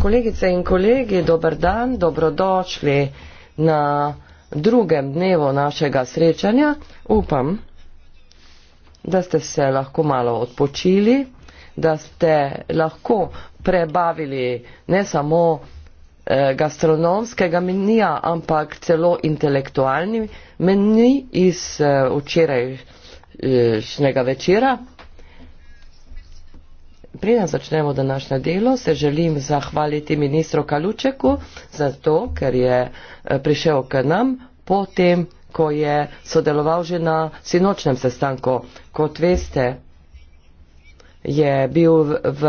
kolegice in kolegi dober dan dobrodošli na drugem dnevu našega srečanja upam da ste se lahko malo odpočili da ste lahko prebavili ne samo eh, gastronomskega menija, ampak celo intelektualni meni iz eh, včerajšnjega večera. Preden začnemo današnje delo, se želim zahvaliti ministru Kalučeku za to, ker je eh, prišel k nam po tem, ko je sodeloval že na sinočnem sestanku. Kot veste, je bil v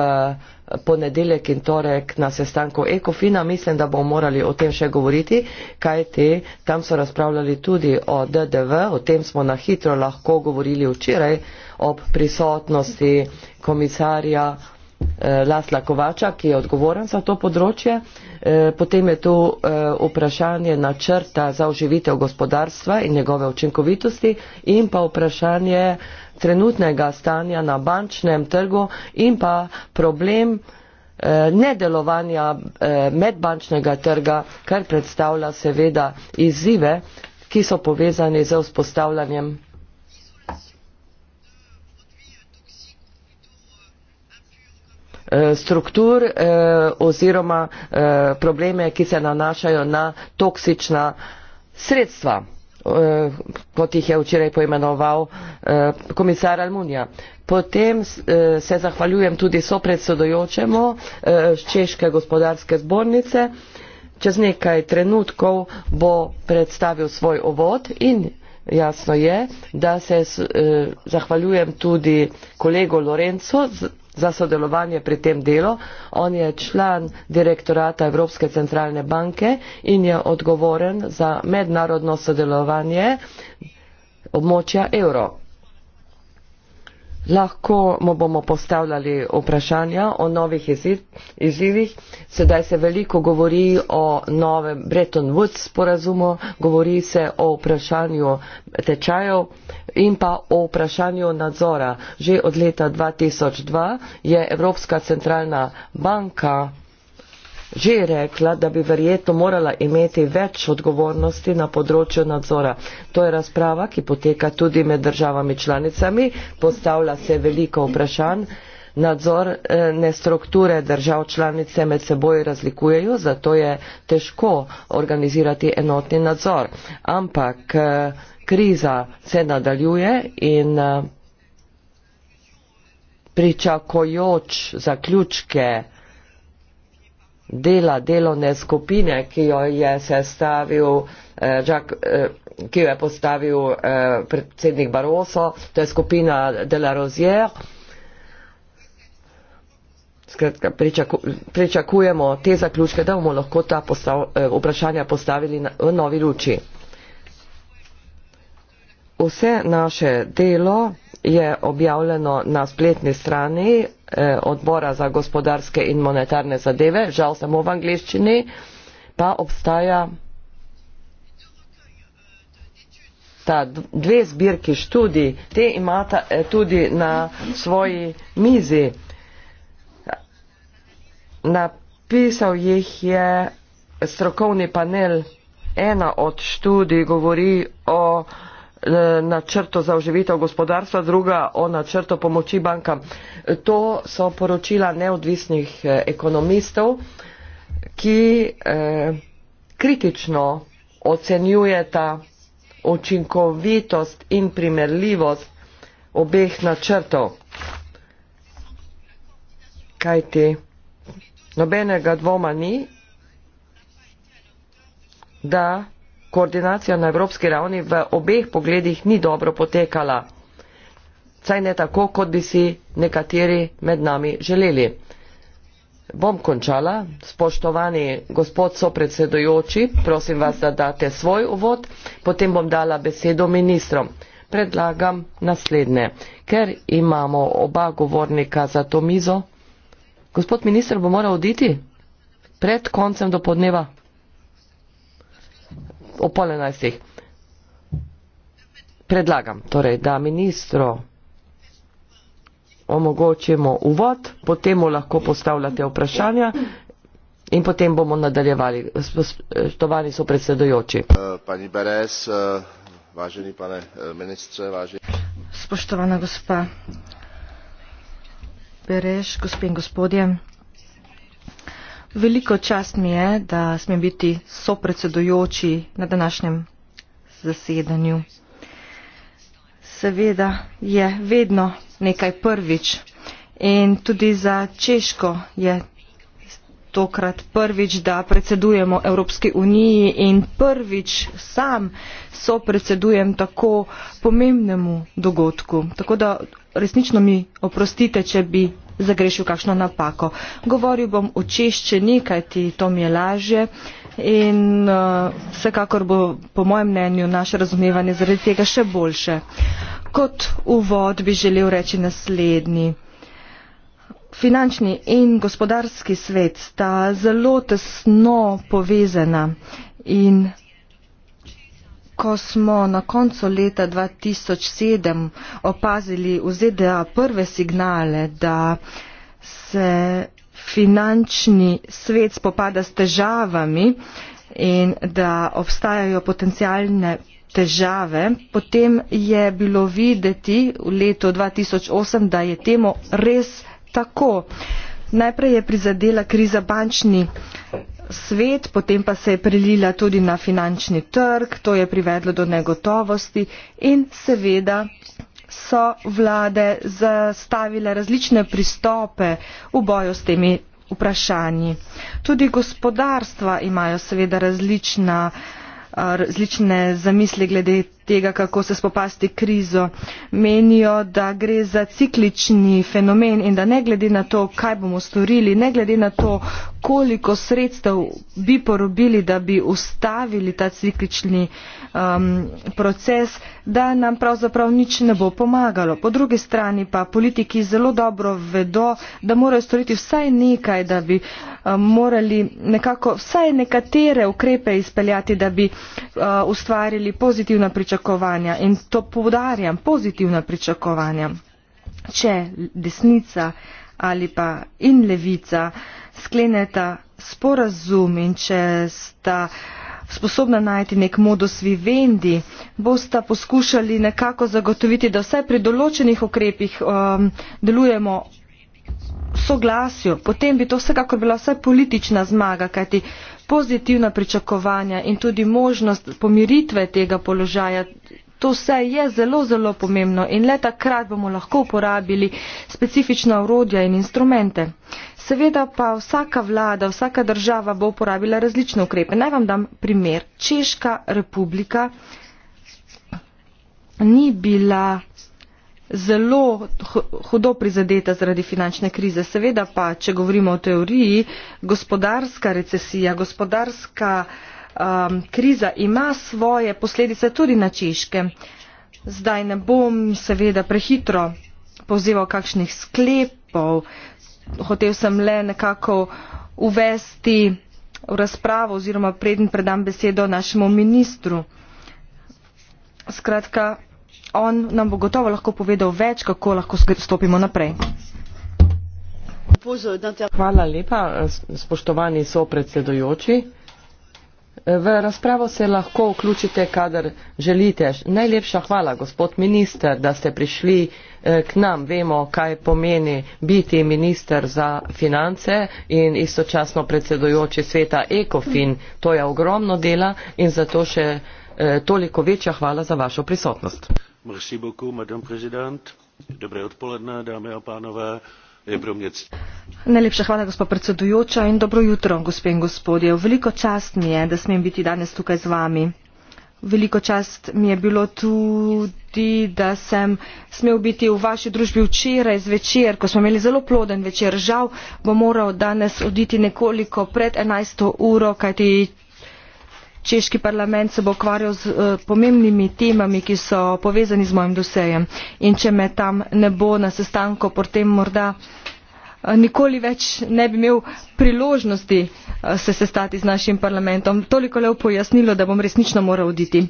ponedeljek in torek na sestanku Ekofina. Mislim, da bomo morali o tem še govoriti, kaj te. Tam so razpravljali tudi o DDV, o tem smo na hitro lahko govorili včeraj ob prisotnosti komisarja eh, Lasla Kovača, ki je odgovoren za to področje. Eh, potem je tu eh, vprašanje načrta za oživitev gospodarstva in njegove učinkovitosti in pa vprašanje trenutnega stanja na bančnem trgu in pa problem nedelovanja medbančnega trga, kar predstavlja seveda izzive, ki so povezani z vzpostavljanjem Eh, struktur eh, oziroma eh, probleme, ki se nanašajo na toksična sredstva, kot jih je včeraj poimenoval komisar Almunija. Potem se zahvaljujem tudi sopredsedojočemu Češke gospodarske zbornice. Čez nekaj trenutkov bo predstavil svoj ovod in jasno je, da se eh, zahvaljujem tudi kolego Lorenco, za sodelovanje pri tem delu. On je član direktorata Evropske centralne banke in je odgovoren za mednarodno sodelovanje območja evro. Lahko mu bomo postavljali vprašanja o novih izzivih. Sedaj se veliko govori o novem Bretton Woods sporazumu, govori se o vprašanju tečajev in pa o vprašanju nadzora. Že od leta 2002 je Evropska centralna banka že rekla, da bi verjetno morala imeti več odgovornosti na področju nadzora. To je razprava, ki poteka tudi med državami članicami, postavlja se veliko vprašanj. Nadzorne eh, strukture držav članice med seboj razlikujejo, zato je težko organizirati enotni nadzor. Ampak eh, kriza se nadaljuje in eh, pričakojoč zaključke dela delovne skupine, ki jo je sestavil, eh, Jack, eh, ki jo je postavil eh, predsednik Barroso, to je skupina de la Rozier. Skratka, pričaku, pričakujemo te zaključke, da bomo lahko ta postav, eh, vprašanja postavili na, v novi luči. Vse naše delo je objavljeno na spletni strani Eh, odbora za gospodarske in monetarne zadeve, žal samo v angliščini, pa obstaja ta dve zbirki študij, te imata eh, tudi na svoji mizi. Napisal jih je strokovni panel. Ena od študij govori o načrto za oživitev gospodarstva, druga o načrto pomoči bankam. To so poročila neodvisnih eh, ekonomistov, ki eh, kritično ocenjujeta učinkovitost in primerljivost obeh načrtov. Kaj ti? Nobenega dvoma ni, da koordinacija na evropski ravni v obeh pogledih ni dobro potekala. Saj ne tako, kot bi si nekateri med nami želeli. Bom končala. Spoštovani gospod sopredsedujoči, prosim vas, da date svoj uvod, potem bom dala besedo ministrom. Predlagam naslednje. Ker imamo oba govornika za to mizo, gospod ministr bo moral oditi pred koncem do podneva ob pol enajstih. Predlagam torej, da ministro omogočimo uvod, potem mu lahko postavljate vprašanja in potem bomo nadaljevali. Štovani so predsedujoči. Eh, pani Beres, eh, Važeni pane eh, ministre, važeni. Spoštovana gospa Bereš, gospe in gospodje. Veliko čast mi je, da smem biti sopredsedujoči na današnjem zasedanju. Seveda je vedno nekaj prvič in tudi za Češko je tokrat prvič, da predsedujemo Evropski uniji in prvič sam sopredsedujem tako pomembnemu dogodku. Tako da resnično mi oprostite, če bi zagrešil kakšno napako. Govoril bom v češčini, kajti to mi je lažje in uh, vsekakor bo po mojem mnenju naše razumevanje zaradi tega še boljše. Kot uvod bi želel reči naslednji. Finančni in gospodarski svet sta zelo tesno povezana in ko smo na koncu leta 2007 opazili v ZDA prve signale, da se finančni svet spopada s težavami in da obstajajo potencijalne težave, potem je bilo videti v letu 2008, da je temu res tako. Najprej je prizadela kriza bančni svet, potem pa se je prelila tudi na finančni trg, to je privedlo do negotovosti in seveda so vlade zastavile različne pristope v boju s temi vprašanji. Tudi gospodarstva imajo seveda različna, različne zamisli glede tega, kako se spopasti krizo. Menijo, da gre za ciklični fenomen in da ne glede na to, kaj bomo storili, ne glede na to, koliko sredstev bi porobili, da bi ustavili ta ciklični um, proces, da nam pravzaprav nič ne bo pomagalo. Po drugi strani pa politiki zelo dobro vedo, da morajo storiti vsaj nekaj, da bi um, morali nekako vsaj nekatere ukrepe izpeljati, da bi uh, ustvarili pozitivna pričakovanja pričakovanja in to poudarjam, pozitivna pričakovanja. Če desnica ali pa in levica skleneta sporazum in če sta sposobna najti nek modus vivendi, bosta poskušali nekako zagotoviti, da vsaj pri določenih ukrepih um, delujemo soglasju, potem bi to vsekakor bila vsaj politična zmaga, kajti pozitivna pričakovanja in tudi možnost pomiritve tega položaja. To vse je zelo, zelo pomembno in le takrat bomo lahko uporabili specifična urodja in instrumente. Seveda pa vsaka vlada, vsaka država bo uporabila različne ukrepe. Naj vam dam primer. Češka republika ni bila zelo hudo prizadeta zaradi finančne krize. Seveda pa, če govorimo o teoriji, gospodarska recesija, gospodarska um, kriza ima svoje posledice tudi na češke. Zdaj ne bom seveda prehitro povzeval kakšnih sklepov. Hotev sem le nekako uvesti v razpravo oziroma predn predam besedo našemu ministru. Skratka, on nam bo gotovo lahko povedal več kako lahko stopimo naprej. Hvala lepa, spoštovani sopredsedujoči. V razpravo se lahko vključite, kadar želite. Najlepša hvala, gospod minister, da ste prišli eh, k nam. Vemo, kaj pomeni biti minister za finance in istočasno predsedujoči sveta ECOFIN. To je ogromno dela in zato še eh, toliko večja hvala za vašo prisotnost najlepša hvala gospa predsedujoča in dobro jutro gospe in gospodje velika čast mi je da smem biti danes tukaj z vami velika čast mi je bilo tudi da sem smel biti v vaši družbi včeraj zvečer ko smo imeli zelo ploden večer žal bom moral danes oditi nekoliko pred enajsto uro kajti čas je že potekel in čas je že potekel češki parlament se bo ukvarjal s eh, pomembnimi temami ki so povezani z mojim dosejem in če me tam ne bo na sestanku potem morda eh, nikoli več ne bi imel priložnosti eh, se sestati z našim parlamentom. Toliko le v pojasnilo, da bom resnično moral oditi.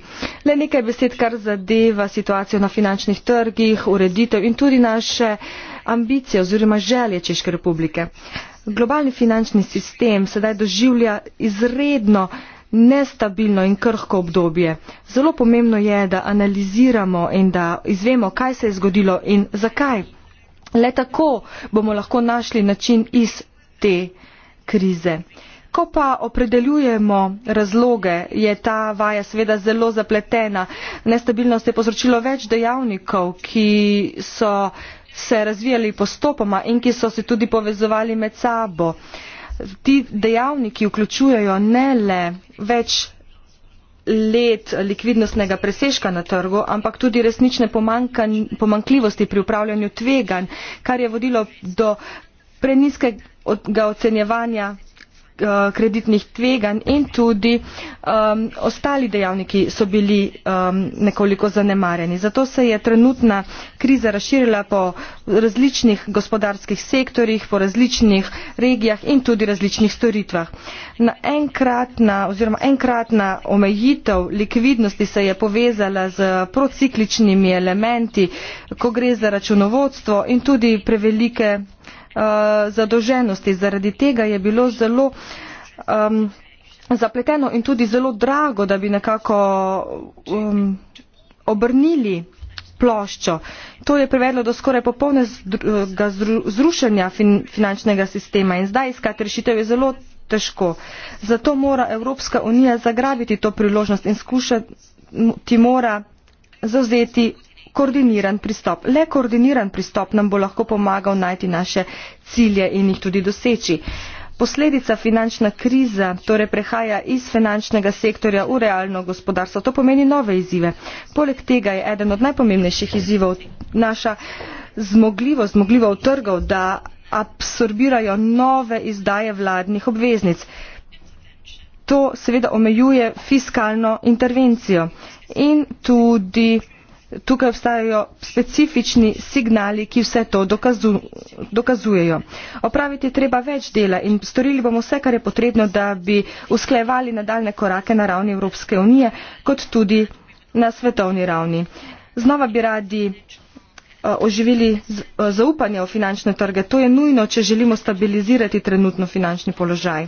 Le nekaj besed, kar zadeva situacijo na finančnih trgih, ureditev in tudi naše ambicije oziroma želje Češke republike. Globalni finančni sistem sedaj doživlja izredno nestabilno in krhko obdobje. Zelo pomembno je, da analiziramo in da izvemo, kaj se je zgodilo in zakaj. Le tako bomo lahko našli način iz te krize. Ko pa opredeljujemo razloge, je ta vaja seveda zelo zapletena. Nestabilnost je povzročilo več dejavnikov, ki so se razvijali postopoma in ki so se tudi povezovali med sabo. Uh, ti dejavniki vključujejo ne le več let likvidnostnega presežka na trgu, ampak tudi resnične pomankljivosti pri upravljanju tveganj, kar je vodilo do preniskega ocenjevanja Eh, kreditnih tveganj in tudi um, ostali dejavniki so bili um, nekoliko zanemarjeni. Zato se je trenutna kriza razširila po različnih gospodarskih sektorjih, po različnih regijah in tudi različnih storitvah. Na enkratna oziroma enkratna omejitev likvidnosti se je povezala z procikličnimi elementi, ko gre za računovodstvo in tudi prevelike Eh, zadolženosti. Zaradi tega je bilo zelo um, zapleteno in tudi zelo drago, da bi nekako um, obrnili ploščo. To je privedlo do skoraj popolnega eh, zrušenja fin finančnega sistema in zdaj iskati rešitev je zelo težko. Zato mora Evropska unija zagrabiti to priložnost in skušati, ti mora zauzeti koordiniran pristop. Le koordiniran pristop nam bo lahko pomagal najti naše cilje in jih tudi doseči. Posledica finančna kriza torej prehaja iz finančnega sektorja v realno gospodarstvo. To pomeni nove izzive. Poleg tega je eden od najpomembnejših izzivov naša zmogljivost, zmogljivo trgov, da absorbirajo nove izdaje vladnih obveznic. To seveda omejuje fiskalno intervencijo in tudi tukaj obstajajo specifični signali, ki vse to dokazu, dokazujejo. Opraviti treba več dela in storili bomo vse, kar je potrebno, da bi usklejevali nadaljne korake na ravni Evropske unije, kot tudi na svetovni ravni. Znova bi radi eh, oživili eh, zaupanje v finančne trge. To je nujno, če želimo stabilizirati trenutno finančni položaj.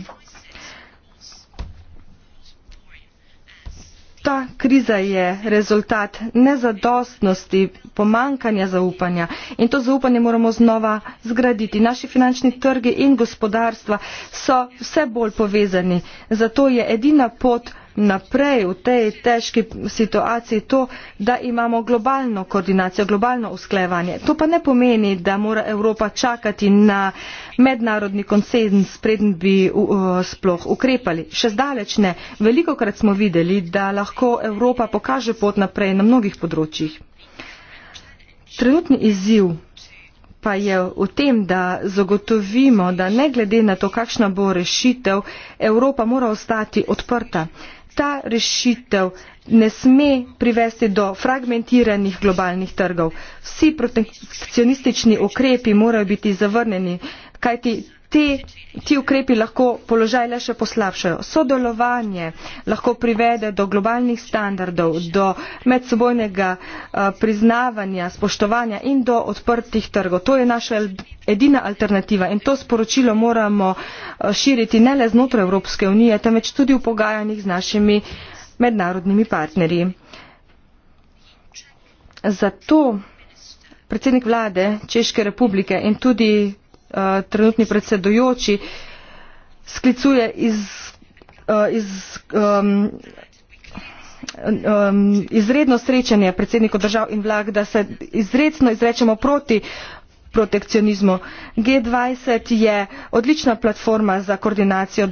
Ta kriza je rezultat nezadostnosti, pomankanja zaupanja in to zaupanje moramo znova zgraditi. Naši finančni trgi in gospodarstva so vse bolj povezani, zato je edina pot naprej v tej težki situaciji to, da imamo globalno koordinacijo, globalno usklejevanje. To pa ne pomeni, da mora Evropa čakati na mednarodni konsens, preden bi uh, sploh ukrepali. Še zdaleč ne. Veliko krat smo videli, da lahko Evropa pokaže pot naprej na mnogih področjih. Trenutni izziv pa je v tem, da zagotovimo, da ne glede na to, kakšna bo rešitev, Evropa mora ostati odprta. Uh, ta rešitev ne sme privesti do fragmentiranih globalnih trgov. Vsi protekcionistični ukrepi morajo biti zavrnjeni, kajti te, ti ukrepi lahko položaj le še poslabšajo. Sodelovanje lahko privede do globalnih standardov, do medsebojnega eh, priznavanja, spoštovanja in do odprtih trgov. To je naša edina alternativa in to sporočilo moramo eh, širiti ne le znotraj Evropske unije, temveč tudi v pogajanjih z našimi mednarodnimi partnerji. Zato predsednik vlade Češke republike in tudi Eh, trenutni predsedujoči, sklicuje iz, uh, iz um, Um, izredno srečanje predsednikov držav in vlag, da se izredno izrečemo proti uh, protekcionizmu. G20 je odlična platforma za koordinacijo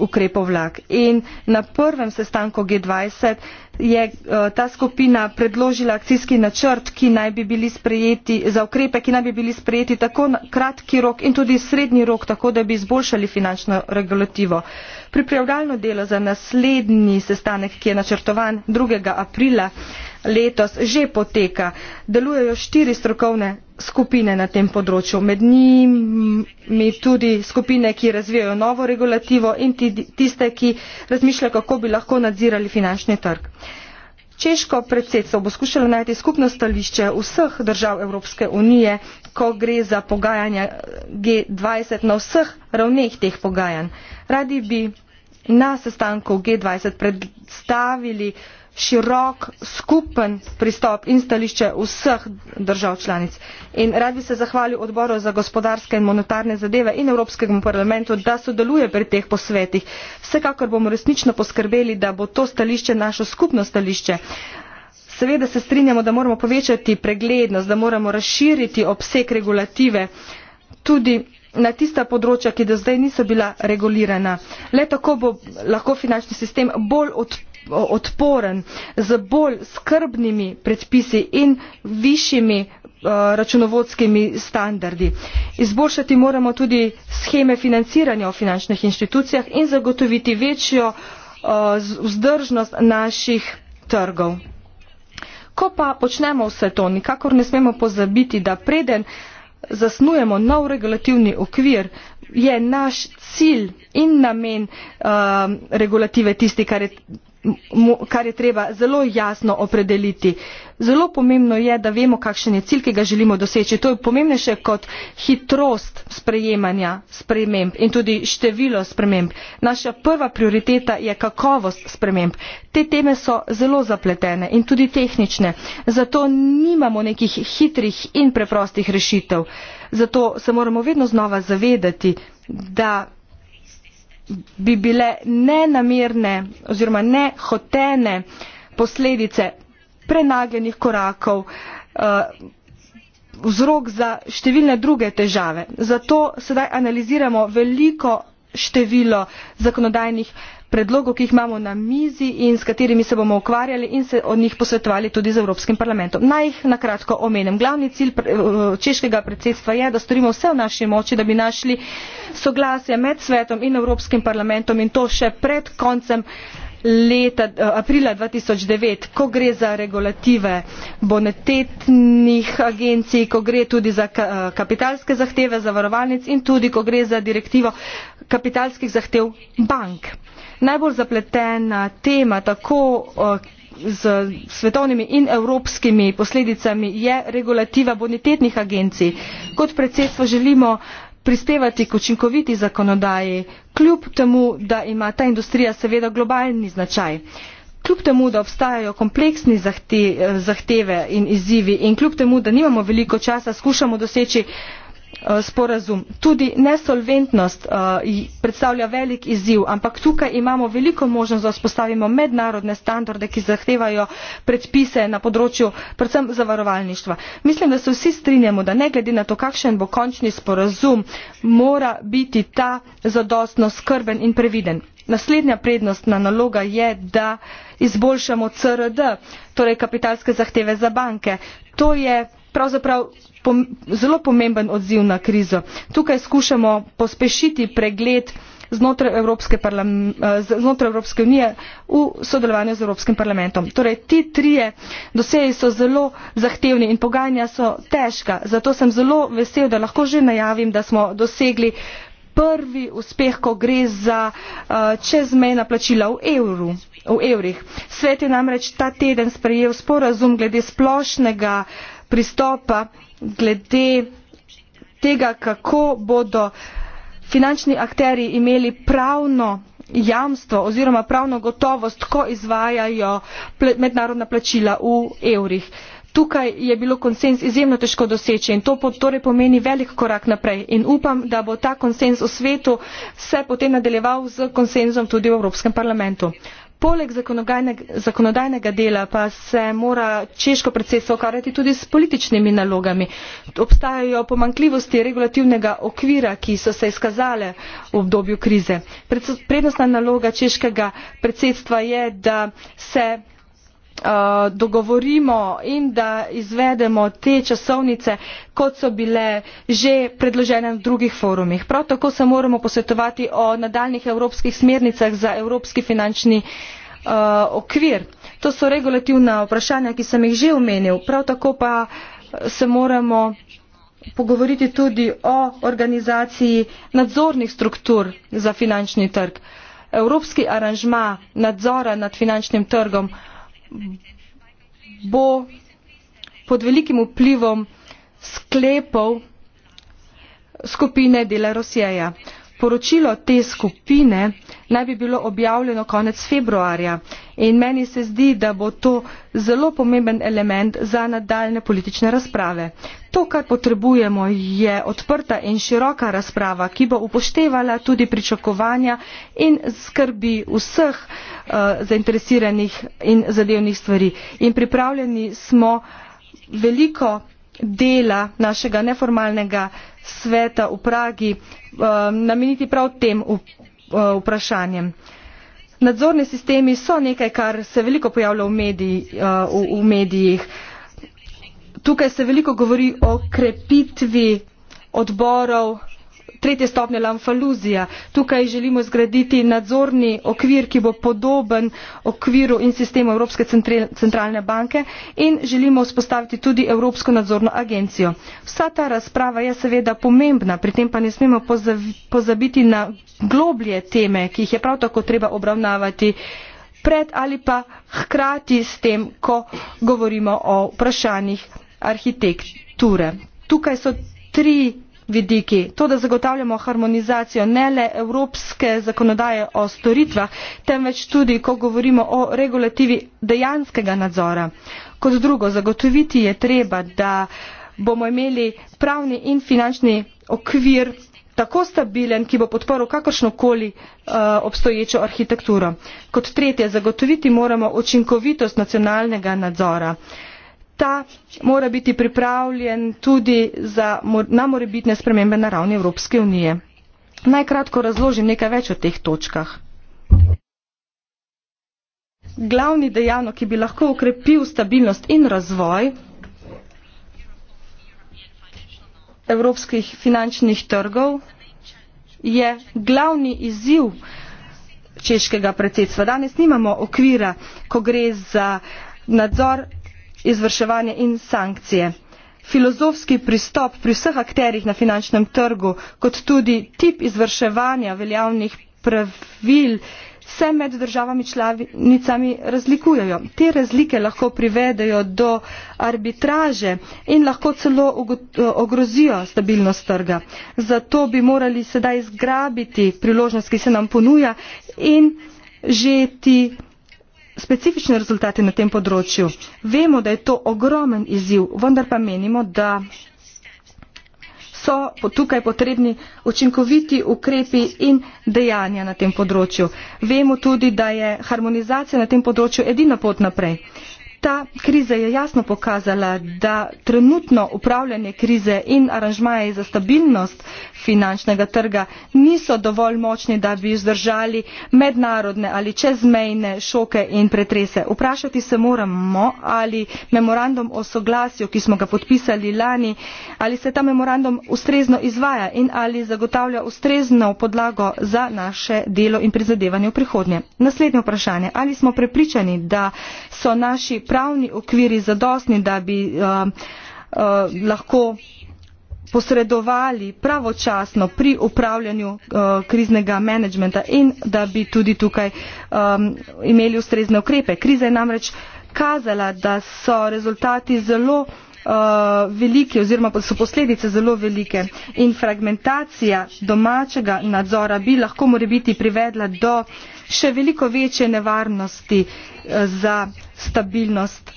ukrepov vlak. In na prvem sestanku G20 je eh, ta skupina predložila akcijski načrt, ki naj bi bili sprejeti za ukrepe, ki naj bi bili sprejeti tako na kratki rok in tudi srednji rok, tako da bi izboljšali finančno regulativo. Pripravljalno delo za naslednji sestanek, ki je načrtovan 2. aprila, letos že poteka. Delujejo štiri strokovne skupine na tem področju, med njimi tudi skupine, ki razvijajo novo regulativo in tiste, ki razmišljajo, kako bi lahko nadzirali finančni trg. Češko predsedstvo bo skušalo najti skupno stališče vseh držav Evropske unije, ko gre za pogajanja G20 na vseh ravneh teh pogajanj. Radi bi na sestanku G20 predstavili širok skupen pristop in stališče vseh držav članic. In rad bi se zahvalil odboru za gospodarske in monetarne zadeve in Evropskemu parlamentu, da sodeluje pri teh posvetih. Vsekakor bomo resnično poskrbeli, da bo to stališče naše skupno stališče. Seveda se strinjamo, da moramo povečati preglednost, da moramo razširiti obseg regulative tudi na tista področja, ki do zdaj niso bila regulirana. Le tako bo lahko finančni sistem bolj odprt odporen z bolj skrbnimi predpisi in višjimi eh, računovodskimi standardi. Izboljšati moramo tudi scheme financiranja v finančnih inštitucijah in zagotoviti večjo eh, vzdržnost naših trgov. Ko pa počnemo vse to, nikakor ne smemo pozabiti, da preden zasnujemo nov regulativni okvir, je naš cilj in namen uh, regulative tisti, kar je kar je treba zelo jasno opredeliti. Zelo pomembno je, da vemo, kakšen je cilj, ki ga želimo doseči. To je pomembnejše kot hitrost sprejemanja sprememb in tudi število sprememb. Naša prva prioriteta je kakovost sprememb. Te teme so zelo zapletene in tudi tehnične. Zato nimamo nekih hitrih in preprostih rešitev. Zato se moramo vedno znova zavedati, da bi bile nenamirne oziroma nehotene posledice prenagljenih korakov eh, vzrok za številne druge težave. Zato sedaj analiziramo veliko število zakonodajnih predlogov, ki jih imamo na mizi in s katerimi se bomo ukvarjali in se o njih posvetovali tudi z Evropskim parlamentom. Naj jih nakratko omenem. Glavni cilj eh, češkega predsedstva je, da storimo vse v naši moči, da bi našli soglasje med svetom in Evropskim parlamentom in to še pred koncem Eh, aprila dva tisoč devet ko gre za regulative bonitetnih agencij ko gre tudi za eh, kapitalske zahteve zavarovalnic in tudi ko gre za direktivo kapitalskih zahtev bank. najbolj zapletena tema tako s eh, svetovnimi in evropskimi posledicami je regulativa bonitetnih agencij. kot predsedstvo želimo prispevati k učinkoviti zakonodaji, kljub temu, da ima ta industrija seveda globalni značaj. Kljub temu, da obstajajo kompleksni zahteve in izzivi in kljub temu, da nimamo veliko časa, skušamo doseči Eh, sporazum. tudi nesolventnost eh, predstavlja velik izziv ampak tukaj imamo veliko možnost da vzpostavimo mednarodne standarde ki zahtevajo predpise na področju predvsem zavarovalništva. mislim da se vsi strinjamo da ne glede na to kakšen bo končni sporazum mora biti ta zadostno skrben in previden. naslednja prednostna naloga je da izboljšamo crd torej kapitalske zahteve za banke. to je pravzaprav pom zelo pomemben odziv na krizo. Tukaj skušamo pospešiti pregled znotraj Evropske, znotraj Evropske unije v sodelovanju z Evropskim parlamentom. Torej, ti trije doseji so zelo zahtevni in pogajanja so težka. Zato sem zelo vesel, da lahko že najavim, da smo dosegli prvi uspeh, ko gre za uh, čezmejna plačila v, evru, v evrih. Svet je namreč ta teden sprejel sporazum glede splošnega uh, pristopa glede tega, kako bodo finančni akteri imeli pravno jamstvo oziroma pravno gotovost, ko izvajajo mednarodna plačila v evrih. Tukaj je bilo konsens izjemno težko doseči in to torej pomeni velik korak naprej in upam, da bo ta konsens v svetu se potem nadaljeval z konsenzom tudi v Evropskem parlamentu. Poleg zakonodajnega dela pa se mora češko predsedstvo ukvarjati tudi s političnimi nalogami. Obstajajo pomankljivosti regulativnega okvira, ki so se izkazale v obdobju krize. Prednostna naloga češkega predsedstva je, da se Eh, dogovorimo in da izvedemo te časovnice, kot so bile že predložene na drugih forumih. Prav tako se moramo posvetovati o nadaljnih evropskih smernicah za evropski finančni eh, okvir. To so regulativna vprašanja, ki sem jih že omenil. Prav tako pa eh, se moramo pogovoriti tudi o organizaciji nadzornih struktur za finančni trg. Evropski aranžma nadzora nad finančnim trgom bo pod velikim vplivom sklepov skupine Dela Rosjeja. Poročilo te skupine naj bi bilo objavljeno konec februarja in meni se zdi, da bo to zelo pomemben element za nadaljne politične razprave. To, kar potrebujemo, je odprta in široka razprava, ki bo upoštevala tudi pričakovanja in skrbi vseh uh, Eh, zainteresiranih in zadevnih stvari. In pripravljeni smo veliko dela našega neformalnega sveta v Pragi eh, nameniti prav tem eh, vprašanjem. Nadzorni sistemi so nekaj, kar se veliko pojavlja v, mediji, v medijih. Tukaj se veliko govori o krepitvi odborov, tretje stopnje lamfaluzija. Tukaj želimo zgraditi nadzorni okvir, ki bo podoben okviru in sistemu Evropske centralne banke in želimo vzpostaviti tudi Evropsko nadzorno agencijo. Vsa ta razprava je seveda pomembna, pri tem pa ne smemo pozabiti na globlje teme, ki jih je prav tako treba obravnavati pred ali pa hkrati s tem, ko govorimo o vprašanjih arhitekture. Tukaj so tri vidiki to da zagotavljamo harmonizacijo ne le evropske zakonodaje o storitvah temveč tudi ko govorimo o regulativi dejanskega nadzora kot drugo zagotoviti je treba da bomo imeli pravni in finančni okvir tako stabilen, ki bo podporil kakršnokoli uh, obstoječo arhitekturo. Kot tretje, zagotoviti moramo učinkovitost nacionalnega nadzora. Uh, ta mora biti pripravljen tudi za, na morebitne spremembe na ravni Evropske unije. Najkratko razložim nekaj več o teh točkah. Glavni dejavnik, ki bi lahko ukrepil stabilnost in razvoj evropskih finančnih trgov, je glavni izziv češkega predsedstva. Danes nimamo okvira, ko gre za nadzor izvrševanje in sankcije. Filozofski pristop pri vseh akterjih na finančnem trgu, kot tudi tip izvrševanja veljavnih pravil, se med državami članicami razlikujejo. Te razlike lahko privedejo do arbitraže in lahko celo ogrozijo stabilnost trga. Zato bi morali sedaj zgrabiti priložnost, ki se nam ponuja in žeti specifične rezultate na tem področju. Vemo, da je to ogromen izziv, vendar pa menimo, da so tukaj potrebni učinkoviti ukrepi in dejanja na tem področju. Vemo tudi, da je harmonizacija na tem področju edina pot naprej. Ta kriza je jasno pokazala, da trenutno upravljanje krize in aranžmaje za stabilnost finančnega trga niso dovolj močni, da bi zdržali mednarodne ali čezmejne šoke in pretrese. Vprašati se moramo, ali memorandum o soglasju, ki smo ga podpisali lani, ali se ta memorandum ustrezno izvaja in ali zagotavlja ustrezno podlago za naše delo in prizadevanje v prihodnje. Naslednje vprašanje. Ali smo prepričani, da so naši pravni okviri zadostni, da bi uh, uh, lahko posredovali pravočasno pri upravljanju uh, kriznega menedžmenta in da bi tudi tukaj um, imeli ustrezne ukrepe. Kriza je namreč kazala, da so rezultati zelo uh, velike oziroma da so posledice zelo velike in fragmentacija domačega nadzora bi lahko morebiti privedla do uh, še veliko večje nevarnosti eh, za stabilnost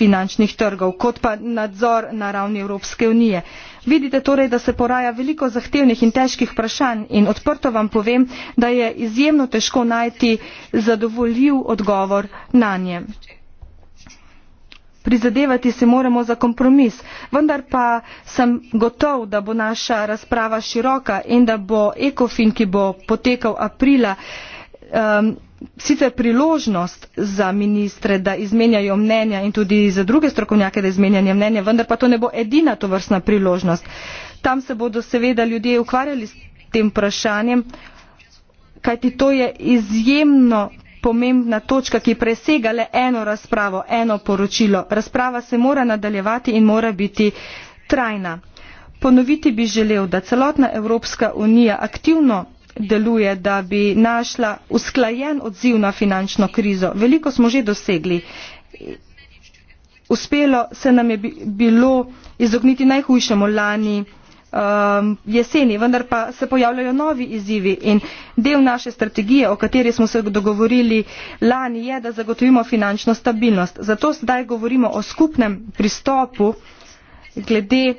finančnih trgov, kot pa nadzor na ravni Evropske unije. Vidite torej, da se poraja veliko zahtevnih in težkih vprašanj in odprto vam povem, da je izjemno težko najti zadovoljiv odgovor na nje. Prizadevati se moramo za kompromis, vendar pa sem gotov, da bo naša razprava široka in da bo ekofin, ki bo potekal aprila, eh, um, sicer priložnost za ministre, da izmenjajo mnenja in tudi za druge strokovnjake, da izmenjajo mnenja, vendar pa to ne bo edina to vrstna priložnost. Tam se bodo seveda ljudje ukvarjali s tem vprašanjem, kajti to je izjemno pomembna točka, ki presega le eno razpravo, eno poročilo. Razprava se mora nadaljevati in mora biti trajna. Ponoviti bi želel, da celotna Evropska unija aktivno deluje, da bi našla usklajen odziv na finančno krizo. Veliko smo že dosegli. Uspelo se nam je bilo izogniti najhujšemu lani um, jeseni, vendar pa se pojavljajo novi izzivi in del naše strategije, o kateri smo se dogovorili lani, je, da zagotovimo finančno stabilnost. Zato zdaj govorimo o skupnem pristopu glede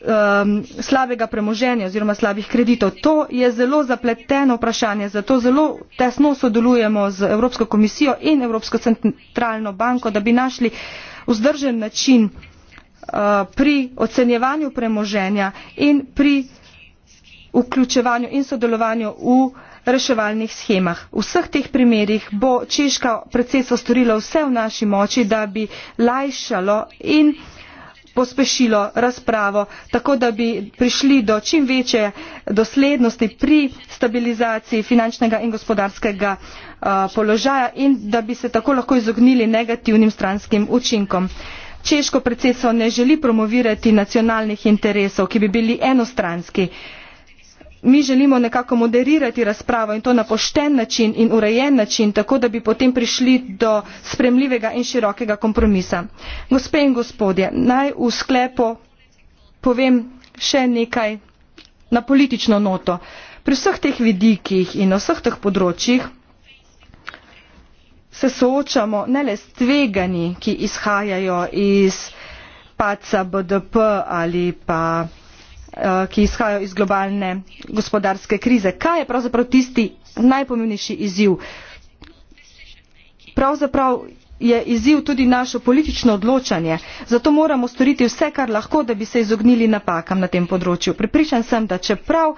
um, slabega premoženja oziroma slabih kreditov. To je zelo zapleteno vprašanje, zato zelo tesno sodelujemo z Evropsko komisijo in Evropsko centralno banko, da bi našli vzdržen način uh, pri ocenjevanju premoženja in pri vključevanju in sodelovanju v reševalnih schemah. V vseh teh primerih bo Češka predsedstvo storilo vse v naši moči, da bi lajšalo in uh, pospešilo razpravo, tako da bi prišli do čim večje doslednosti pri stabilizaciji finančnega in gospodarskega eh, položaja in da bi se tako lahko izognili negativnim stranskim učinkom. Češko predsedstvo ne želi promovirati nacionalnih interesov, ki bi bili enostranski mi želimo nekako moderirati razpravo in to na pošten način in urejen način tako da bi potem prišli do sprejemljivega in širokega kompromisa. gospe in gospodje naj v sklepu povem še nekaj na politično noto pri vseh teh vidikih in na vseh teh področjih se soočamo ne le s tveganji ki izhajajo iz padca BDP ali pa Eh, ki izhajajo iz globalne gospodarske krize. Kaj je pravzaprav tisti najpomembnejši izziv? Pravzaprav je izziv tudi naše politično odločanje. Zato moramo storiti vse, kar lahko, da bi se izognili napakam na tem področju. Pripričan sem, da čeprav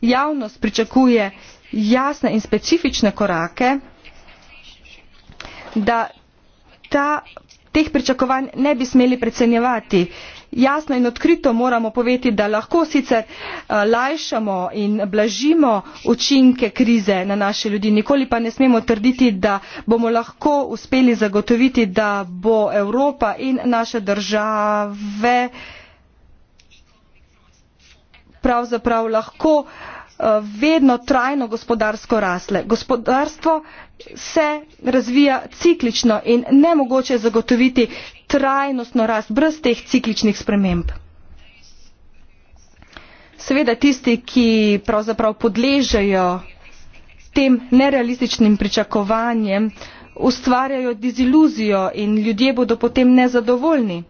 javnost pričakuje jasne in specifične korake, da ta, teh pričakovanj ne bi smeli predsenjevati. Uh, jasno in odkrito moramo poveti da lahko sicer eh, lajšamo in blažimo učinke krize na naše ljudi nikoli pa ne smemo trditi da bomo lahko uspeli zagotoviti da bo evropa in naše države pravzaprav lahko eh, vedno trajno gospodarsko rasle. Gospodarstvo se razvija ciklično in nemogoče je zagotoviti trajnostno rast brez teh cikličnih sprememb. Seveda tisti, ki pravzaprav podležejo tem nerealističnim pričakovanjem, ustvarjajo diziluzijo in ljudje bodo potem nezadovoljni.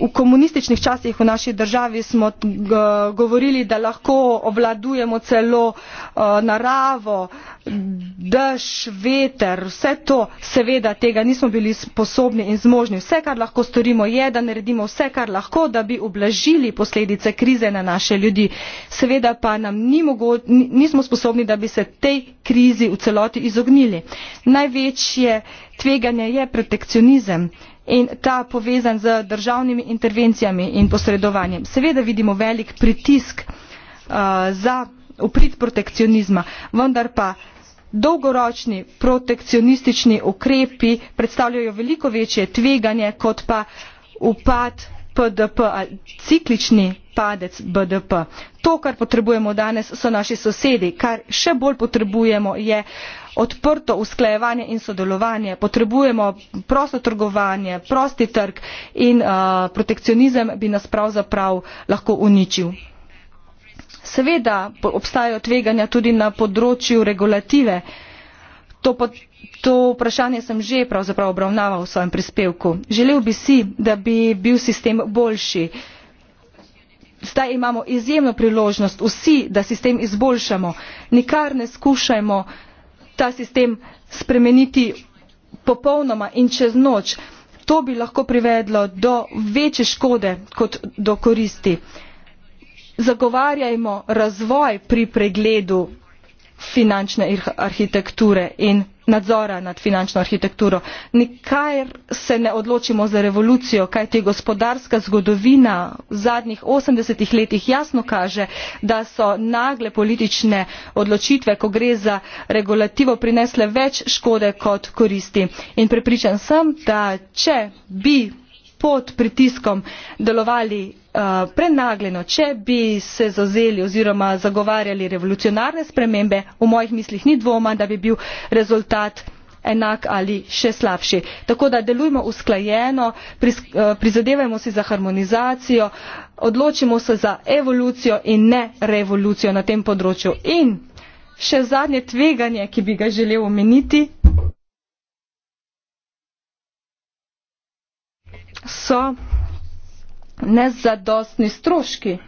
v komunističnih časih v naši državi smo eh, govorili, da lahko obvladujemo celo eh, naravo, dež, veter, vse to, seveda tega nismo bili sposobni in zmožni. Vse, kar lahko storimo, je, da naredimo vse, kar lahko, da bi oblažili posledice krize na naše ljudi. Seveda pa nam ni mogo, nismo sposobni, da bi se tej krizi v celoti izognili. Največje tveganje je protekcionizem in ta povezan z državnimi intervencijami in posredovanjem. Seveda vidimo velik pritisk uh, za uprit protekcionizma, vendar pa dolgoročni protekcionistični ukrepi predstavljajo veliko večje tveganje kot pa upad PDP ali ciklični padec BDP. To, kar potrebujemo danes, so naši sosedi. Kar še bolj potrebujemo, je uh, odprto usklajevanje in sodelovanje potrebujemo prosto trgovanje prosti trg in eh, protekcionizem bi nas pravzaprav lahko uničil. seveda obstajajo tveganja tudi na področju regulative to, pa, to vprašanje sem že pravzaprav obravnaval v svojem prispevku želel bi si da bi bil sistem boljši zdaj imamo izjemno priložnost vsi da sistem izboljšamo nikar ne skušajmo ta sistem spremeniti popolnoma in čez noč. To bi lahko privedlo do večje škode kot do koristi. Zagovarjajmo razvoj pri pregledu finančne arhitekture in nadzora nad finančno arhitekturo. Nikar se ne odločimo za revolucijo, kajti gospodarska zgodovina v zadnjih 80 letih jasno kaže, da so nagle politične odločitve, ko gre za regulativo, prinesle več škode kot koristi. In prepričan sem, da če bi pod pritiskom delovali eh, prenagljeno, če bi se zazeli oziroma zagovarjali revolucionarne spremembe, v mojih mislih ni dvoma, da bi bil rezultat enak ali še slabši. Tako da delujmo usklajeno, eh, prizadevajmo si za harmonizacijo, odločimo se za evolucijo in ne revolucijo na tem področju. In še zadnje tveganje, ki bi ga želel omeniti, so nezadostni stroški.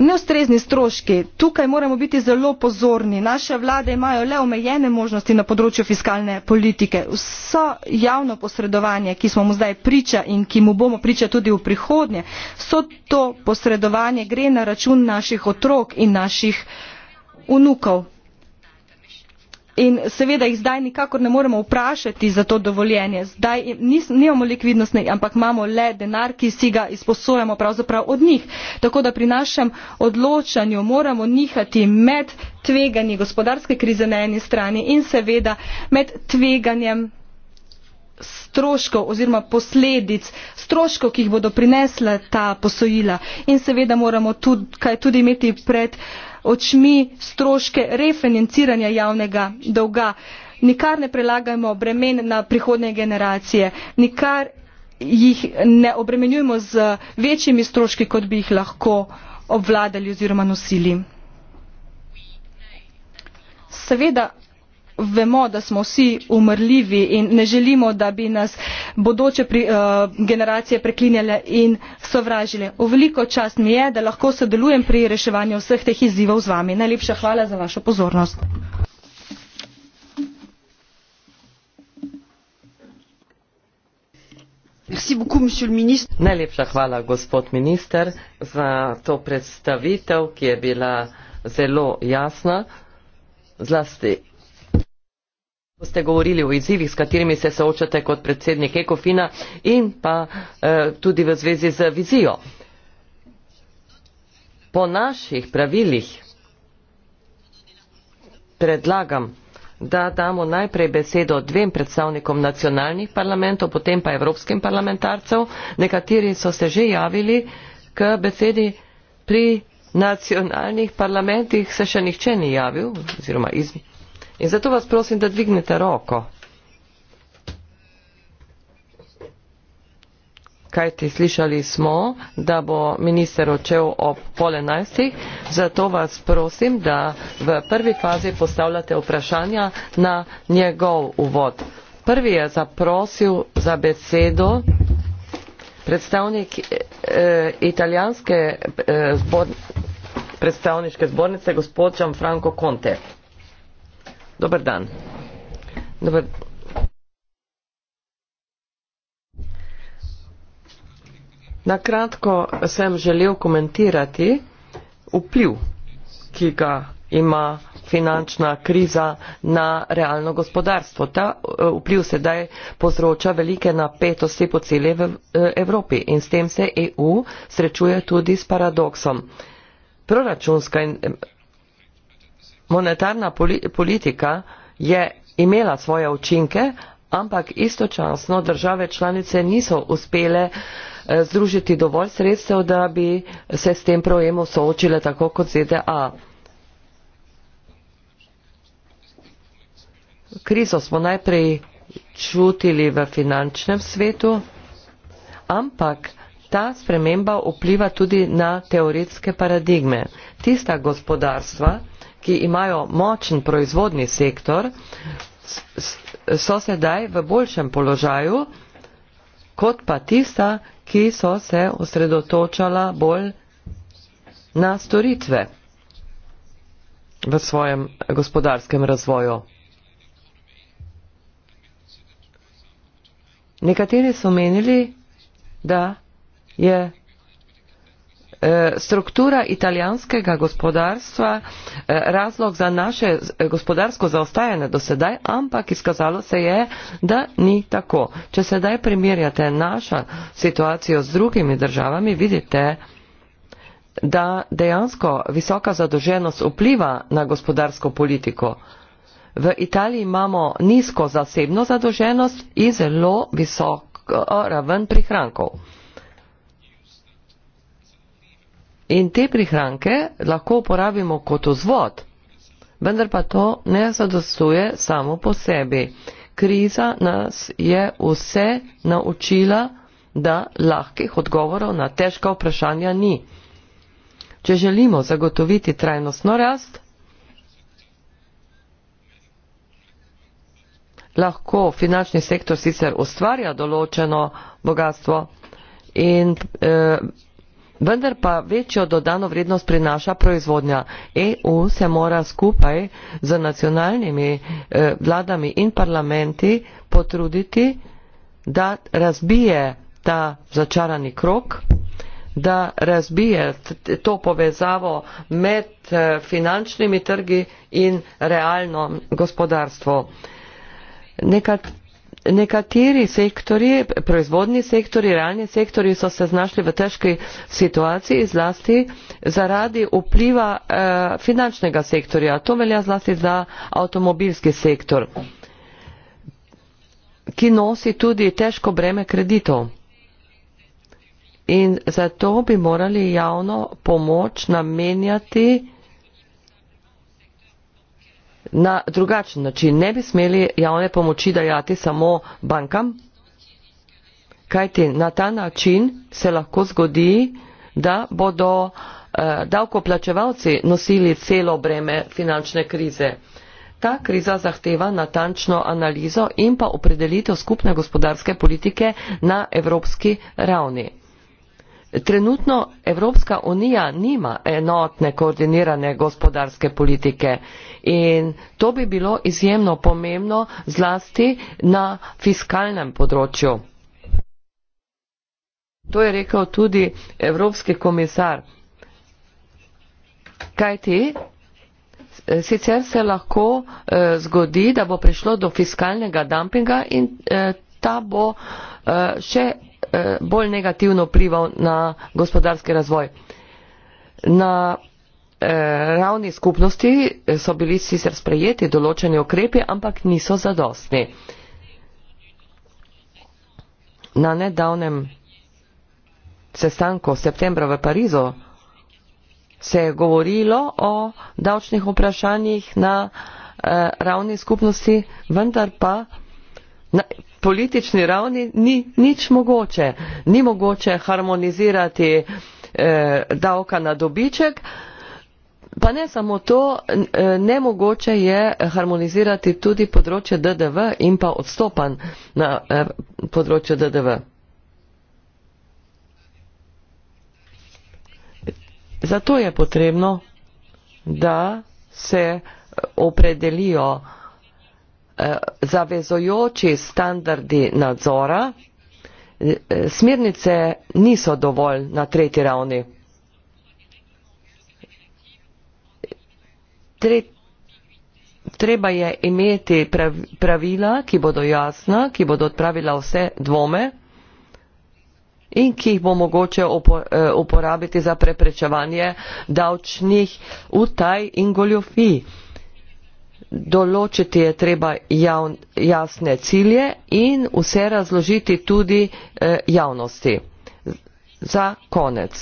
Neustrezni stroški, tukaj moramo biti zelo pozorni. Naše vlade imajo le omejene možnosti na področju fiskalne politike. Vso javno posredovanje, ki smo mu zdaj priča in ki mu bomo priča tudi v prihodnje, vso to posredovanje gre na račun naših otrok in naših vnukov in seveda jih zdaj nikakor ne moremo vprašati za to dovoljenje. Zdaj nis, nimamo likvidnostnih, ampak imamo le denar, ki si ga izposojamo pravzaprav od njih. Tako da pri našem odločanju moramo nihati med tveganji gospodarske krize na eni strani in seveda med tveganjem stroškov oziroma posledic, stroškov, ki jih bodo prinesla ta posojila. In seveda moramo tudi, kaj tudi imeti pred očmi stroške refinanciranja javnega dolga. Nikar ne prelagajmo bremen na prihodnje generacije, nikar jih ne obremenjujemo z večjimi stroški, kot bi jih lahko obvladali oziroma nosili. Seveda vemo da smo vsi umrljivi in ne želimo da bi nas bodoče eh, generacije preklinjale in sovražile. v veliko čast mi je da lahko sodelujem pri reševanju vseh teh izzivov z vami. najlepša hvala za vašo pozornost. najlepša hvala gospod minister za to predstavitev ki je bila zelo jasna zlasti ko ste govorili o izzivih, s katerimi se soočate kot predsednik Ekofina in pa eh, tudi v zvezi z vizijo. Po naših pravilih predlagam, da damo najprej besedo dvem predstavnikom nacionalnih parlamentov, potem pa evropskim parlamentarcev. Nekateri so se že javili k besedi pri nacionalnih parlamentih, se še nihče ni javil oziroma izmi. In zato vas prosim, da dvignete roko. Kajti slišali smo, da bo minister očel ob pol enajstih, zato vas prosim, da v prvi fazi postavljate vprašanja na njegov uvod. Prvi je zaprosil za besedo predstavnik eh, italijanske eh, zbor, predstavniške zbornice gospod Gianfranco Conte. Dober dan. Dober... Na kratko sem želel komentirati vpliv, ki ga ima finančna kriza na realno gospodarstvo. Ta eh, vpliv sedaj povzroča velike napetosti po celi eh, Evropi in s tem se EU srečuje tudi s paradoksom. Proračunska in monetarna politika je imela svoje učinke, ampak istočasno države članice niso uspele eh, združiti dovolj sredstev, da bi se s tem projemom soočile tako kot ZDA. Krizo smo najprej čutili v finančnem svetu, ampak ta sprememba vpliva tudi na teoretske paradigme. Tista gospodarstva, ki imajo močen proizvodni sektor, so sedaj v boljšem položaju kot pa tista, ki so se osredotočala bolj na storitve v svojem gospodarskem razvoju. Nekateri so menili, da je e, struktura italijanskega gospodarstva e, razlog za naše e, gospodarsko zaostajanje do sedaj, ampak izkazalo se je, da ni tako. Če sedaj primerjate našo situacijo z drugimi državami, vidite, da dejansko visoka zadoženost vpliva na gospodarsko politiko. V Italiji imamo nizko zasebno zadoženost in zelo visoko raven prihrankov. In te prihranke lahko uporabimo kot vzvod, vendar pa to ne zadostuje samo po sebi. Kriza nas je vse naučila, da lahkih odgovorov na težka vprašanja ni. Če želimo zagotoviti trajnostno rast, lahko finančni sektor sicer ustvarja določeno bogatstvo in eh, vendar pa večjo dodano vrednost prinaša proizvodnja. EU se mora skupaj z nacionalnimi eh, vladami in parlamenti potruditi, da razbije ta začarani krok, da razbije to povezavo med eh, finančnimi trgi in realno gospodarstvo. Nekaj nekateri sektori, proizvodni sektori, realni sektori so se znašli v težki situaciji zlasti zaradi vpliva eh, finančnega sektorja. To velja zlasti za avtomobilski sektor, ki nosi tudi težko breme kreditov. In zato bi morali javno pomoč namenjati na drugačen način. Ne bi smeli javne pomoči dajati samo bankam, kajti na ta način se lahko zgodi, da bodo eh, davkoplačevalci nosili celo breme finančne krize. Ta kriza zahteva natančno analizo in pa opredelitev skupne gospodarske politike na evropski ravni. Trenutno Evropska unija nima enotne koordinirane gospodarske politike. In to bi bilo izjemno pomembno zlasti na fiskalnem področju. To je rekel tudi evropski komisar. Kaj ti? Eh, sicer se lahko eh, zgodi, da bo prišlo do fiskalnega dumpinga in eh, ta bo eh, še eh, bolj negativno plival na gospodarski razvoj. Na ravni skupnosti so bili sicer sprejeti določeni ukrepi, ampak niso zadostni. Na nedavnem sestanku septembra v Parizu se je govorilo o davčnih vprašanjih na eh, ravni skupnosti, vendar pa na politični ravni ni nič mogoče. Ni mogoče harmonizirati eh, davka na dobiček, eh, pa ne samo to, e, nemogoče je harmonizirati tudi področje DDV in pa odstopan na e, področju DDV. Zato je potrebno, da se opredelijo e, zavezojoči standardi nadzora. Smernice niso dovolj na tretji ravni. tre, treba je imeti pravila, ki bodo jasna, ki bodo odpravila vse dvome in ki jih bo mogoče eh, uporabiti za preprečevanje davčnih utaj in goljofij. Določiti je treba javn, jasne cilje in vse razložiti tudi eh, javnosti. Za konec.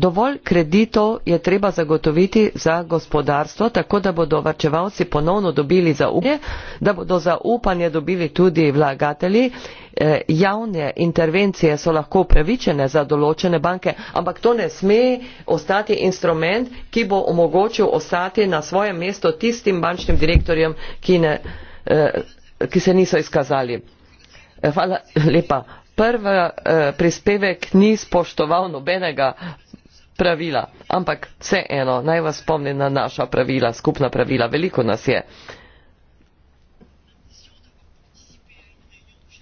Dovolj kreditov je treba zagotoviti za gospodarstvo, tako da bodo varčevalci ponovno dobili zaupanje, da bodo zaupanje dobili tudi vlagatelji. E, javne intervencije so lahko upravičene za določene banke, ampak to ne sme ostati instrument, ki bo omogočil ostati na svojem mestu tistim bančnim direktorjem, ki, ne, e, ki se niso izkazali. E, hvala lepa. Prvi e, prispevek ni spoštoval nobenega pravila. Ampak vseeno, naj vas spomnim na naša pravila, skupna pravila, veliko nas je.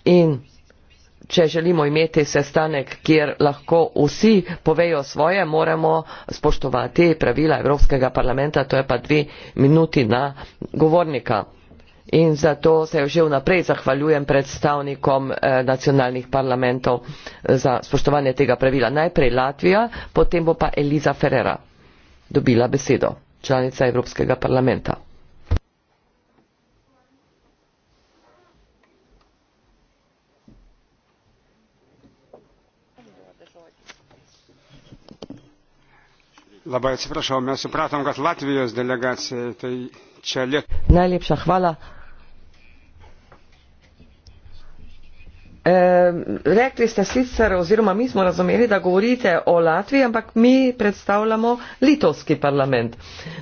In če želimo imeti sestanek, kjer lahko vsi povejo svoje, moramo spoštovati pravila Evropskega parlamenta, to je pa dve minuti na govornika in zato se že vnaprej zahvaljujem predstavnikom eh, nacionalnih parlamentov eh, za spoštovanje tega pravila. Najprej Latvija, potem bo pa Eliza Ferrera dobila besedo, članica Evropskega parlamenta. Labai atsiprašau, mes supratom, kad Latvijos delegacija tai čia lietuvių. Najlepša hvala, Ehm, rekli ste sicer, oziroma mi smo razumeli, da govorite o Latviji, ampak mi predstavljamo litovski parlament.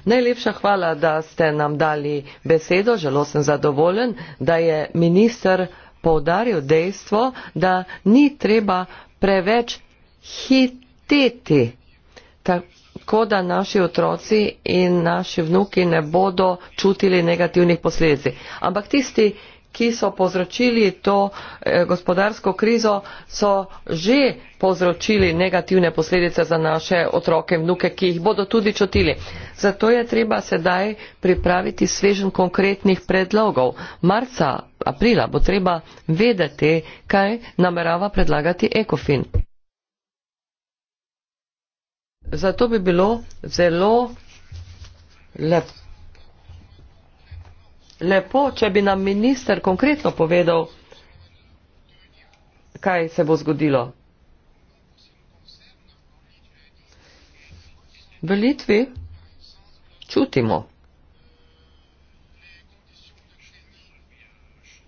Najlepša hvala, da ste nam dali besedo. Želo sem zadovoljen, da je minister povdaril dejstvo, da ni treba preveč hiteti, tako da naši otroci in naši vnuki ne bodo čutili negativnih posledic. Ampak tisti, ki so povzročili to eh, gospodarsko krizo, so že povzročili negativne posledice za naše otroke, vnuke, ki jih bodo tudi čutili. Zato je treba sedaj pripraviti svežen konkretnih predlogov. Marca, aprila bo treba vedeti, kaj namerava predlagati ECOFIN. Zato bi bilo zelo lepo lepo, če bi nam minister konkretno povedal, kaj se bo zgodilo. V Litvi čutimo,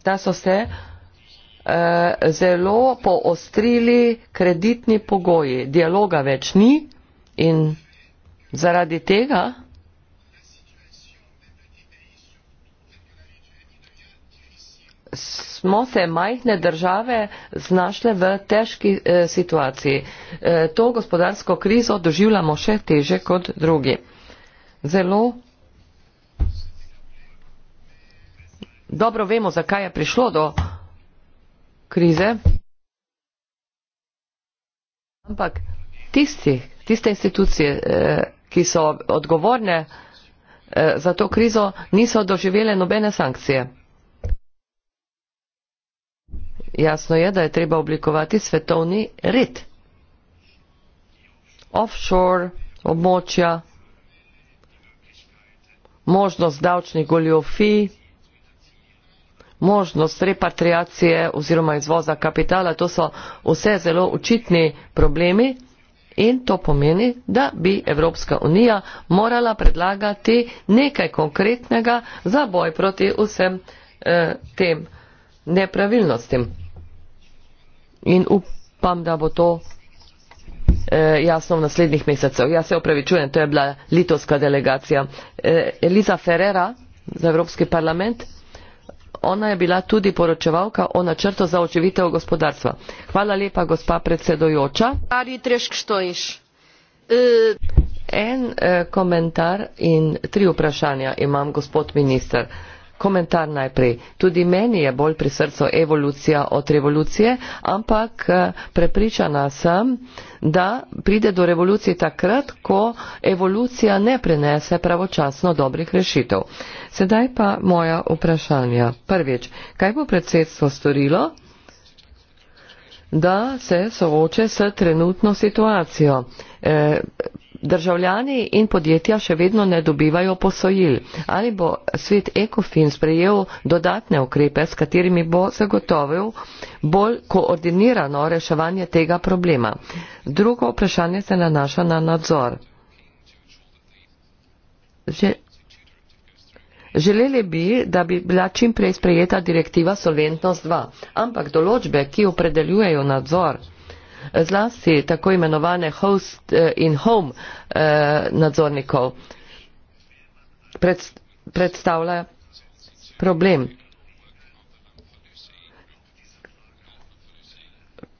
da so se eh, zelo poostrili kreditni pogoji. Dialoga več ni in zaradi tega smo se majhne države znašle v težki e, situaciji. E, to gospodarsko krizo doživljamo še teže kot drugi. Zelo dobro vemo, zakaj je prišlo do krize. Ampak tisti, tiste institucije, e, ki so odgovorne e, za to krizo, niso doživele nobene sankcije jasno je, da je treba oblikovati svetovni red. Offshore, območja, možnost davčnih goljofij, možnost repatriacije oziroma izvoza kapitala, to so vse zelo očitni problemi. In to pomeni, da bi Evropska unija morala predlagati nekaj konkretnega za boj proti vsem eh, tem nepravilnostim in upam, da bo to eh, jasno v naslednjih mesecev. Ja se opravičujem, to je bila litovska delegacija. Eh, Eliza Ferrera za Evropski parlament, ona je bila tudi poročevalka o načrtu za očevitev gospodarstva. Hvala lepa, gospa predsedojoča. Eh, en komentar in tri vprašanja imam, gospod minister komentar najprej. Tudi meni je bolj pri srcu evolucija od revolucije, ampak eh, prepričana sem, da pride do revolucije takrat, ko evolucija ne prenese pravočasno dobrih rešitev. Sedaj pa moja vprašanja. Prvič, kaj bo predsedstvo storilo? da se sooče s trenutno situacijo. Eh, državljani in podjetja še vedno ne dobivajo posojil. Ali bo svet ECOFIN sprejel dodatne ukrepe, s katerimi bo zagotovil bolj koordinirano reševanje tega problema? Drugo vprašanje se nanaša na nadzor. Že Želeli bi, da bi bila čim prej sprejeta direktiva Solventnost 2, ampak določbe, ki opredeljujejo nadzor, zlasti tako imenovane host eh, in home eh, nadzornikov predstavlja problem.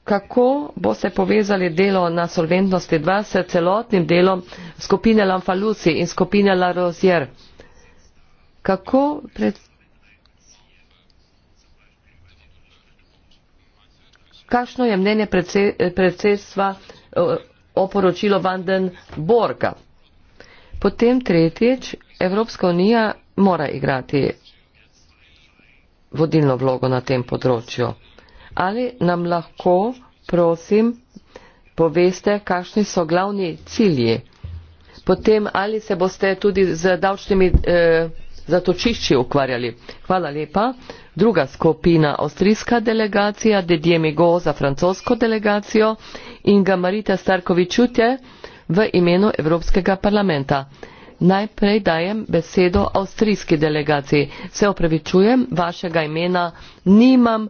Kako bo se povezali delo na solventnosti 20 celotnim delom skupine Lamfalusi in skupine La Rosier? Kako predstavlja kakšno je mnenje predsedstva eh, o poročilu Vanden Borga. Potem tretjič, Evropska unija mora igrati vodilno vlogo na tem področju. Ali nam lahko, prosim, poveste, kakšni so glavni cilji? Potem, ali se boste tudi z davčnimi eh, zatočišči ukvarjali? Hvala lepa druga skupina, avstrijska delegacija, Dedje Migo za francosko delegacijo in Gamarita Starkovičutje v imenu Evropskega parlamenta. Najprej dajem besedo avstrijski delegaciji. Se opravičujem, vašega imena nimam uh,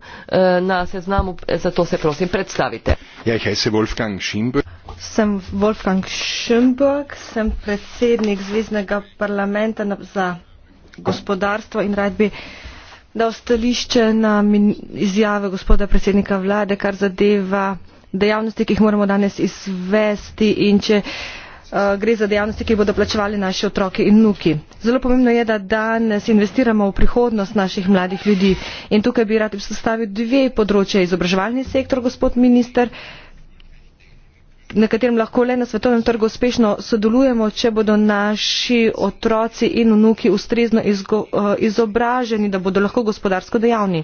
na seznamu, zato se prosim predstavite. Ja, jaz sem Wolfgang Schimburg. Sem Wolfgang Schimburg, sem predsednik Zvezdnega parlamenta za gospodarstvo in rad bi uh, dal stališče na izjave gospoda predsednika vlade kar zadeva dejavnosti ki jih moramo danes izvesti in če eh, gre za dejavnosti ki jih bodo plačevali naši otroci in vnuki. zelo pomembno je da danes investiramo v prihodnost naših mladih ljudi in tukaj bi rad izpostavil dve področji izobraževalni sektor gospod minister na katerem lahko le na svetovnem trgu uspešno sodelujemo, če bodo naši otroci in vnuki ustrezno eh, izobraženi, da bodo lahko gospodarsko dejavni.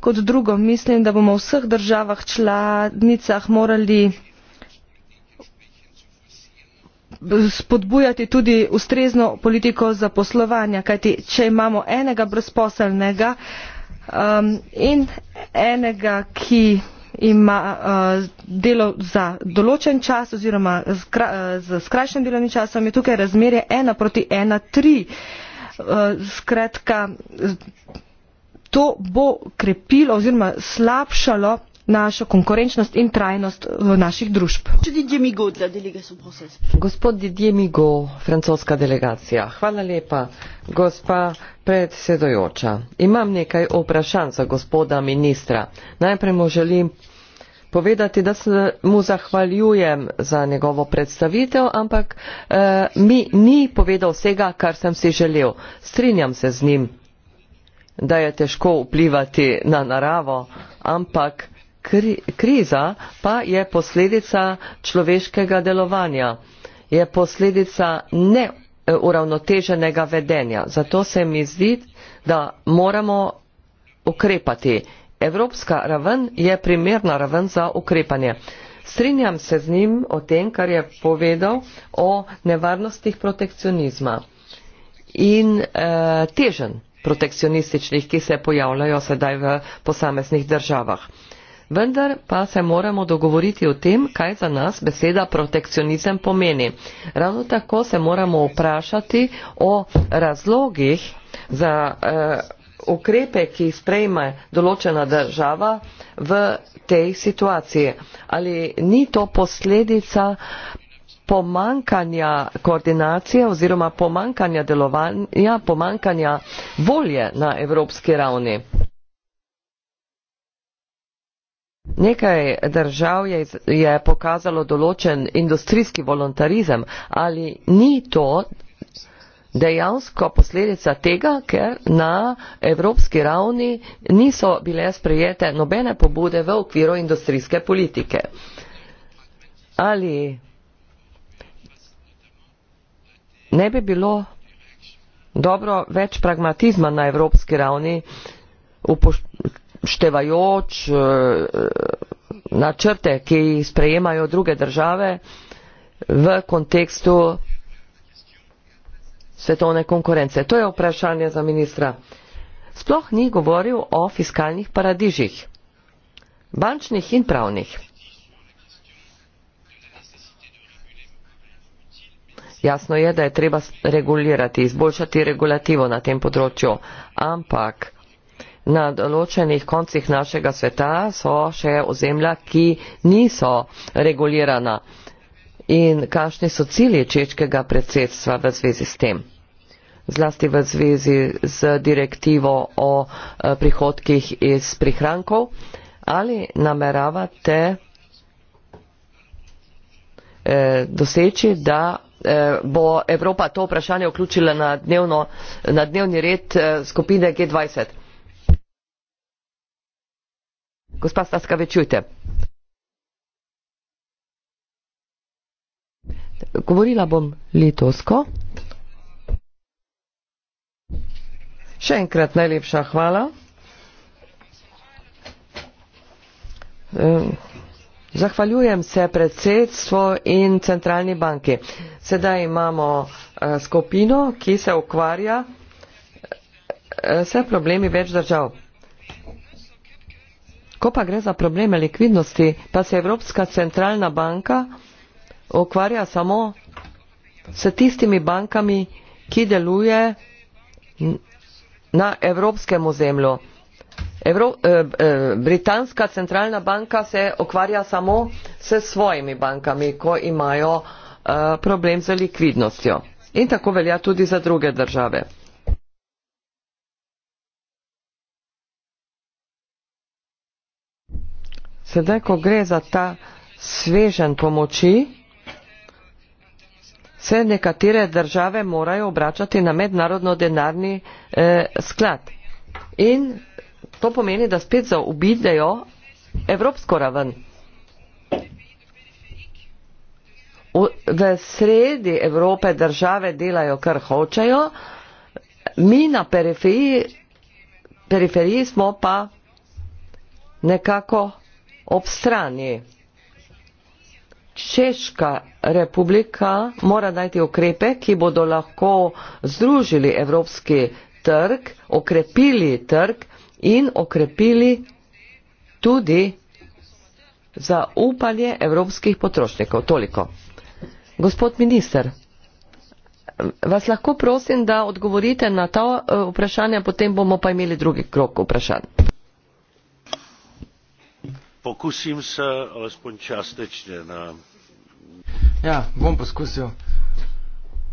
Kot drugo, mislim, da bomo v vseh državah članicah morali spodbujati tudi ustrezno politiko zaposlovanja, kajti če imamo enega brezposelnega um, in enega, ki ima eh, delo za določen čas oziroma z eh, skrajšanjem delovnim časom, je tukaj razmerje 1 proti 1, 3. Eh, skratka, to bo krepilo oziroma slabšalo našo konkurenčnost in trajnost naših družb. Gospod Didier Migaud, francoska delegacija. Hvala lepa, gospa predsedojoča. Imam nekaj vprašanj za gospoda ministra. Najprej mu želim povedati, da se mu zahvaljujem za njegovo predstavitev, ampak eh, mi ni povedal vsega, kar sem si želel. Strinjam se z njim, da je težko vplivati na naravo, ampak kri, kriza pa je posledica človeškega delovanja, je posledica neuravnoteženega eh, vedenja. Zato se mi zdi, da moramo ukrepati. Evropska raven je primerna raven za ukrepanje. Strinjam se z njim o tem, kar je povedal o nevarnostih protekcionizma in e, eh, težen protekcionističnih, ki se pojavljajo sedaj v posameznih državah. Vendar pa se moramo dogovoriti o tem, kaj za nas beseda protekcionizem pomeni. Ravno tako se moramo vprašati o razlogih za uh, ukrepe, ki sprejme določena država v tej situaciji. Ali ni to posledica pomankanja koordinacije oziroma pomankanja delovanja, pomankanja volje na evropski ravni? Nekaj držav je, je pokazalo določen industrijski voluntarizem, ali ni to dejansko posledica tega, ker na evropski ravni niso bile sprejete nobene pobude v okviru industrijske politike. Ali ne bi bilo dobro več pragmatizma na evropski ravni upoštevati? upoštevajoč eh, načrte, ki jih sprejemajo druge države v kontekstu svetovne konkurence. To je vprašanje za ministra. Sploh ni govoril o fiskalnih paradižih, bančnih in pravnih. Jasno je, da je treba regulirati, izboljšati regulativo na tem področju, ampak na določenih koncih našega sveta so še ozemlja, ki niso regulirana. In kakšni so cilji češkega predsedstva v zvezi s tem? Zlasti v zvezi z direktivo o eh, prihodkih iz prihrankov. Ali nameravate eh, doseči, da eh, bo Evropa to vprašanje vključila na, dnevno, na dnevni red skupine G20. Gospa Staska, več čujte. Govorila bom letosko. Še enkrat najlepša hvala. Ehm, zahvaljujem se predsedstvo in centralni banki. Sedaj imamo eh, skupino, ki se ukvarja vse eh, problemi več držav. Ko pa gre za probleme likvidnosti, pa se Evropska centralna banka okvarja samo s tistimi bankami, ki deluje na evropskem ozemlju. Evro, eh, eh, Britanska centralna banka se okvarja samo s svojimi bankami, ko imajo eh, problem z likvidnostjo. In tako velja tudi za druge države. Sedaj, ko gre za ta svežen pomoči, se nekatere države morajo obračati na mednarodno denarni eh, sklad. In to pomeni, da spet zaubidejo evropsko raven. V, v sredi Evrope države delajo, kar hočejo, mi na periferiji, periferiji smo pa nekako ob strani. Češka republika mora najti ukrepe, ki bodo lahko združili evropski trg, okrepili trg in okrepili tudi zaupanje evropskih potrošnikov. Toliko. Gospod minister, vas lahko prosim, da odgovorite na ta eh, vprašanja, potem bomo pa imeli drugi krok vprašanj pokusim se alespoň častečne na ja bom poskusil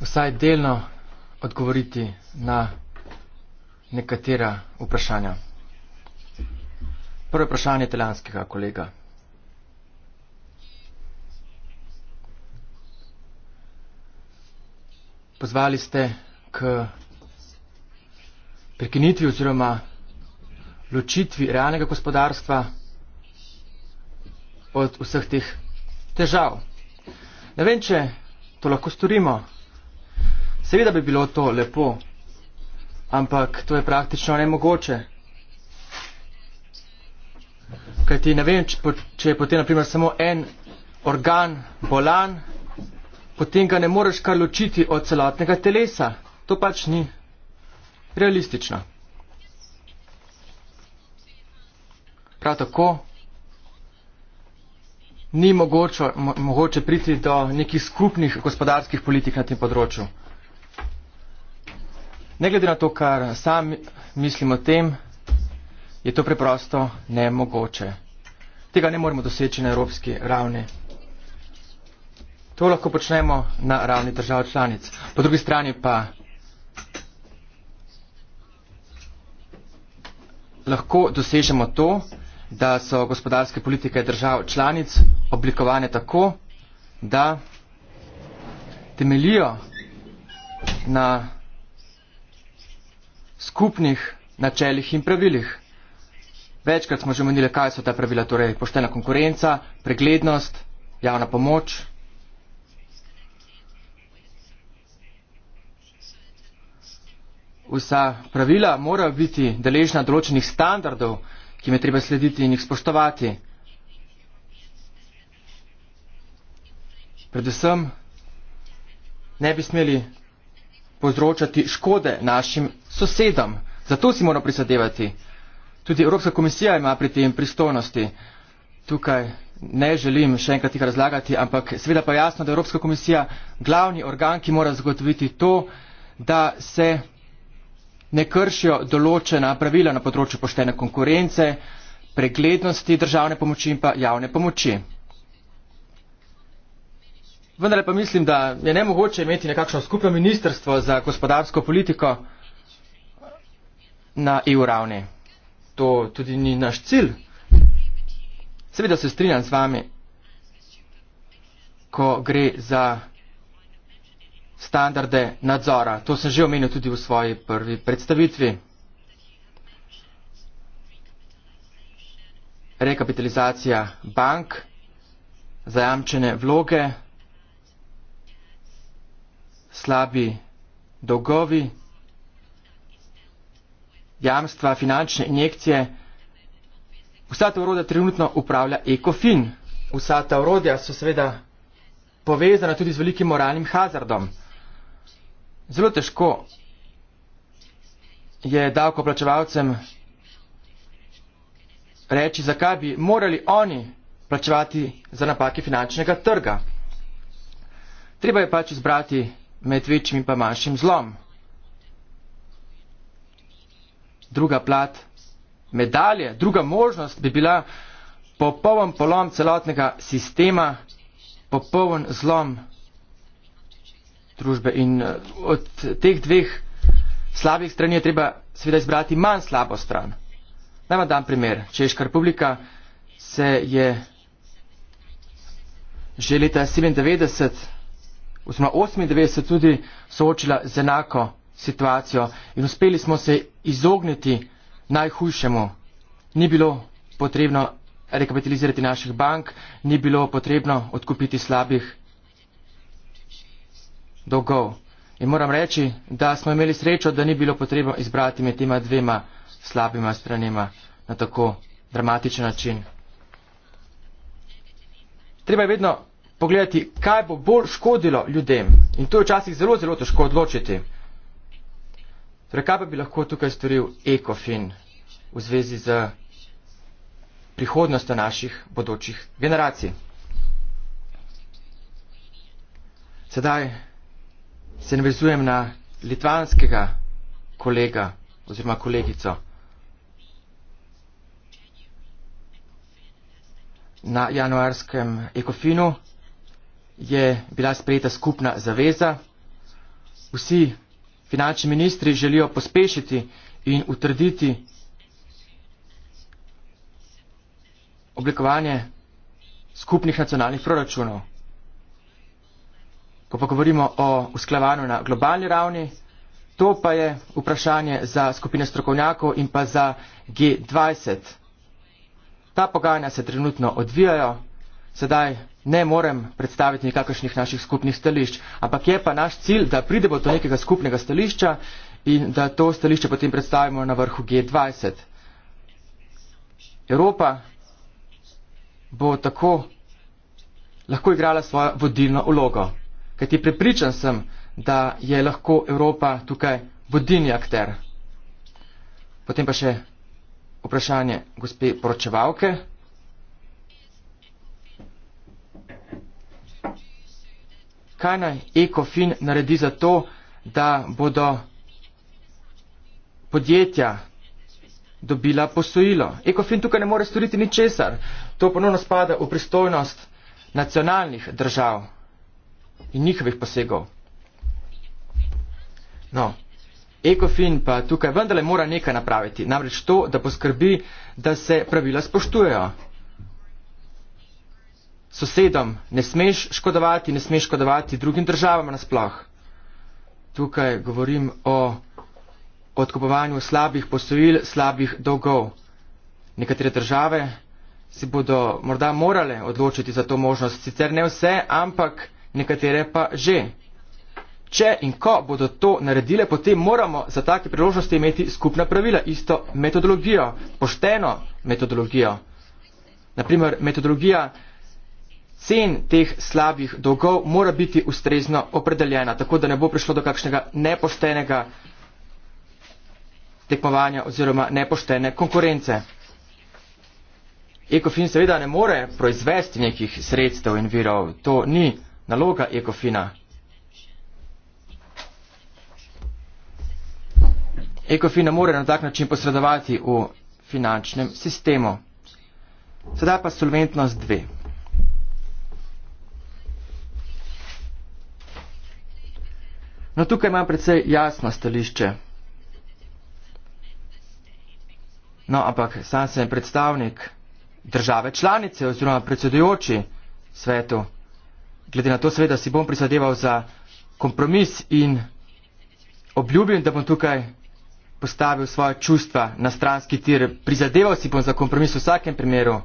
vsaj delno odgovoriti na nekatera vprašanja prvo vprašanje italijanskega kolega pozvali ste k prekinitvi oziroma ločitvi realnega gospodarstva od vseh teh težav. Ne vem, če to lahko storimo. Seveda bi bilo to lepo, ampak to je praktično nemogoče. Kaj ti ne vem, če je potem naprimer samo en organ bolan, potem ga ne moreš kar ločiti od celotnega telesa. To pač ni realistično. Prav tako ni mogoče, mo mogoče priti do nekih skupnih gospodarskih politik na tem področju. Ne glede na to, kar sam mislim o tem, je to preprosto nemogoče. Tega ne moremo doseči na evropski ravni. To lahko počnemo na ravni držav članic. Po drugi strani pa lahko dosežemo to, da so gospodarske politike držav članic oblikovane tako, da temelijo na skupnih načelih in pravilih. Večkrat smo že omenili, kaj so ta pravila, torej poštena konkurenca, preglednost, javna pomoč. Vsa pravila morajo biti deležna določenih standardov, ki jim je treba slediti in jih spoštovati. Predvsem ne bi smeli povzročati škode našim sosedam. Zato si moramo prisadevati. Tudi Evropska komisija ima pri tem pristojnosti. Tukaj ne želim še enkrat jih razlagati, ampak seveda pa jasno, da je Evropska komisija glavni organ, ki mora zagotoviti to, da se ne kršijo določena pravila na področju poštene konkurence, preglednosti državne pomoči in pa javne pomoči. Vendar pa mislim, da je ne mogoče imeti nekakšno skupno ministrstvo za gospodarsko politiko na EU ravni. To tudi ni naš cilj. Seveda se strinjam z vami, ko gre za standarde nadzora. To sem že omenil tudi v svoji prvi predstavitvi. Rekapitalizacija bank, zajamčene vloge, slabi dolgovi, jamstva, finančne injekcije. Vsa ta urodja trenutno upravlja ECOFIN. Vsa ta urodja so seveda povezana tudi z velikim moralnim hazardom. Zelo težko je davkoplačevalcem reči, zakaj bi morali oni plačevati za napake finančnega trga. Treba je pač izbrati med večjim in pa manjšim zlom. Druga plat medalje, druga možnost bi bila popoln polom celotnega sistema, popoln zlom družbe. In eh, od teh dveh slabih strani je treba seveda izbrati manj slabo stran. Naj vam dam primer. Češka republika se je že leta 97 oziroma 98 tudi soočila z enako situacijo in uspeli smo se izogniti najhujšemu. Ni bilo potrebno rekapitalizirati naših bank, ni bilo potrebno odkupiti slabih dolgov. In moram reči, da smo imeli srečo, da ni bilo potrebno izbrati med tema dvema slabima stranima na tako dramatičen način. Treba je vedno pogledati, kaj bo bolj škodilo ljudem. In to je včasih zelo, zelo težko odločiti. Torej, kaj pa bi lahko tukaj storil ekofin v zvezi z prihodnostjo naših bodočih generacij? Sedaj se navezujem na litvanskega kolega oziroma kolegico. Na januarskem ekofinu je bila sprejeta skupna zaveza. Vsi finančni ministri želijo pospešiti in utrditi oblikovanje skupnih nacionalnih proračunov ko pa govorimo o usklavanju na globalni ravni, to pa je vprašanje za skupine strokovnjakov in pa za G20. Ta pogajanja se trenutno odvijajo, sedaj ne morem predstaviti nikakršnih naših skupnih stališč, ampak je pa naš cilj, da pridemo do nekega skupnega stališča in da to stališče potem predstavimo na vrhu G20. Evropa bo tako lahko igrala svojo vodilno vlogo kajti prepričan sem, da je lahko Evropa tukaj vodilni akter. Potem pa še vprašanje gospe poročevalke. Kaj naj ECOFIN naredi za to, da bodo podjetja dobila posojilo? ECOFIN tukaj ne more storiti ničesar. To ponovno spada v pristojnost nacionalnih držav in njihovih posegov. No, ekofin pa tukaj vendarle mora nekaj napraviti, namreč to, da poskrbi, da se pravila spoštujejo. Sosedom ne smeš škodovati, ne smeš škodovati drugim državam nasploh. Tukaj govorim o odkupovanju slabih posojil, slabih dolgov. Nekatere države si bodo morda morale odločiti za to možnost, sicer ne vse, ampak nekatere pa že. Če in ko bodo to naredile, potem moramo za take priložnosti imeti skupna pravila, isto metodologijo, pošteno metodologijo. Naprimer, metodologija cen teh slabih dolgov mora biti ustrezno opredeljena, tako da ne bo prišlo do kakšnega nepoštenega tekmovanja oziroma nepoštene konkurence. Ekofin seveda ne more proizvesti nekih sredstev in virov, to ni naloga ekofina. Ekofina mora na tak način posredovati v finančnem sistemu. Sedaj pa solventnost dve. No, tukaj imam predvsej jasno stališče. No, ampak sam sem predstavnik države članice oziroma predsedujoči svetu glede na to seveda si bom prizadeval za kompromis in obljubim, da bom tukaj postavil svoje čustva na stranski tir. Prizadeval si bom za kompromis v vsakem primeru.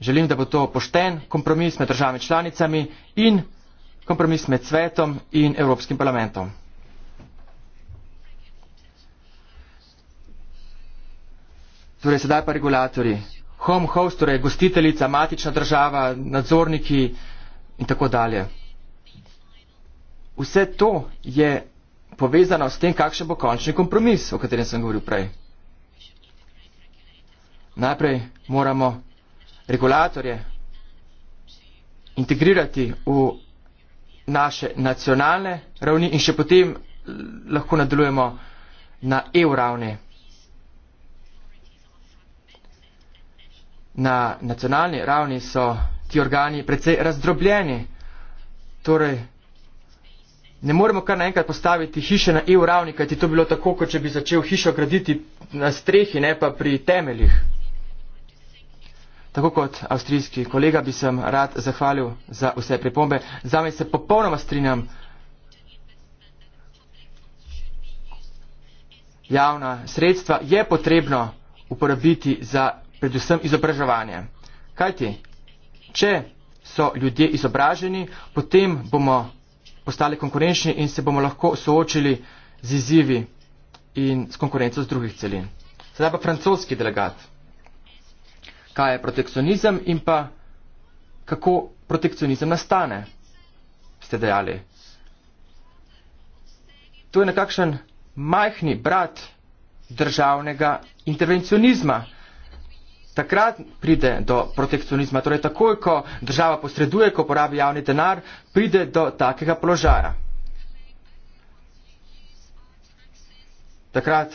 Želim, da bo to pošten kompromis med državami članicami in kompromis med svetom in Evropskim parlamentom. Torej, sedaj pa regulatori home host, torej gostiteljica, matična država, nadzorniki in tako dalje. Vse to je povezano s tem, kakšen bo končni kompromis, o katerem sem govoril prej. Najprej moramo regulatorje integrirati v naše nacionalne ravni in še potem lahko nadaljujemo na EU ravni. Na nacionalni ravni so ti organi precej razdrobljeni. Torej, Ne moremo kar naenkrat postaviti hiše na EU ravni, kaj ti to bilo tako, kot če bi začel hišo graditi na strehi, ne pa pri temeljih. Tako kot avstrijski kolega bi sem rad zahvalil za vse pripombe. Zame se popolnoma strinjam. Javna sredstva je potrebno uporabiti za predvsem izobraževanje. Kajti, če so ljudje izobraženi, potem bomo postali konkurenčni in se bomo lahko soočili z izzivi in s konkurenco z drugih celin. Sedaj pa francoski delegat. Kaj je protekcionizem in pa kako protekcionizem nastane, ste dejali. To je nekakšen majhni brat državnega intervencionizma. Takrat pride do protekcionizma, torej takoj, ko država posreduje, ko porabi javni denar, pride do takega položaja. Takrat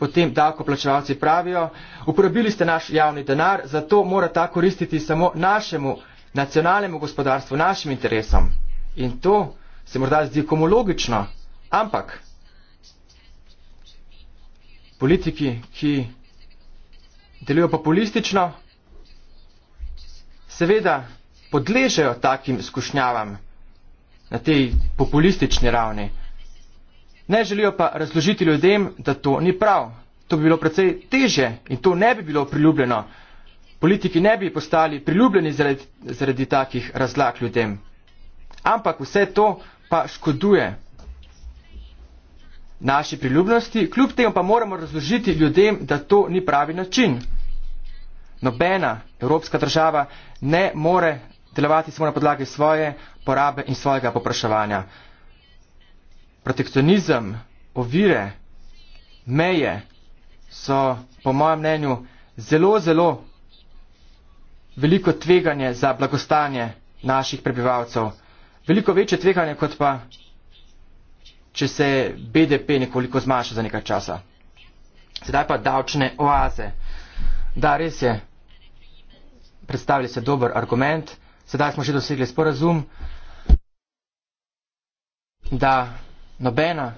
potem davkoplačevalci pravijo, uporabili ste naš javni denar, zato mora ta koristiti samo našemu nacionalnemu gospodarstvu, našim interesom. In to se morda zdi komu logično, ampak politiki, ki delujejo populistično, seveda podležejo takim skušnjavam na tej populistični ravni. Ne želijo pa razložiti ljudem, da to ni prav. To bi bilo precej teže in to ne bi bilo priljubljeno. Politiki ne bi postali priljubljeni zaradi, zaradi takih razlag ljudem. Ampak vse to pa škoduje naši priljubljenosti, kljub temu pa moramo razložiti ljudem, da to ni pravi način. Nobena evropska država ne more delovati samo na podlagi svoje porabe in svojega popraševanja. Protekcionizem, ovire, meje so, po mojem mnenju, zelo, zelo veliko tveganje za blagostanje naših prebivalcev. Veliko večje tveganje kot pa če se BDP nekoliko zmanjša za nekaj časa. Sedaj pa davčne oaze. Da, res je, predstavili se dober argument. Sedaj smo še dosegli sporazum, da nobena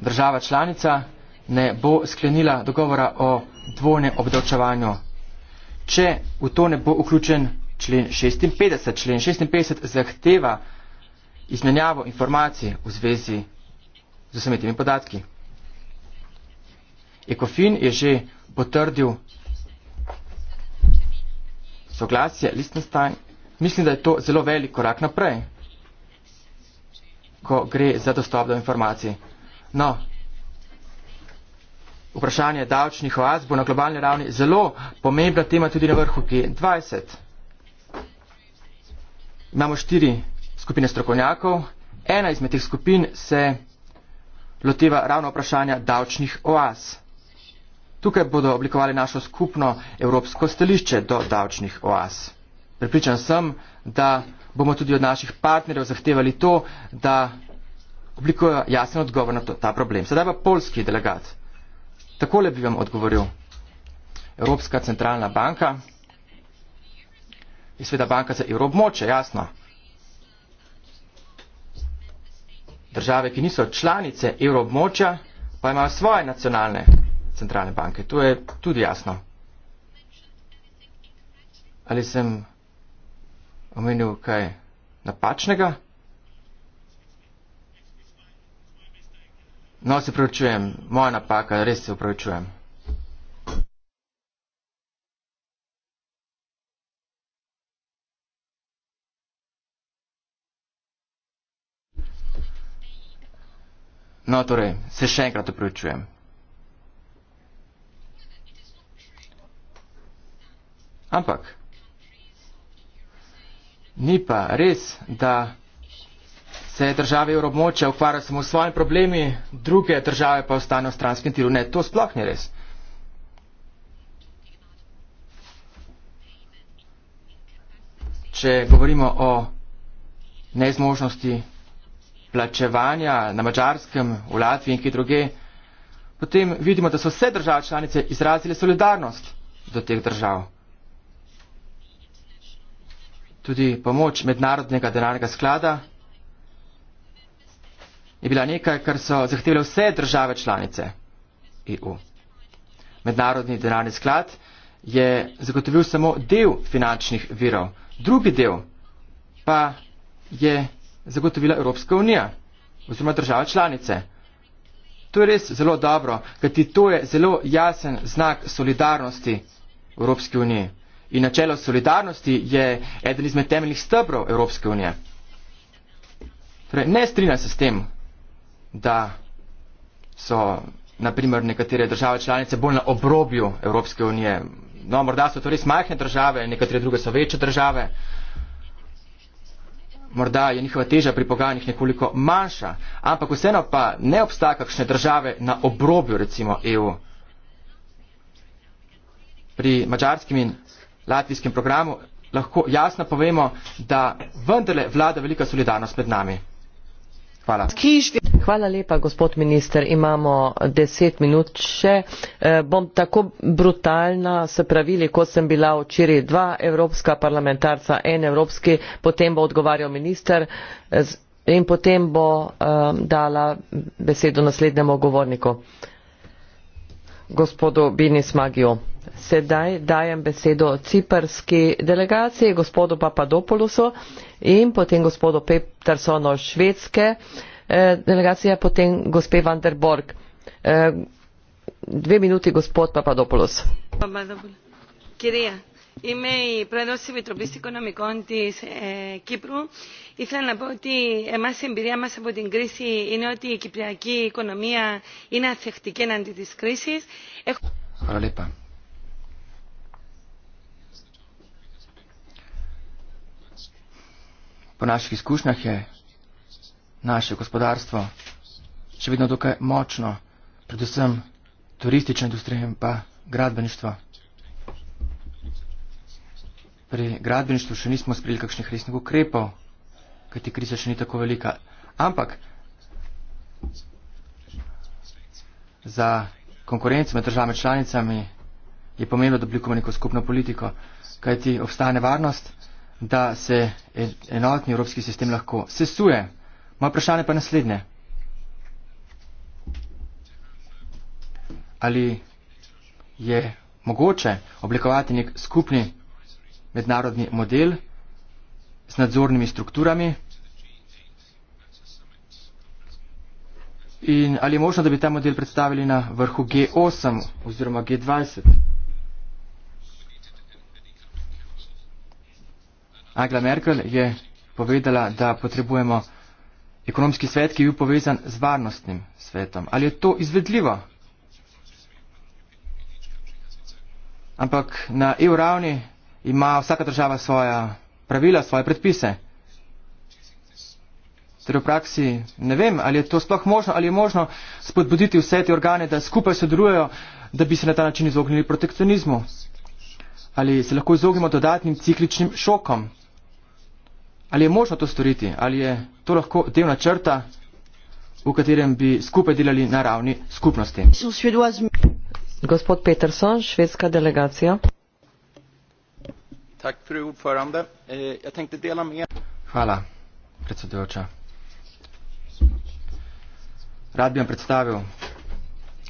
država članica ne bo sklenila dogovora o dvojne obdavčevanju, če v to ne bo vključen člen 56. Člen 56 zahteva, izmenjavo informacij v zvezi z vsemi temi podatki. Ekofin je že potrdil soglasje Listenstein. Mislim, da je to zelo velik korak naprej, ko gre za dostop do informacij. No, vprašanje davčnih oaz bo na globalni ravni zelo pomembna tema tudi na vrhu G20. Imamo štiri skupine strokovnjakov. Ena izmed teh skupin se loteva ravno vprašanja davčnih oaz. Tukaj bodo oblikovali našo skupno evropsko stališče do davčnih oaz. Pripričan sem, da bomo tudi od naših partnerjev zahtevali to, da oblikujejo jasen odgovor na to, ta problem. Sedaj pa polski delegat. Takole bi vam odgovoril. Evropska centralna banka je sveda banka za evrobmoče, jasno. države, ki niso članice evroobmočja, pa imajo svoje nacionalne centralne banke. To je tudi jasno. Ali sem omenil kaj napačnega? No, se pravičujem, moja napaka, res se pravičujem. No, torej, se še enkrat upravičujem. Ampak, ni pa res, da se države Evropmoče ukvarjajo samo s svojimi problemi, druge države pa ostanejo v stranskem tiru. Ne, to sploh ni res. Če govorimo o nezmožnosti plačevanja na Mačarskem, v Latviji in kje druge, potem vidimo, da so vse države članice izrazile solidarnost do teh držav. Tudi pomoč mednarodnega denarnega sklada je bila nekaj, kar so zahtevali vse države članice EU. Mednarodni denarni sklad je zagotovil samo del finančnih virov, drugi del pa je zagotovila Evropska unija oziroma država članice. To je res zelo dobro, kajti to je zelo jasen znak solidarnosti Evropske unije. In načelo solidarnosti je eden izmed temeljnih stebrov Evropske unije. Torej, ne strinja se s tem, da so naprimer nekatere države članice bolj na obrobju Evropske unije. No, morda so to res majhne države, nekatere druge so večje države. Uh, morda je njihova teža pri pogajanjih nekoliko manjša, ampak vseeno pa ne obstaja kakšne države na obrobju recimo EU. Pri mačarskem in latvijskem programu lahko jasno povemo, da vendarle vlada velika solidarnost med nami. Hvala lepa, gospod minister. Imamo deset minut še. E, bom tako brutalna, se pravili, kot sem bila včeraj dva evropska parlamentarca, en evropski, potem bo odgovarjal minister e, in potem bo e, dala besedo naslednjemu govorniku, gospodu Binis Magijo. Sedaj dajem besedo ciperski delegaciji, gospodu Papadopoulosu in potem gospodu Petersonu švedske eh, delegacije, potem gospe Van der Borg. Eh, dve minuti, gospod Papadopoulos. Κυρία, είμαι η πρόεδρος της Επιτροπής Οικονομικών της ε, Κύπρου. Ήθελα να πω ότι εμάς η εμπειρία μας από την κρίση είναι ότι η κυπριακή οικονομία είναι αθεκτική εναντί της κρίσης. Έχω... po naših izkušnjah je naše gospodarstvo še vedno dokaj močno, predvsem turistična industrija in pa gradbeništvo. Pri gradbeništvu še nismo sprejeli kakšnih resnih ukrepov, kajti kriza še ni tako velika. Ampak za konkurenco med državami članicami je pomembno, da oblikujemo neko skupno politiko, kajti obstaja nevarnost, da se enotni evropski sistem lahko sesuje. Moje vprašanje pa je naslednje. Ali je mogoče oblikovati nek skupni mednarodni model z nadzornimi strukturami in ali je možno, da bi ta model predstavili na vrhu G8 oziroma G20? Angela Merkel je povedala, da potrebujemo ekonomski svet, ki je bil povezan z varnostnim svetom. Ali je to izvedljivo? Ampak na EU ravni ima vsaka država svoja pravila, svoje predpise. Torej v praksi ne vem, ali je to sploh možno, ali je možno spodbuditi vse te organe, da skupaj sodelujejo, da bi se na ta način izognili protekcionizmu. Ali se lahko izognemo dodatnim cikličnim šokom. Ali je možno to storiti? Ali je to lahko del načrta, v katerem bi skupaj delali na ravni skupnosti? Gospod Peterson, švedska delegacija. Tak, eh, Hvala, predsedujoča. Rad bi vam predstavil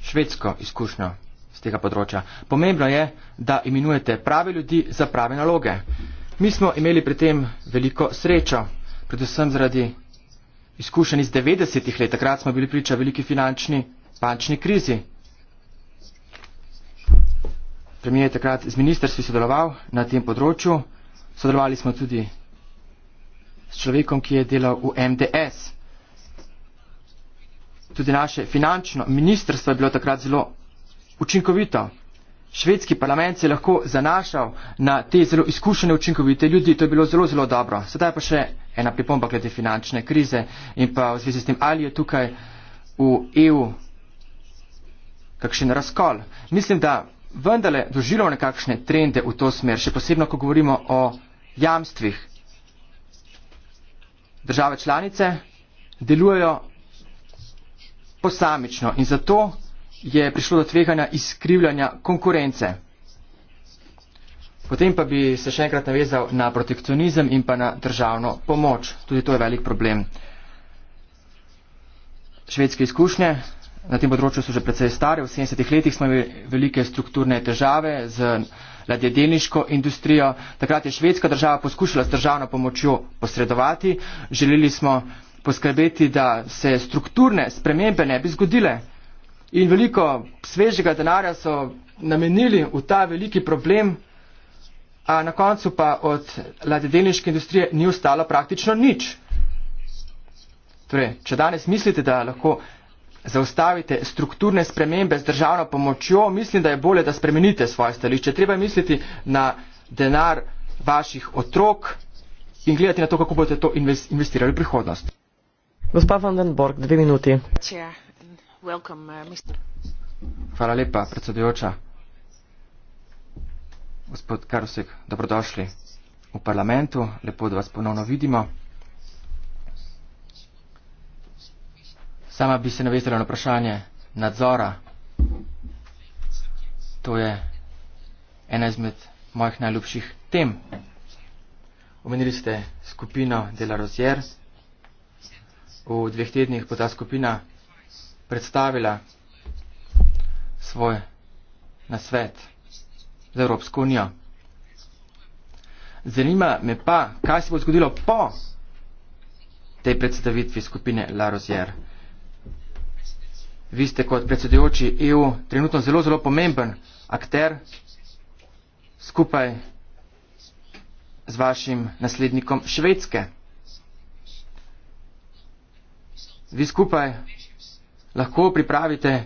švedsko izkušnjo z tega področja. Pomembno je, da imenujete prave ljudi za prave naloge. Mi smo imeli pri tem veliko srečo, predvsem zaradi izkušenj iz 90-ih let. Takrat smo bili priča veliki finančni bančni krizi. Premijer je takrat z ministrstvi sodeloval na tem področju. Sodelovali smo tudi s človekom, ki je delal v MDS. Tudi naše finančno ministrstvo je bilo takrat zelo učinkovito švedski parlament se je lahko zanašal na te zelo izkušene učinkovite ljudi, to je bilo zelo, zelo dobro. Sedaj pa še ena pripomba glede finančne krize in pa v zvezi s tem, ali je tukaj v EU kakšen razkol. Mislim, da vendarle doživljamo nekakšne trende v to smer, še posebno, ko govorimo o jamstvih. Države članice delujejo posamično in zato je prišlo do tveganja izkrivljanja konkurence. Potem pa bi se še enkrat navezal na protekcionizem in pa na državno pomoč. Tudi to je velik problem. Švedske izkušnje na tem področju so že precej stare. V 70-ih letih smo imeli velike strukturne težave z ladjedelniško industrijo. Takrat je švedska država poskušala s državno pomočjo posredovati. Želeli smo poskrbeti, da se strukturne spremembe ne bi zgodile in veliko svežega denarja so namenili v ta veliki problem, a na koncu pa od ladedelniške industrije ni ostalo praktično nič. Torej, če danes mislite, da lahko zaustavite strukturne spremembe z državno pomočjo, mislim, da je bolje, da spremenite svoje stališče. Treba misliti na denar vaših otrok in gledati na to, kako boste to investirali v prihodnost. Gospa Vandenborg, dve minuti. Čia. Uh, Hvala lepa, predsedujoča. Gospod Karusek, dobrodošli v parlamentu. Lepo, da vas ponovno vidimo. Sama bi se navezala na vprašanje nadzora. To je ena izmed mojih najljubših tem. Omenili ste skupino Delarozier. V dveh tednih bo ta skupina predstavila svoj nasvet za Evropsko unijo. Zanima me pa, kaj se bo zgodilo po tej predstavitvi skupine La Rozier. Vi ste kot predsedujoči EU trenutno zelo, zelo pomemben akter skupaj z vašim naslednikom Švedske. Vi skupaj lahko pripravite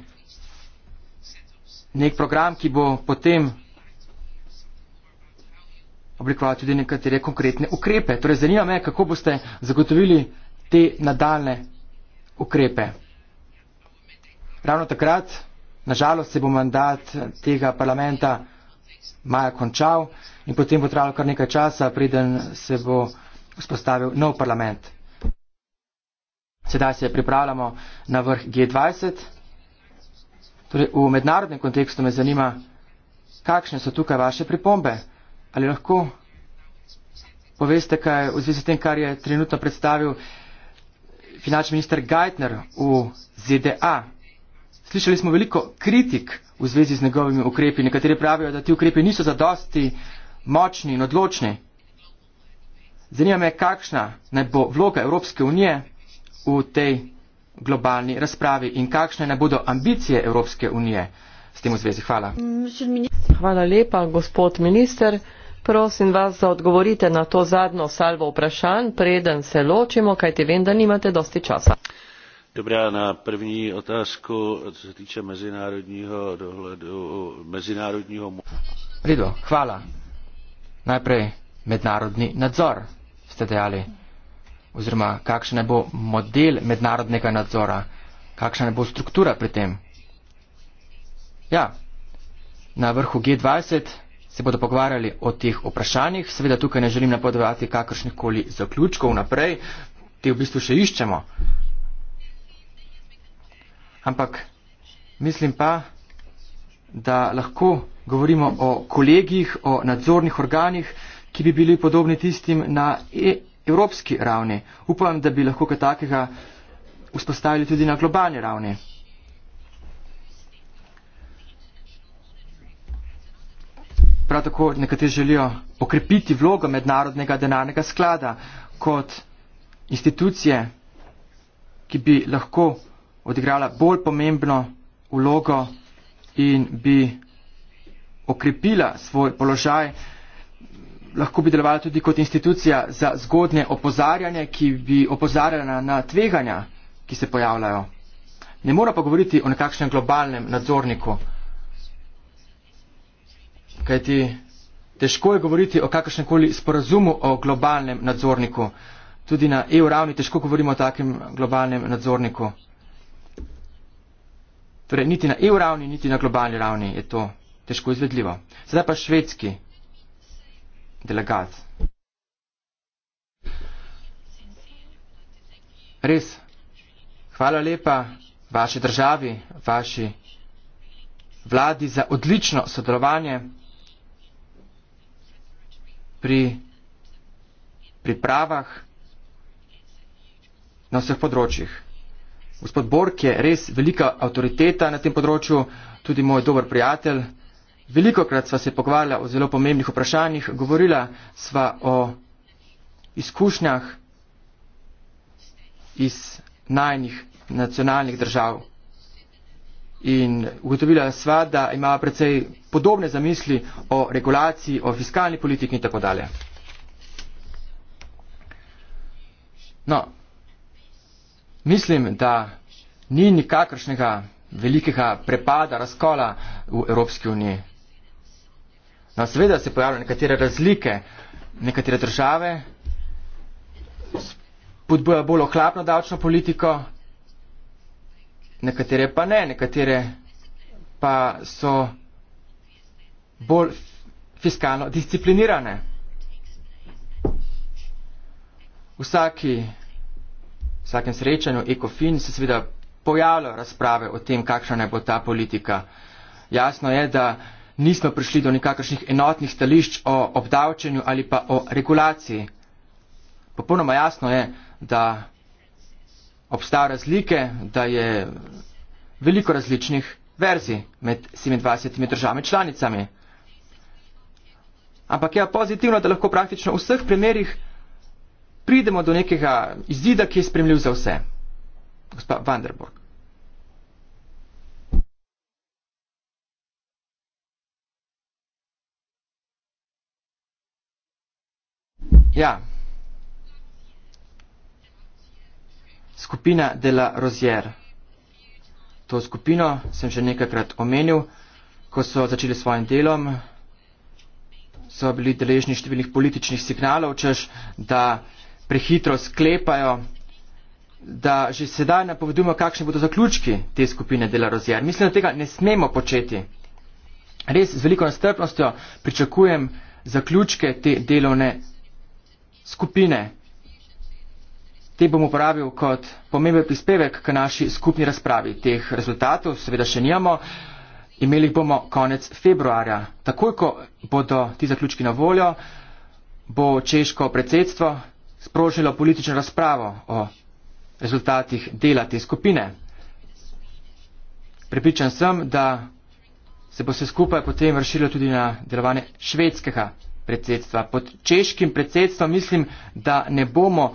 nek program, ki bo potem oblikoval tudi nekatere konkretne ukrepe. Torej, zanima me, kako boste zagotovili te nadaljne ukrepe. Ravno takrat, nažalost, se bo mandat tega parlamenta maja končal in potem bo trajalo kar nekaj časa, preden se bo vzpostavil nov parlament sedaj se pripravljamo na vrh G20. Torej, v mednarodnem kontekstu me zanima, kakšne so tukaj vaše pripombe. Ali lahko poveste, kaj v zvezi s tem, kar je trenutno predstavil finančni minister Geitner v ZDA. Slišali smo veliko kritik v zvezi z njegovimi ukrepi. Nekateri pravijo, da ti ukrepi niso zadosti močni in odločni. Zanima me, kakšna naj bo vloga Evropske unije v tej globalni razpravi in kakšne ne bodo ambicije Evropske unije s tem v zvezi. Hvala. Hvala lepa, gospod minister. Prosim vas, da odgovorite na to zadnjo salvo vprašanj, preden se ločimo, kajti vem, da nimate dosti časa. Dobrá, na první otázku, co se týče mezinárodního dohledu, mezinárodního... Rido, chvála. Najprej mednárodní nadzor, jste dejali oziroma kakšen bo model mednarodnega nadzora, kakšna bo struktura pri tem. Ja, na vrhu G20 se bodo pogovarjali o teh vprašanjih, seveda tukaj ne želim napovedovati kakršnih koli zaključkov naprej, te v bistvu še iščemo. Ampak mislim pa, da lahko govorimo o kolegih, o nadzornih organih, ki bi bili podobni tistim na e- evropski ravni. Upam, da bi lahko kaj takega vzpostavili tudi na globalni ravni. Prav tako nekateri želijo okrepiti vlogo mednarodnega denarnega sklada kot institucije, ki bi lahko odigrala bolj pomembno vlogo in bi okrepila svoj položaj lahko bi delovala tudi kot institucija za zgodne opozarjanje, ki bi opozarjala na tveganja, ki se pojavljajo. Ne mora pa govoriti o nekakšnem globalnem nadzorniku, kajti težko je govoriti o kakršnemkoli sporazumu o globalnem nadzorniku. Tudi na EU ravni težko govorimo o takem globalnem nadzorniku. Torej, niti na EU ravni, niti na globalni ravni je to težko izvedljivo. Sedaj pa švedski delegat. Res, hvala lepa vaši državi, vaši vladi za odlično sodelovanje pri pripravah na vseh področjih. Gospod Bork je res velika avtoriteta na tem področju, tudi moj dober prijatelj. Veliko krat sva se pogovarjala o zelo pomembnih vprašanjih, govorila sva o izkušnjah iz najnih nacionalnih držav. In ugotovila sva, da ima precej podobne zamisli o regulaciji, o fiskalni politiki in tako dalje. No, mislim, da ni nikakršnega velikega prepada, razkola v Evropski uniji. No, seveda se pojavljajo nekatere razlike. Nekatere države podbojajo bolj ohlapno davčno politiko, nekatere pa ne, nekatere pa so bolj fiskalno disciplinirane. Vsaki, v vsakem srečanju ECOFIN se seveda pojavljajo razprave o tem, kakšna naj bo ta politika. Jasno je, da nismo prišli do nekakršnih enotnih stališč o obdavčenju ali pa o regulaciji. Popolnoma jasno je, da obstajajo razlike, da je veliko različnih verzij med 27 državami članicami. Ampak je ja, pozitivno, da lahko praktično v vseh primerjih pridemo do nekega izida, ki je spremljiv za vse. Gospa Vanderburg. Ja. Skupina de la Rozier. To skupino sem že nekajkrat omenil, ko so začeli s svojim delom, so bili deležni številnih političnih signalov, češ, da prehitro sklepajo, da že sedaj napovedujemo, kakšni bodo zaključki te skupine de la Rozier. Mislim, da tega ne smemo početi. Res z veliko nastrpnostjo pričakujem zaključke te delovne skupine. Te bom uporabil kot pomemben prispevek k naši skupni razpravi. Teh rezultatov seveda še nijamo. Imeli bomo konec februarja. Takoj, ko bodo ti zaključki na voljo, bo češko predsedstvo sprožilo politično razpravo o rezultatih dela te skupine. Pripričan sem, da se bo vse skupaj potem vršilo tudi na delovanje švedskega predsedstva. Pod češkim predsedstvom mislim, da ne bomo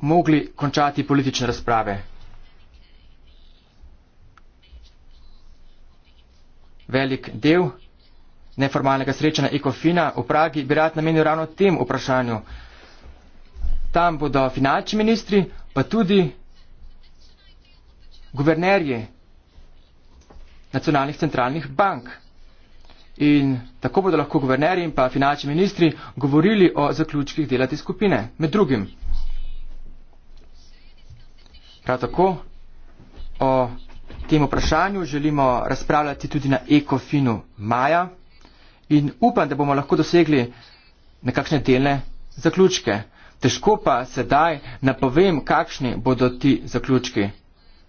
mogli končati politične razprave. Velik del neformalnega srečanja ECOFINA v Pragi bi rad namenil ravno tem vprašanju. Tam bodo finančni ministri, pa tudi guvernerji nacionalnih centralnih bank. In tako bodo lahko guvernerji in pa finančni ministri govorili o zaključkih dela te skupine, med drugim. Prav tako o tem vprašanju želimo razpravljati tudi na ekofinu maja in upam, da bomo lahko dosegli nekakšne delne zaključke. Težko pa sedaj napovem, kakšni bodo ti zaključki.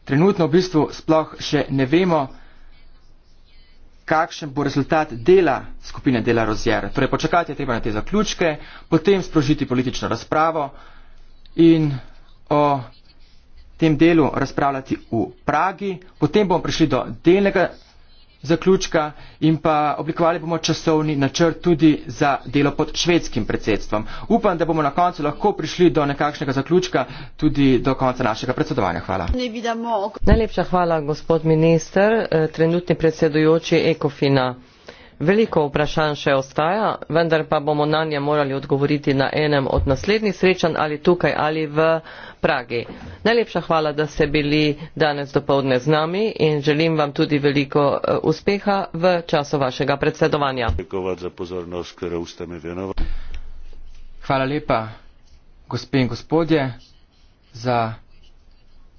Trenutno v bistvu sploh še ne vemo, kakšen bo rezultat dela skupine dela Rozier. Torej, počakati je treba na te zaključke, potem sprožiti politično razpravo in o tem delu razpravljati v Pragi, potem bomo prišli do delnega zaključka in pa oblikovali bomo časovni načrt tudi za delo pod švedskim predsedstvom. Upam, da bomo na koncu lahko prišli do nekakšnega zaključka tudi do konca našega predsedovanja. Hvala. Najlepša hvala, gospod minister, eh, trenutni predsedujoči Ekofina. Veliko vprašanj še ostaja, vendar pa bomo na nje morali odgovoriti na enem od naslednjih srečanj ali tukaj ali v Pragi. Najlepša hvala, da ste bili danes dopoledne z nami in želim vam tudi veliko eh, uspeha v času vašega predsedovanja. Hvala lepa, gospe in gospodje, za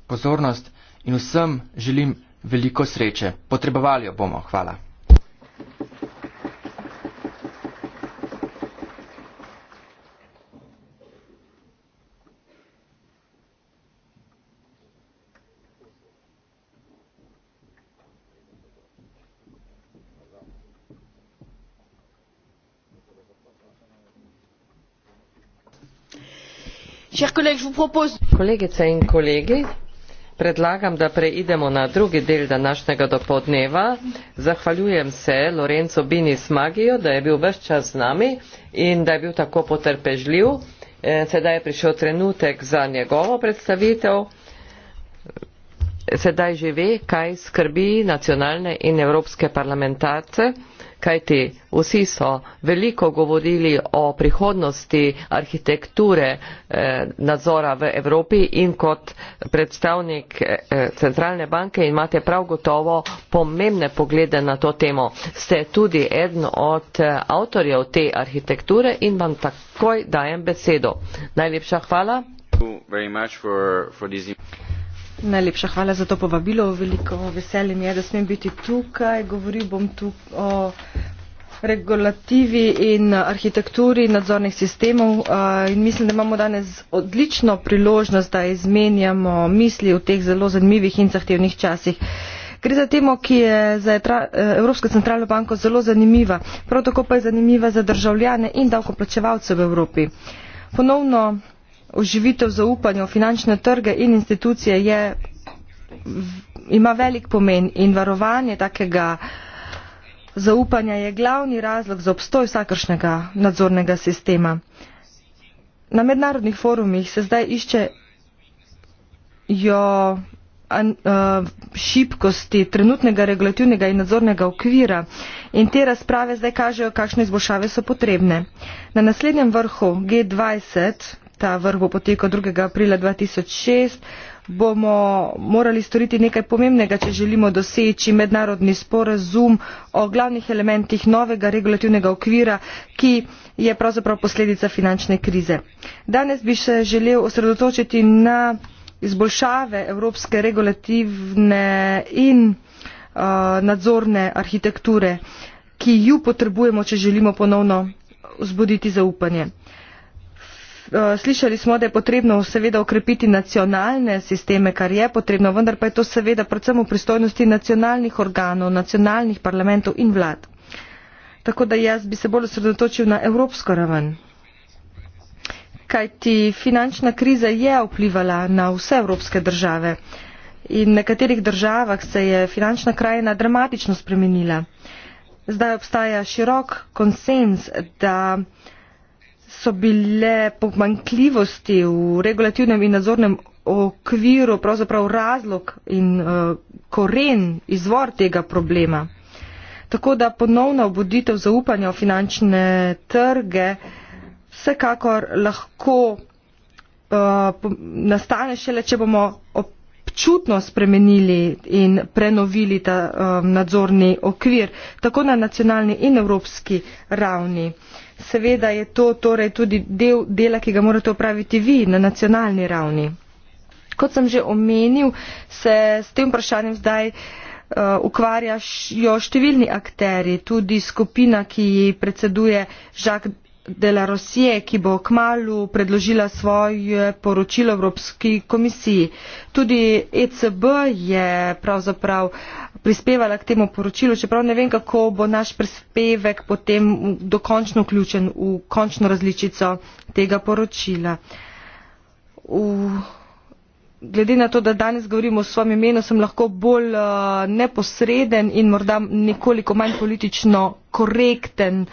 pozornost in vsem želim veliko sreče. Potrebovali jo bomo. Hvala. kolegice in kolegi predlagam da preidemo na drugi del današnjega dopoldneva zahvaljujem se lorenzo bini smagijo da je bil ves čas z nami in da je bil tako potrpežljiv e, sedaj je prišel trenutek za njegovo predstavitev sedaj že ve kaj skrbi nacionalne in evropske parlamentarce kajti vsi so veliko govorili o prihodnosti arhitekture eh, nadzora v Evropi in kot predstavnik eh, centralne banke imate prav gotovo pomembne poglede na to temo. Ste tudi eden od eh, avtorjev te arhitekture in vam takoj dajem besedo. Najlepša hvala. Thank you very much for, for this invitation. Najlepša hvala za to povabilo. Veliko veselje mi je, da smem biti tukaj. Govoril bom tu o regulativi in arhitekturi nadzornih sistemov in mislim, da imamo danes odlično priložnost, da izmenjamo misli v teh zelo zanimivih in zahtevnih časih. Gre za temo, ki je za e, Evropsko centralno banko zelo zanimiva, prav tako pa je zanimiva za državljane in davkoplačevalce v Evropi. Ponovno oživitev zaupanja v finančne trge in institucije je, ima velik pomen in varovanje takega zaupanja je glavni razlog za obstoj vsakršnega nadzornega sistema. Na mednarodnih forumih se zdaj išče jo eh, šibkosti trenutnega regulativnega in nadzornega okvira in te razprave zdaj kažejo, kakšne izboljšave so potrebne. Na naslednjem vrhu G20 ta vrh bo potekal 2. aprila 2006, bomo morali storiti nekaj pomembnega, če želimo doseči mednarodni sporazum o glavnih elementih novega regulativnega okvira, ki je pravzaprav posledica finančne krize. Danes bi se želel osredotočiti na izboljšave evropske regulativne in uh, nadzorne arhitekture, ki jo potrebujemo, če želimo ponovno vzbuditi zaupanje. Eh, slišali smo da je potrebno seveda okrepiti nacionalne sisteme kar je potrebno vendar pa je to seveda predvsem v pristojnosti nacionalnih organov nacionalnih parlamentov in vlad tako da jaz bi se bolj osredotočil na evropsko raven kajti finančna kriza je vplivala na vse evropske države in v nekaterih državah se je finančna krajina dramatično spremenila. Zdaj obstaja širok konsens, da so bile pomankljivosti v regulativnem in nadzornem okviru pravzaprav razlog in uh, koren, izvor tega problema. Tako da ponovna obuditev zaupanja v finančne trge vsekakor lahko uh, nastane šele, če bomo občutno spremenili in prenovili ta uh, nadzorni okvir, tako na nacionalni in evropski ravni. Uh, Seveda je to torej tudi del dela, ki ga morate opraviti vi na nacionalni ravni. Kot sem že omenil, se s tem vprašanjem zdaj eh, ukvarjajo številni akteri, tudi skupina, ki ji predseduje Jacques de larosire ki bo kmalu predložila svoje eh, poročilo evropski komisiji. Tudi ECB je pravzaprav prispevala k temu poročilu, čeprav ne vem, kako bo naš prispevek potem dokončno vključen v končno različico tega poročila. V Glede na to, da danes govorimo o svojem imenu, sem lahko bolj uh, neposreden in morda nekoliko manj politično korekten uh,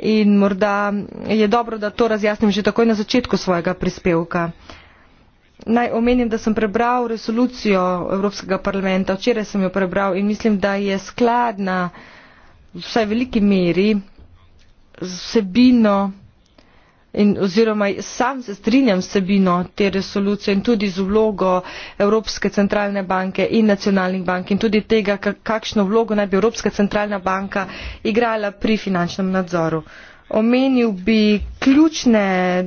in morda je dobro, da to razjasnim že takoj na začetku svojega prispevka. Naj omenim, da sem prebral resolucijo Evropskega parlamenta, včeraj sem jo prebral in mislim, da je skladna vsaj v veliki meri z vsebino oziroma sam se strinjam z vsebino te resolucije in tudi z vlogo evropske centralne banke in nacionalnih bank in tudi tega kakšno vlogo naj bi evropska centralna banka igrala pri finančnem nadzoru. omenil bi ključne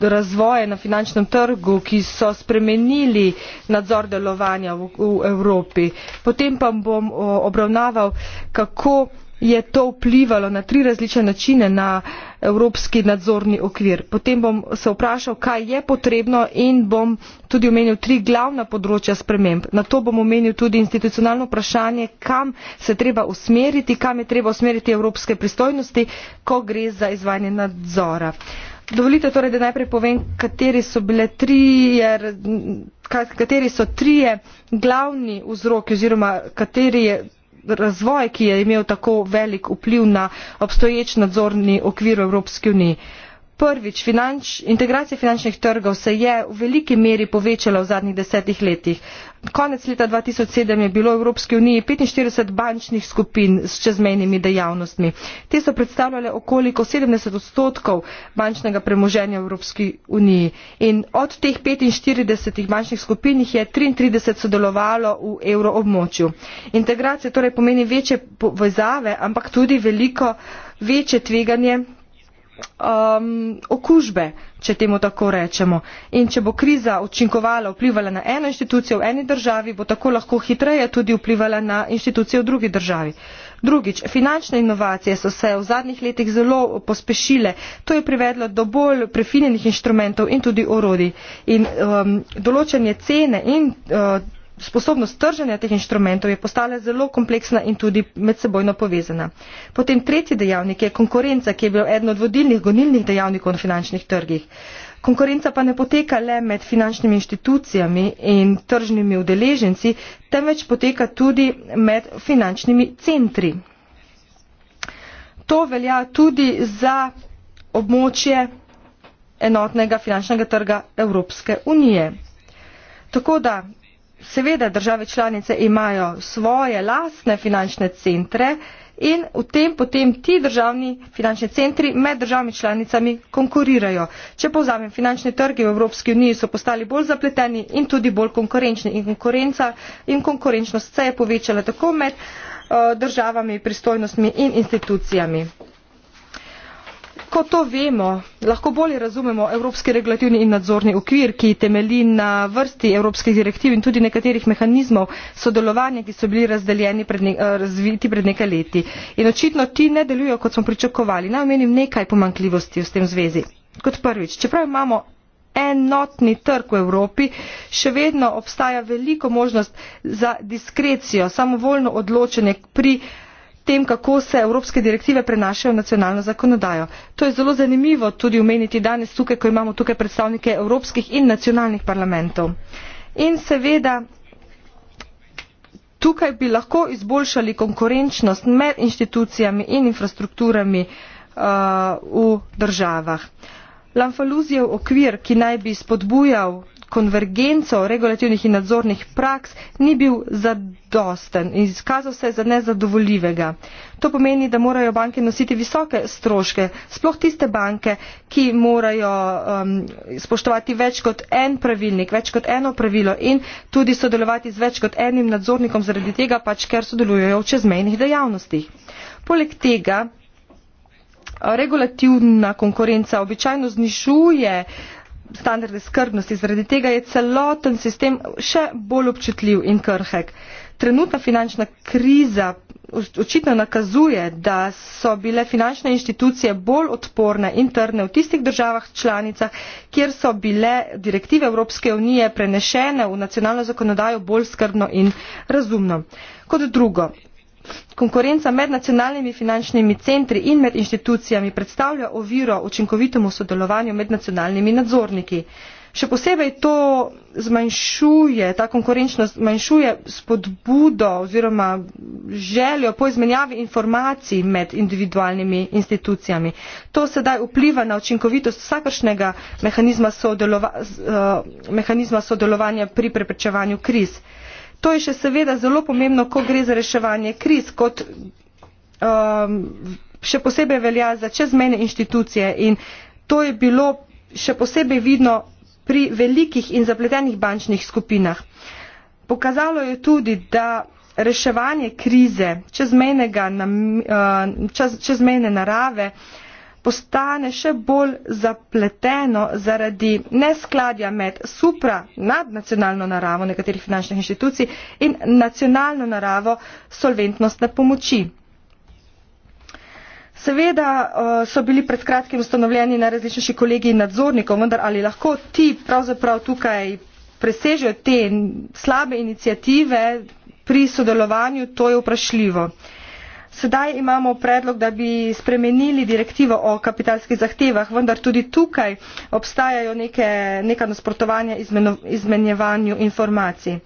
razvoje na finančnem trgu, ki so spremenili nadzor delovanja v, v Evropi. Potem pa bom obravnaval, kako je to vplivalo na tri različne načine na evropski nadzorni okvir. Potem bom se vprašal, kaj je potrebno in bom tudi omenil tri glavna področja sprememb. Na to bom omenil tudi institucionalno vprašanje, kam se treba usmeriti, kam je treba usmeriti evropske pristojnosti, ko gre za izvajanje nadzora. Dovolite torej, da najprej povem, kateri so bile tri, jer, kateri so trije glavni vzroki oziroma kateri je razvoj ki je imel tako velik vpliv na obstoječ nadzorni okvir v evropski uniji. Prvič, finanč, integracija finančnih trgov se je v veliki meri povečala v zadnjih desetih letih. Konec leta 2007 je bilo v Evropski uniji 45 bančnih skupin s čezmejnimi dejavnostmi. Te so predstavljale okoliko 70 odstotkov bančnega premoženja v Evropski uniji. In od teh 45 bančnih skupin jih je 33 sodelovalo v evroobmočju. Integracija torej pomeni večje povezave, ampak tudi veliko večje tveganje um, okužbe, če temu tako rečemo. In če bo kriza učinkovala, vplivala na eno inštitucijo v eni državi, bo tako lahko hitreje tudi vplivala na inštitucijo v drugi državi. Drugič, finančne inovacije so se v zadnjih letih zelo pospešile. To je privedlo do bolj prefinjenih inštrumentov in tudi orodij. In um, določanje cene in. Uh, sposobnost trženja teh inštrumentov je postala zelo kompleksna in tudi medsebojno povezana. Potem tretji dejavnik je konkurenca, ki je bil eden od vodilnih gonilnih dejavnikov na finančnih trgih. Konkurenca pa ne poteka le med finančnimi inštitucijami in tržnimi udeleženci, temveč poteka tudi med finančnimi centri. To velja tudi za območje enotnega finančnega trga Evropske unije. Tako da seveda države članice imajo svoje lastne finančne centre in v tem potem ti državni finančni centri med državami članicami konkurirajo. Če povzamem, finančni trgi v Evropski uniji so postali bolj zapleteni in tudi bolj konkurenčni in konkurenca in konkurenčnost se je povečala tako med eh, državami, pristojnostmi in institucijami ko to vemo, lahko bolje razumemo evropski regulativni in nadzorni okvir, ki temelji na vrsti evropskih direktiv in tudi nekaterih mehanizmov sodelovanja, ki so bili razdeljeni pred, eh, razviti pred nekaj leti. In očitno ti ne delujejo, kot smo pričakovali. Naj omenim nekaj pomankljivosti v tem zvezi. Kot prvič, čeprav imamo enotni trg v Evropi, še vedno obstaja veliko možnost za diskrecijo, samovoljno odločenje pri tem, kako se evropske direktive prenašajo v nacionalno zakonodajo. To je zelo zanimivo tudi omeniti danes tukaj, ko imamo tukaj predstavnike evropskih in nacionalnih parlamentov. In seveda, tukaj bi lahko izboljšali konkurenčnost med inštitucijami in infrastrukturami uh, v državah. Lamfaluzijev okvir, ki naj bi spodbujal konvergenco regulativnih in nadzornih praks ni bil zadosten in izkazal se za nezadovoljivega. To pomeni, da morajo banke nositi visoke stroške, sploh tiste banke, ki morajo um, spoštovati več kot en pravilnik, več kot eno pravilo in tudi sodelovati z več kot enim nadzornikom zaradi tega, pač ker sodelujejo v čezmejnih dejavnostih. Poleg tega, regulativna konkurenca običajno znižuje uh, standarde skrbnosti. Zaradi tega je celoten sistem še bolj občutljiv in krhek. Trenutna finančna kriza očitno nakazuje, da so bile finančne inštitucije bolj odporne in trdne v tistih državah članicah, kjer so bile direktive Evropske unije prenešene v nacionalno zakonodajo bolj skrbno in razumno. Kot drugo, konkurenca med nacionalnimi finančnimi centri in med inštitucijami predstavlja oviro učinkovitemu sodelovanju med nacionalnimi nadzorniki. Še posebej to zmanjšuje, ta konkurenčnost zmanjšuje spodbudo oziroma željo po izmenjavi informacij med individualnimi institucijami. To sedaj vpliva na učinkovitost vsakršnega mehanizma, sodelova, eh, mehanizma sodelovanja pri preprečevanju kriz. To je še seveda zelo pomembno, ko gre za reševanje kriz, kot um, še posebej velja za čezmene inštitucije in to je bilo še posebej vidno pri velikih in zapletenih bančnih skupinah. Pokazalo je tudi, da reševanje krize čezmene uh, čez, čez narave uh, postane še bolj zapleteno zaradi neskladja med supra nadnacionalno naravo nekaterih finančnih inštitucij in nacionalno naravo solventnostne pomoči. Seveda eh, so bili pred kratkim ustanovljeni na različnejši kolegi nadzornikov, vendar ali lahko ti pravzaprav tukaj presežejo te slabe inicijative pri sodelovanju, to je vprašljivo. Sedaj imamo predlog, da bi spremenili direktivo o kapitalskih zahtevah, vendar tudi tukaj obstajajo neke, neka nasprotovanja izmenjevanju informacij.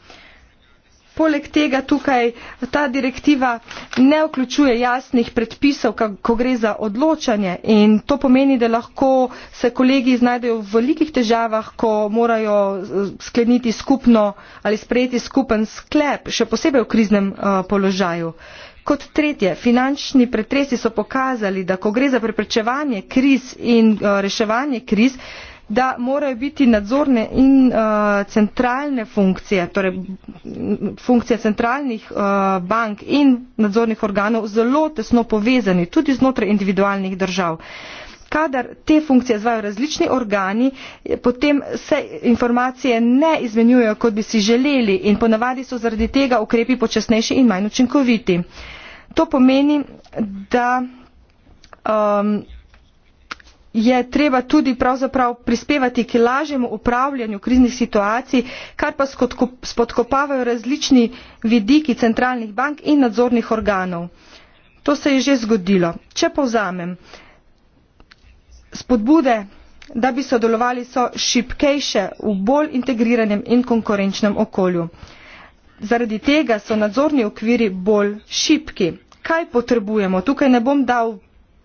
Poleg tega tukaj ta direktiva ne vključuje jasnih predpisov, ko gre za odločanje in to pomeni, da lahko se kolegi znajdejo v velikih težavah, ko morajo eh, skleniti skupno ali sprejeti skupen sklep, še posebej v kriznem uh, položaju. Uh, Kot tretje, finančni pretresi so pokazali, da ko gre za preprečevanje kriz in uh, reševanje kriz, da morajo biti nadzorne in uh, centralne funkcije, torej funkcije centralnih uh, bank in nadzornih organov zelo tesno povezani tudi znotraj individualnih držav. Kadar te funkcije zvajo različni organi, potem se informacije ne izmenjujejo, kot bi si želeli in ponavadi so zaradi tega ukrepi počasnejši in manj učinkoviti. Uh, To pomeni, da um, je treba tudi pravzaprav prispevati k lažjemu upravljanju kriznih situacij, kar pa spodkopavajo različni vidiki centralnih bank in nadzornih organov. To se je že zgodilo. Če povzamem, spodbude, da bi sodelovali, so šipkejše v bolj integriranem in konkurenčnem okolju zaradi tega so nadzorni okviri bolj šipki. Kaj potrebujemo? Tukaj ne bom dal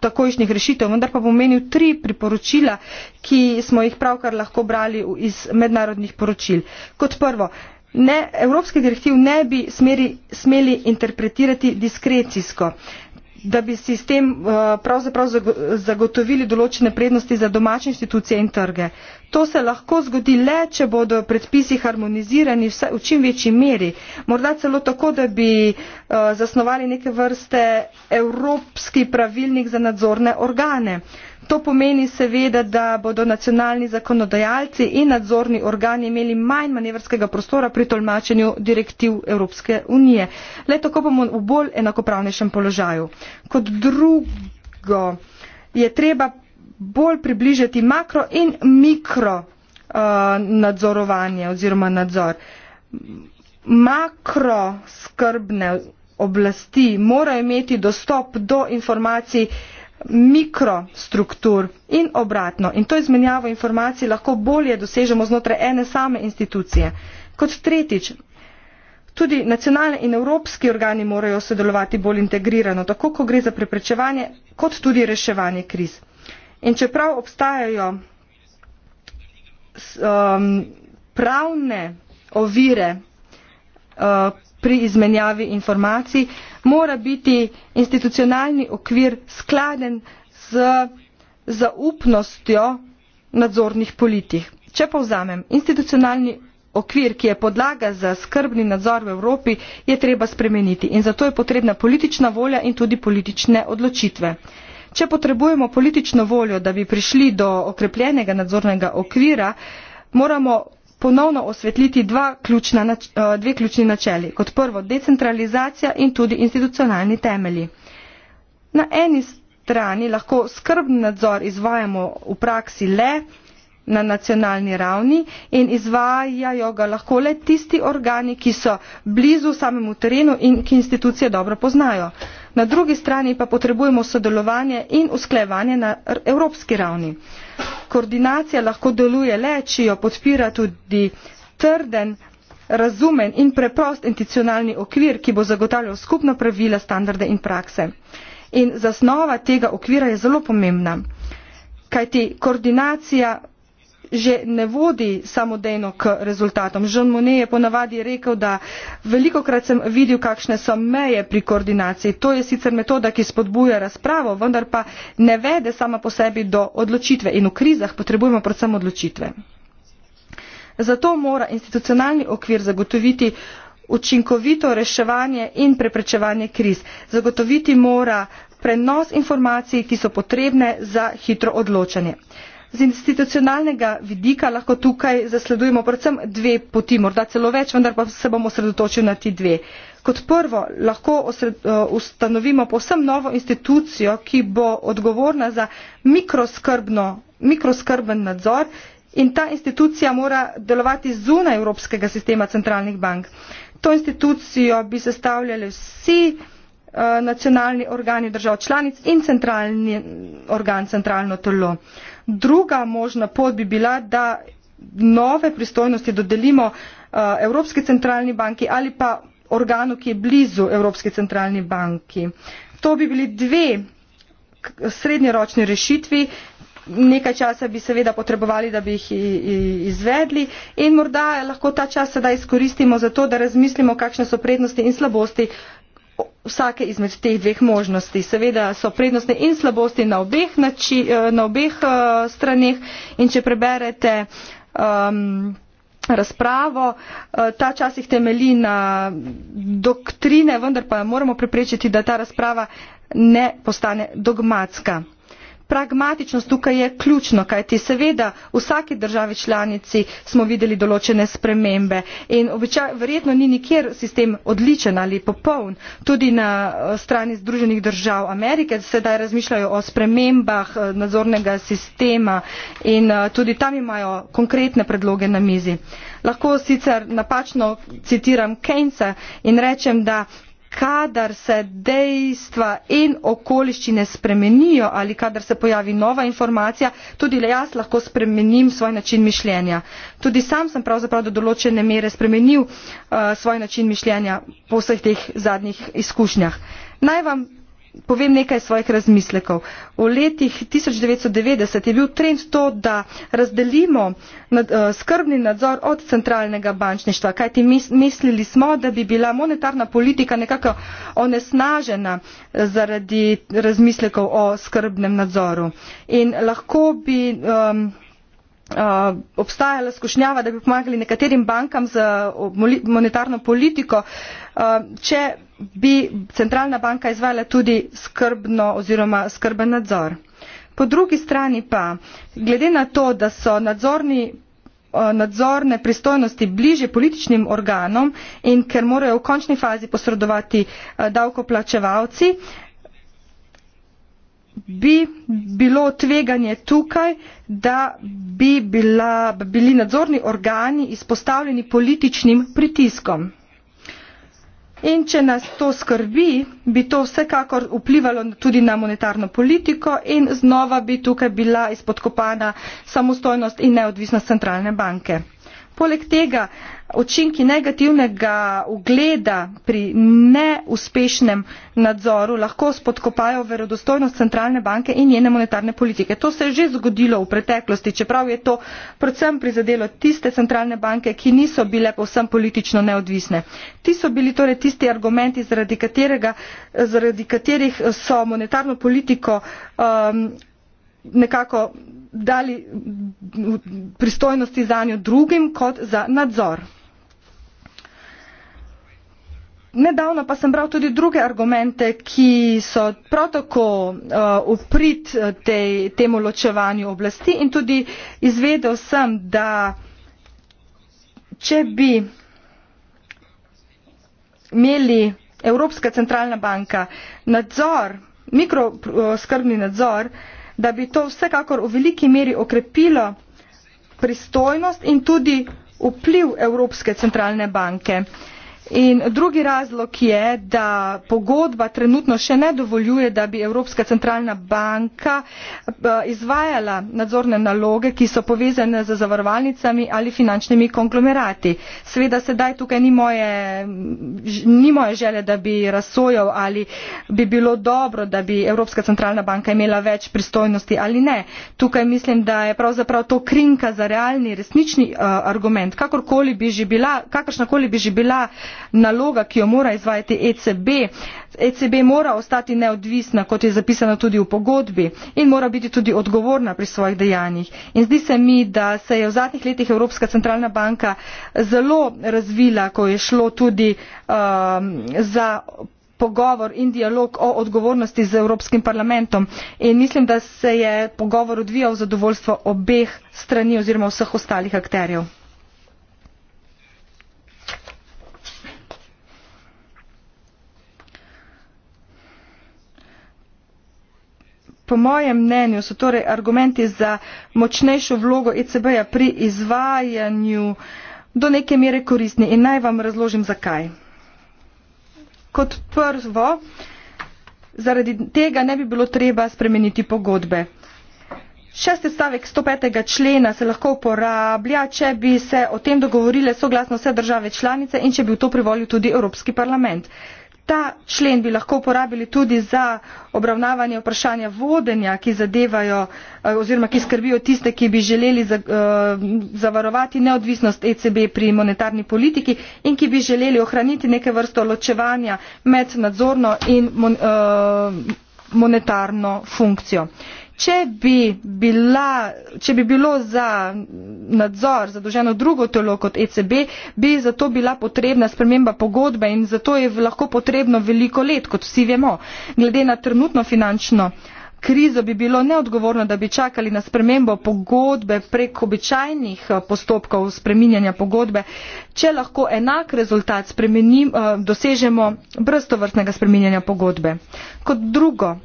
takojšnjih rešitev, vendar pa bom menil tri priporočila, ki smo jih pravkar lahko brali iz mednarodnih poročil. Kot prvo, ne, evropski direktiv ne bi smeri, smeli interpretirati diskrecijsko da bi si s tem eh, pravzaprav zagotovili določene prednosti za domače institucije in trge. To se lahko zgodi le, če bodo predpisi harmonizirani vse, v čim večji meri. Morda celo tako, da bi uh, zasnovali neke vrste evropski pravilnik za nadzorne organe. To pomeni seveda, da bodo nacionalni zakonodajalci in nadzorni organi imeli manj manevrskega prostora pri tolmačenju direktiv Evropske unije. Le tako bomo v bolj enakopravnejšem položaju. Kot drugo je treba bolj približati makro in mikro uh, nadzorovanje oziroma nadzor. Makro skrbne oblasti morajo imeti dostop do informacij mikrostruktur in obratno. In to izmenjavo informacij lahko bolje dosežemo znotraj ene same institucije. Kot tretjič, tudi nacionalne in evropski organi morajo sodelovati bolj integrirano, tako ko gre za preprečevanje, kot tudi reševanje kriz. In čeprav obstajajo um, pravne ovire uh, pri izmenjavi informacij, mora biti institucionalni okvir skladen z zaupnostjo nadzornih politik. Če povzamem, institucionalni okvir, ki je podlaga za skrbni nadzor v Evropi, je treba spremeniti in zato je potrebna politična volja in tudi politične odločitve če potrebujemo politično voljo da bi prišli do okrepljenega nadzornega okvira moramo ponovno osvetliti dva ključna, eh, dve ključni načeli kot prvo decentralizacija in tudi institucionalni temelji. Na eni strani lahko skrbni nadzor izvajamo v praksi le na nacionalni ravni in izvajajo ga lahko le tisti organi, ki so blizu samemu terenu in ki institucije dobro poznajo na drugi strani pa potrebujemo sodelovanje in usklajevanje na evropski ravni. Koordinacija lahko deluje le, če jo podpira tudi trden, razumen in preprost intencionalni okvir, ki bo zagotavljal skupna pravila, standarde in prakse. In zasnova tega okvira je zelo pomembna, kajti koordinacija že ne vodi samodejno k rezultatom. Jean Monnet je ponavadi rekel, da velikokrat sem videl, kakšne so meje pri koordinaciji. To je sicer metoda, ki spodbuja razpravo, vendar pa ne vede sama po sebi do odločitve in v krizah potrebujemo predvsem odločitve. Zato mora institucionalni okvir zagotoviti učinkovito reševanje in preprečevanje kriz. Zagotoviti mora prenos informacij, ki so potrebne za hitro odločanje z institucionalnega vidika lahko tukaj zasledujemo predvsem dve poti morda celo več vendar pa se bom osredotočil na ti dve. kot prvo lahko eh, ustanovimo povsem novo institucijo ki bo odgovorna za mikroskrben nadzor in ta institucija mora delovati zunaj evropskega sistema centralnih bank. to institucijo bi sestavljali vsi eh, nacionalni organi držav članic in centralni organ centralno telo. Druga možna pot bi bila, da nove pristojnosti dodelimo uh, Evropski centralni banki ali pa organu, ki je blizu Evropski centralni banki. To bi bili dve srednjeročni rešitvi, nekaj časa bi seveda potrebovali, da bi jih izvedli in morda lahko ta čas sedaj izkoristimo za to, da razmislimo, kakšne so prednosti in slabosti vsake izmed teh dveh možnosti. Seveda so prednosti in slabosti na obeh, nači, eh, na obeh uh, straneh in če preberete um, razpravo, uh, ta čas jih temeli na doktrine, vendar pa moramo preprečiti, da ta razprava ne postane dogmatska pragmatičnost tukaj je ključno, kajti seveda v vsaki državi članici smo videli določene spremembe in običaj, verjetno ni nikjer sistem odličen ali popoln. Tudi na eh, strani Združenih držav Amerike sedaj razmišljajo o spremembah eh, nadzornega sistema in eh, tudi tam imajo konkretne predloge na mizi. Lahko sicer napačno citiram Keynesa in rečem, da kadar se dejstva in okoliščine spremenijo ali kadar se pojavi nova informacija, tudi le jaz lahko spremenim svoj način mišljenja. Tudi sam sem pravzaprav do določene mere spremenil uh, svoj način mišljenja po vseh teh zadnjih izkušnjah. Naj vam povem nekaj svojih razmislekov. V letih 1990 je bil trend to, da razdelimo nad, uh, skrbni nadzor od centralnega bančništva, kajti mis, mislili smo, da bi bila monetarna politika nekako onesnažena eh, zaradi razmislekov o skrbnem nadzoru. In lahko bi um, Uh, obstajala skušnjava, da bi pomagali nekaterim bankam z monetarno politiko, uh, če bi centralna banka izvajala tudi skrbno oziroma skrben nadzor. Po drugi strani pa, glede na to, da so nadzorni eh, nadzorne pristojnosti bliže političnim organom in ker morajo v končni fazi posredovati eh, davkoplačevalci, bi bilo tveganje tukaj, da bi bila, bili nadzorni organi izpostavljeni političnim pritiskom. In če nas to skrbi, bi to vsekakor vplivalo tudi na monetarno politiko in znova bi tukaj bila izpodkopana samostojnost in neodvisnost centralne banke. Poleg tega očinki negativnega ugleda pri neuspešnem nadzoru lahko spodkopajo verodostojnost centralne banke in njene monetarne politike. To se je že zgodilo v preteklosti, čeprav je to predvsem prizadelo tiste centralne banke, ki niso bile povsem politično neodvisne. Ti so bili torej tisti argumenti, zaradi, katerega, zaradi katerih so monetarno politiko um, nekako dali pristojnosti za njo drugim kot za nadzor. Nedavno pa sem bral tudi druge argumente, ki so prav tako uh, uprit uh, tej, temu ločevanju oblasti in tudi izvedel sem, da če bi imeli Evropska centralna banka nadzor, mikroskrbni nadzor, uh, da bi to vsekakor v veliki meri okrepilo pristojnost in tudi vpliv Evropske centralne banke. In drugi razlog je, da pogodba trenutno še ne dovoljuje, da bi Evropska centralna banka eh, izvajala nadzorne naloge, ki so povezane z zavarovalnicami ali finančnimi konglomerati. Sveda sedaj tukaj ni moje, ni moje žele, da bi razsojal ali bi bilo dobro, da bi Evropska centralna banka imela več pristojnosti ali ne. Tukaj mislim, da je pravzaprav to krinka za realni, resnični uh, argument. Kakorkoli bi že bila, kakršnakoli bi že bila uh, naloga ki jo mora izvajati ecb ecb mora ostati neodvisna kot je zapisano tudi v pogodbi in mora biti tudi odgovorna pri svojih dejanjih in zdi se mi da se je v zadnjih letih evropska centralna banka zelo razvila ko je šlo tudi um, za pogovor in dialog o odgovornosti z Evropskim parlamentom in mislim, da se je pogovor odvijal v zadovoljstvo obeh strani oziroma vseh ostalih akterjev. Po mojem mnenju so torej argumenti za močnejšo vlogo ECB -ja pri izvajanju do neke mere koristni in naj vam razložim zakaj. Kot prvo, zaradi tega ne bi bilo treba spremeniti pogodbe. Šesti stavek 105. člena se lahko uporablja, če bi se o tem dogovorile soglasno vse države članice in če bi v to privolil tudi Evropski parlament. Ta člen bi lahko uporabili tudi za obravnavanje vprašanja vodenja, ki zadevajo eh, oziroma ki skrbijo tiste, ki bi želeli eh, zavarovati neodvisnost ECB pri monetarni politiki in ki bi želeli ohraniti neke vrsto ločevanja med nadzorno in eh, monetarno funkcijo. Če bi, bila, če bi bilo za nadzor zadoženo drugo telo kot ECB, bi zato bila potrebna sprememba pogodbe in zato je lahko potrebno veliko let, kot vsi vemo. Glede na trenutno finančno krizo bi bilo neodgovorno, da bi čakali na spremembo pogodbe prek običajnih eh, postopkov spreminjanja pogodbe, če lahko enak rezultat eh, dosežemo brez tovrstnega spreminjanja pogodbe. Kot drugo,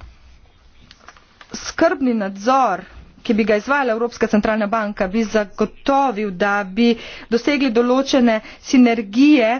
skrbni nadzor, ki bi ga izvajala Evropska centralna banka, bi zagotovil, da bi dosegli določene sinergije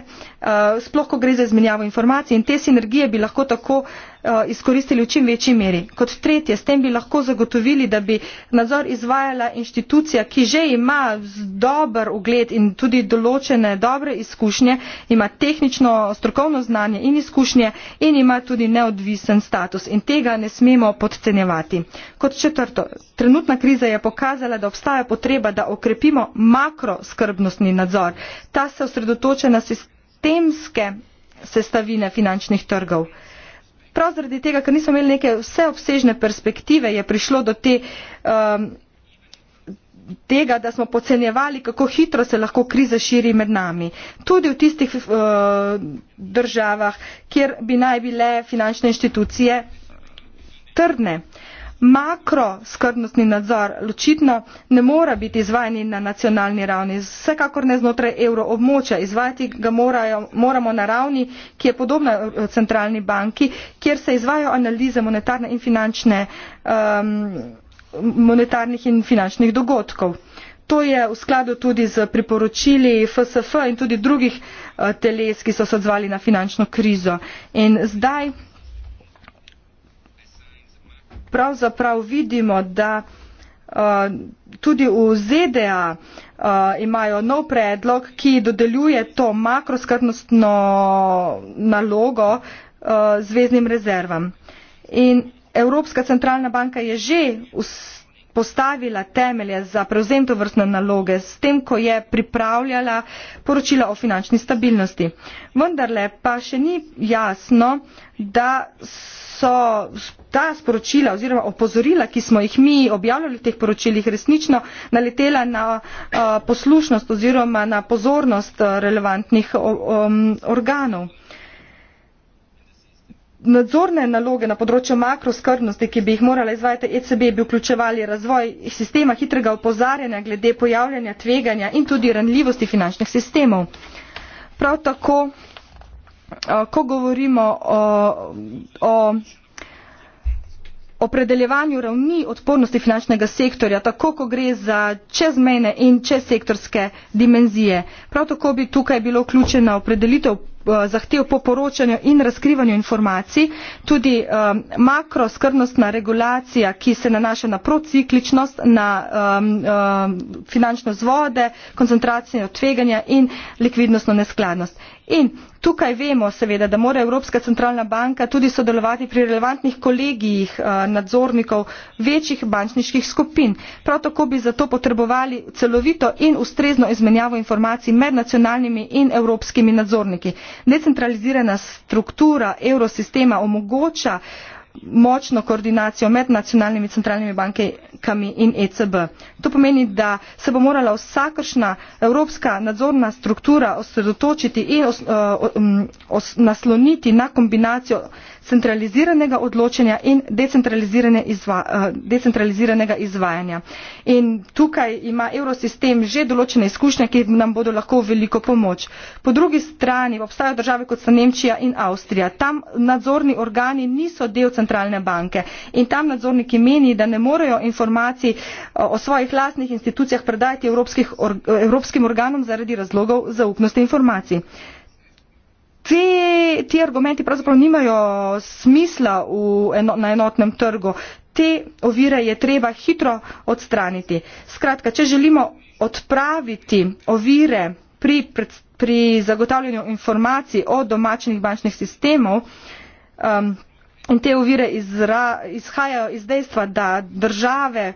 Eh, sploh ko gre za izmenjavo informacij in te sinergije bi lahko tako eh, izkoristili v čim večji meri. Kot tretje, s tem bi lahko zagotovili, da bi nadzor izvajala inštitucija, ki že ima dober ugled in tudi določene dobre izkušnje, ima tehnično strokovno znanje in izkušnje in ima tudi neodvisen status. In tega ne smemo podcenjevati. Kot četrto, trenutna kriza je pokazala, da obstaja potreba, da okrepimo makroskrbnostni nadzor. Ta se osredotoča na sistem sistemske sestavine finančnih trgov. Prav zaradi tega, ker nismo imeli neke vseobsežne perspektive, je prišlo do te, um, tega, da smo pocenjevali, kako hitro se lahko kriza širi med nami. Tudi v tistih uh, državah, kjer bi naj bile finančne inštitucije trdne. Uh, makro skrbnostni nadzor ločitno ne more biti izvajan na nacionalni ravni vsekakor ne znotraj evroobmočja izvajati ga morajo, moramo na ravni ki je podobna centralni banki kjer se izvajajo analize monetarne in finančne um, monetarnih in finančnih dogodkov. To je v skladu tudi z priporočili FSF in tudi drugih uh, teles, ki so se odzvali na finančno krizo. In zdaj pravzaprav vidimo, da uh, tudi v ZDA uh, imajo nov predlog, ki dodeljuje to makroskrbnostno nalogo uh, zvezdnim rezervam. In Evropska centralna banka je že postavila temelje za prevzem to vrstne naloge s tem, ko je pripravljala poročila o finančni stabilnosti. Vendarle pa še ni jasno, da so so ta sporočila oziroma opozorila ki smo jih mi objavljali v teh poročilih resnično naletela na eh, poslušnost oziroma na pozornost eh, relevantnih organov. Nadzorne naloge na področju makroskrbnosti, ki bi jih morala izvajati ECB, bi vključevali razvoj sistema hitrega opozarjanja glede pojavljanja tveganja in tudi ranljivosti finančnih sistemov. Prav tako Eh, ko govorimo o, o opredeljevanju ravni odpornosti finančnega sektorja, tako ko gre za čezmejne in čezsektorske dimenzije. Prav tako bi tukaj bilo vključeno opredelitev Eh, zahtev po poročanju in razkrivanju informacij, tudi um, makroskrbnostna regulacija, ki se nanaša na procikličnost, na um, um, finančno zvode, koncentracijo tveganja in likvidnostno neskladnost. In tukaj vemo seveda, da mora Evropska centralna banka tudi sodelovati pri relevantnih kolegijih eh, nadzornikov večjih bančniških skupin. Prav tako bi zato potrebovali celovito in ustrezno izmenjavo informacij med nacionalnimi in evropskimi nadzorniki. Decentralizirana struktura evrosistema omogoča močno koordinacijo med nacionalnimi centralnimi bankami in ECB. To pomeni, da se bo morala vsakršna evropska nadzorna struktura osredotočiti in os, eh, os, mm, os, nasloniti na kombinacijo centraliziranega odločanja in decentralizirane izva, eh, decentraliziranega izvajanja. In tukaj ima evrosistem že določene izkušnje, ki nam bodo lahko veliko pomoč. Po drugi strani obstajajo države kot so Nemčija in Avstrija. Tam nadzorni organi niso del centralne banke in tam nadzorniki meni, da ne morejo informacij eh, o svojih lastnih institucijah predajati evropskim organom zaradi razlogov zaupnosti informacij te, ti argumenti pravzaprav nimajo smisla v, eno, na enotnem trgu. Te ovire je treba hitro odstraniti. Skratka, če želimo odpraviti ovire pri, pri zagotavljanju informacij o domačnih bančnih sistemov, um, In te ovire izra, izhajajo iz dejstva, da države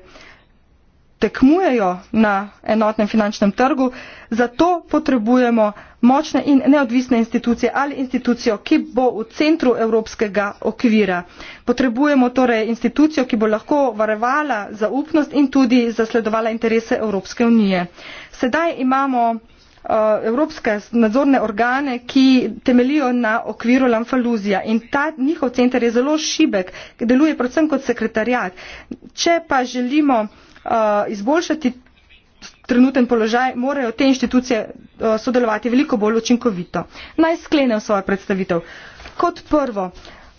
tekmujejo na enotnem finančnem trgu, zato potrebujemo močne in neodvisne institucije ali institucijo ki bo v centru evropskega okvira potrebujemo torej institucijo ki bo lahko varovala zaupnost in tudi zasledovala interese evropske unije sedaj imamo eh, evropske nadzorne organe, ki temelijo na okviru Lamfaluzija in ta njihov center je zelo šibek, deluje predvsem kot sekretarjat. Če pa želimo uh, izboljšati trenuten položaj morajo te inštitucije eh, sodelovati veliko bolj učinkovito. Naj sklenem svojo predstavitev. Kot prvo,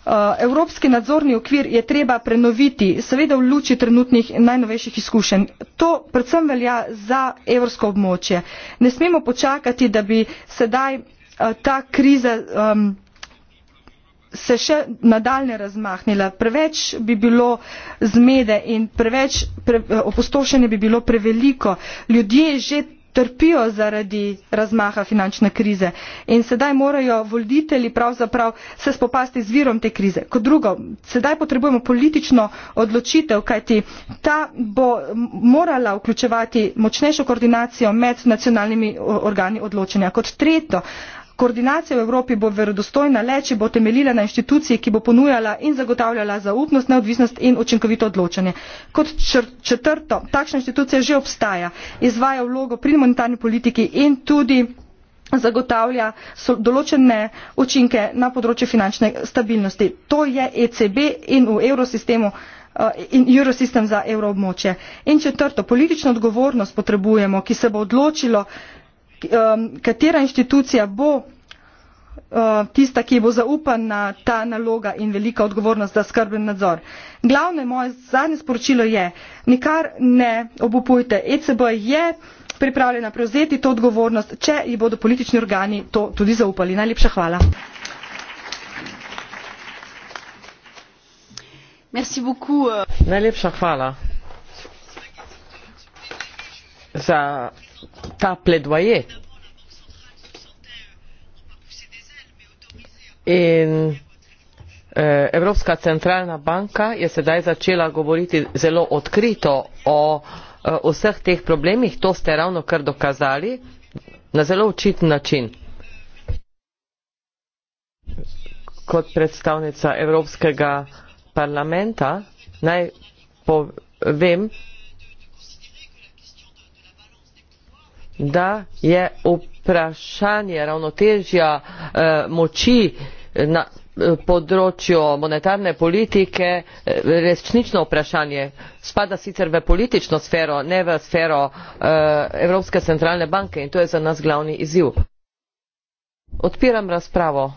eh, evropski nadzorni okvir je treba prenoviti, seveda v luči trenutnih najnovejših izkušenj. To predvsem velja za evropsko območje. Ne smemo počakati, da bi sedaj eh, ta kriza. Um, se še nadalje razmahnila, preveč bi bilo zmede in preveč pre, eh, opustošenje bi bilo preveliko. Ljudje že trpijo zaradi razmaha finančne krize in sedaj morajo voditelji pravzaprav se spopasti z virom te krize. Kot drugo, sedaj potrebujemo politično odločitev, kajti ta bo morala vključevati močnejšo koordinacijo med nacionalnimi organi odločanja. Kot tretjo, koordinacija v Evropi bo verodostojna le, če bo temeljila na inštituciji, ki bo ponujala in zagotavljala zaupnost, neodvisnost in učinkovito odločanje. Kot četrto, takšna inštitucija že obstaja, izvaja vlogo pri monetarni politiki in tudi zagotavlja določene učinke na področju finančne stabilnosti. To je ECB in v evrosistemu eh, in Eurosystem za evroobmočje. In četrto, politično odgovornost potrebujemo, ki se bo odločilo, katera inštitucija bo tista, ki bo zaupana ta naloga in velika odgovornost za skrben nadzor. Glavno moje zadnje sporočilo je, nikar ne obupujte, ECB je pripravljena prevzeti to odgovornost, če ji bodo politični organi to tudi zaupali. Najlepša hvala. Merci beaucoup. Euh. Najlepša hvala za ta pledvoje. In eh, Evropska centralna banka je sedaj začela govoriti zelo odkrito o eh, vseh teh problemih, to ste ravno kar dokazali, na zelo očitn način. Kot predstavnica Evropskega parlamenta naj povem, da je vprašanje ravnotežja eh, moči na eh, področju monetarne politike eh, resnično vprašanje. Spada sicer v politično sfero, ne v sfero eh, Evropske centralne banke in to je za nas glavni izziv. Odpiram razpravo.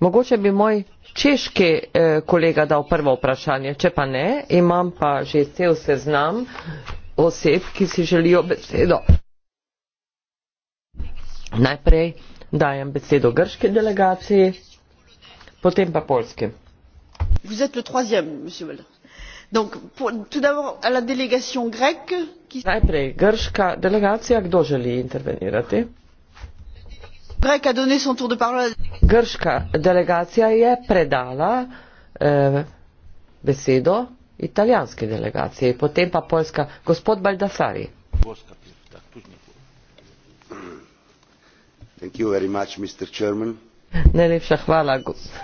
Mogoče bi moj češki eh, kolega dal prvo vprašanje, če pa ne, imam pa že cel seznam oseb, ki si želijo besedo. Najprej dajem besedo grški delegaciji, potem pa polski. Vous êtes le troisième, monsieur Valdez. Donc, pour, tout d'abord, à la délégation grecque qui... Najprej, grška delegacija, kdo želi intervenirati? Grec a donné son tour de parole. Grška delegacija je predala eh, besedo italijanske delegacije, potem pa Poljska, gospod Baldasari. Najlepša hvala,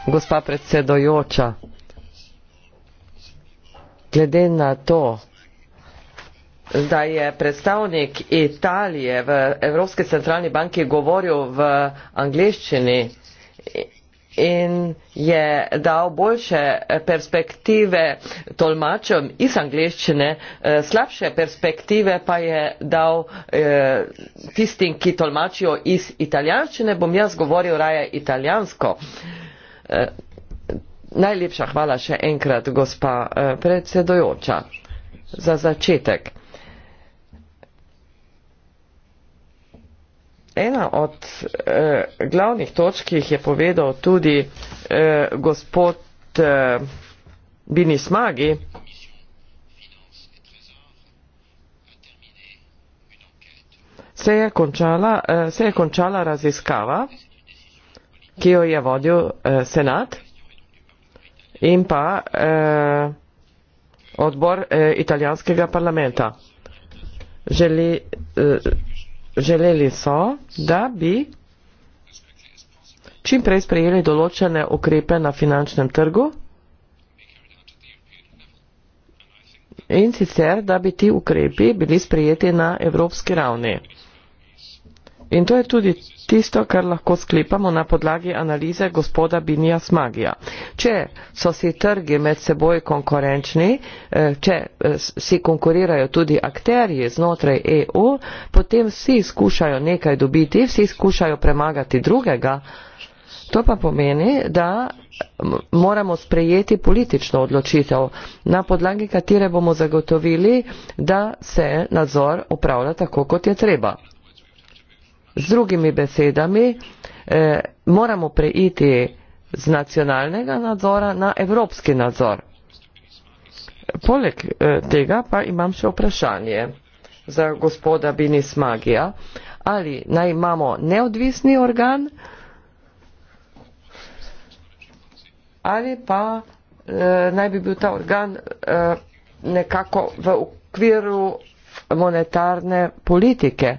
gospa predsedojoča. Glede na to, da je predstavnik Italije v Evropske centralni banki govoril v angliščini in je dal boljše perspektive tolmačom iz angleščine, eh, slabše perspektive pa je dal eh, tistim, ki tolmačijo iz italijanščine, bom jaz govoril raje italijansko. Eh, najlepša hvala še enkrat, gospa predsedojoča, za začetek. Ena od eh, glavnih točk, ki jih je povedal tudi eh, gospod eh, Binismagi, se je, končala, eh, se je končala raziskava, ki jo je vodil eh, senat in pa eh, odbor eh, italijanskega parlamenta. Želi, eh, želeli so, da bi čim prej sprejeli določene ukrepe na finančnem trgu in sicer, da bi ti ukrepi bili sprejeti na evropski ravni. In to je tudi tisto, kar lahko sklepamo na podlagi analize gospoda Binija Smagija. Če so si trgi med seboj konkurenčni, eh, če eh, si konkurirajo tudi akterji znotraj EU, potem vsi skušajo nekaj dobiti, vsi skušajo premagati drugega. To pa pomeni, da moramo sprejeti politično odločitev, na podlagi katere bomo zagotovili, da se nadzor upravlja tako, kot je treba. Z drugimi besedami, eh, moramo preiti z nacionalnega nadzora na evropski nadzor. Poleg eh, tega pa imam še vprašanje za gospoda Binis Magija. Ali naj imamo neodvisni organ ali pa eh, naj bi bil ta organ eh, nekako v okviru monetarne politike.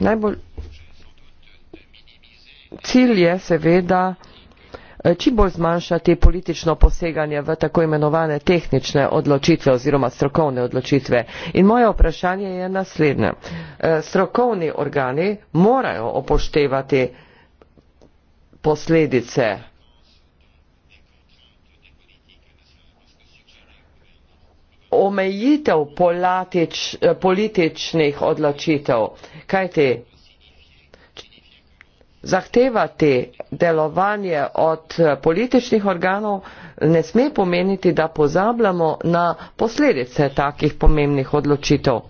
najbolj cilj je seveda eh, čim bolj zmanjšati politično poseganje v tako imenovane tehnične odločitve oziroma strokovne odločitve. In moje vprašanje je naslednje. Eh, strokovni organi morajo upoštevati posledice omejitev politič, eh, političnih odločitev, kajti zahtevati delovanje od eh, političnih organov ne sme pomeniti, da pozabljamo na posledice takih pomembnih odločitev.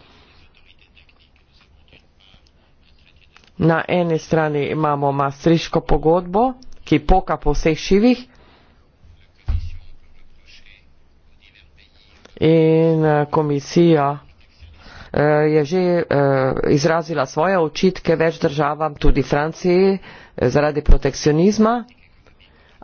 Na eni strani imamo mastriško pogodbo, ki poka po vseh šivih, in eh, komisija eh, je že eh, izrazila svoje očitke več državam, tudi Franciji, zaradi protekcionizma.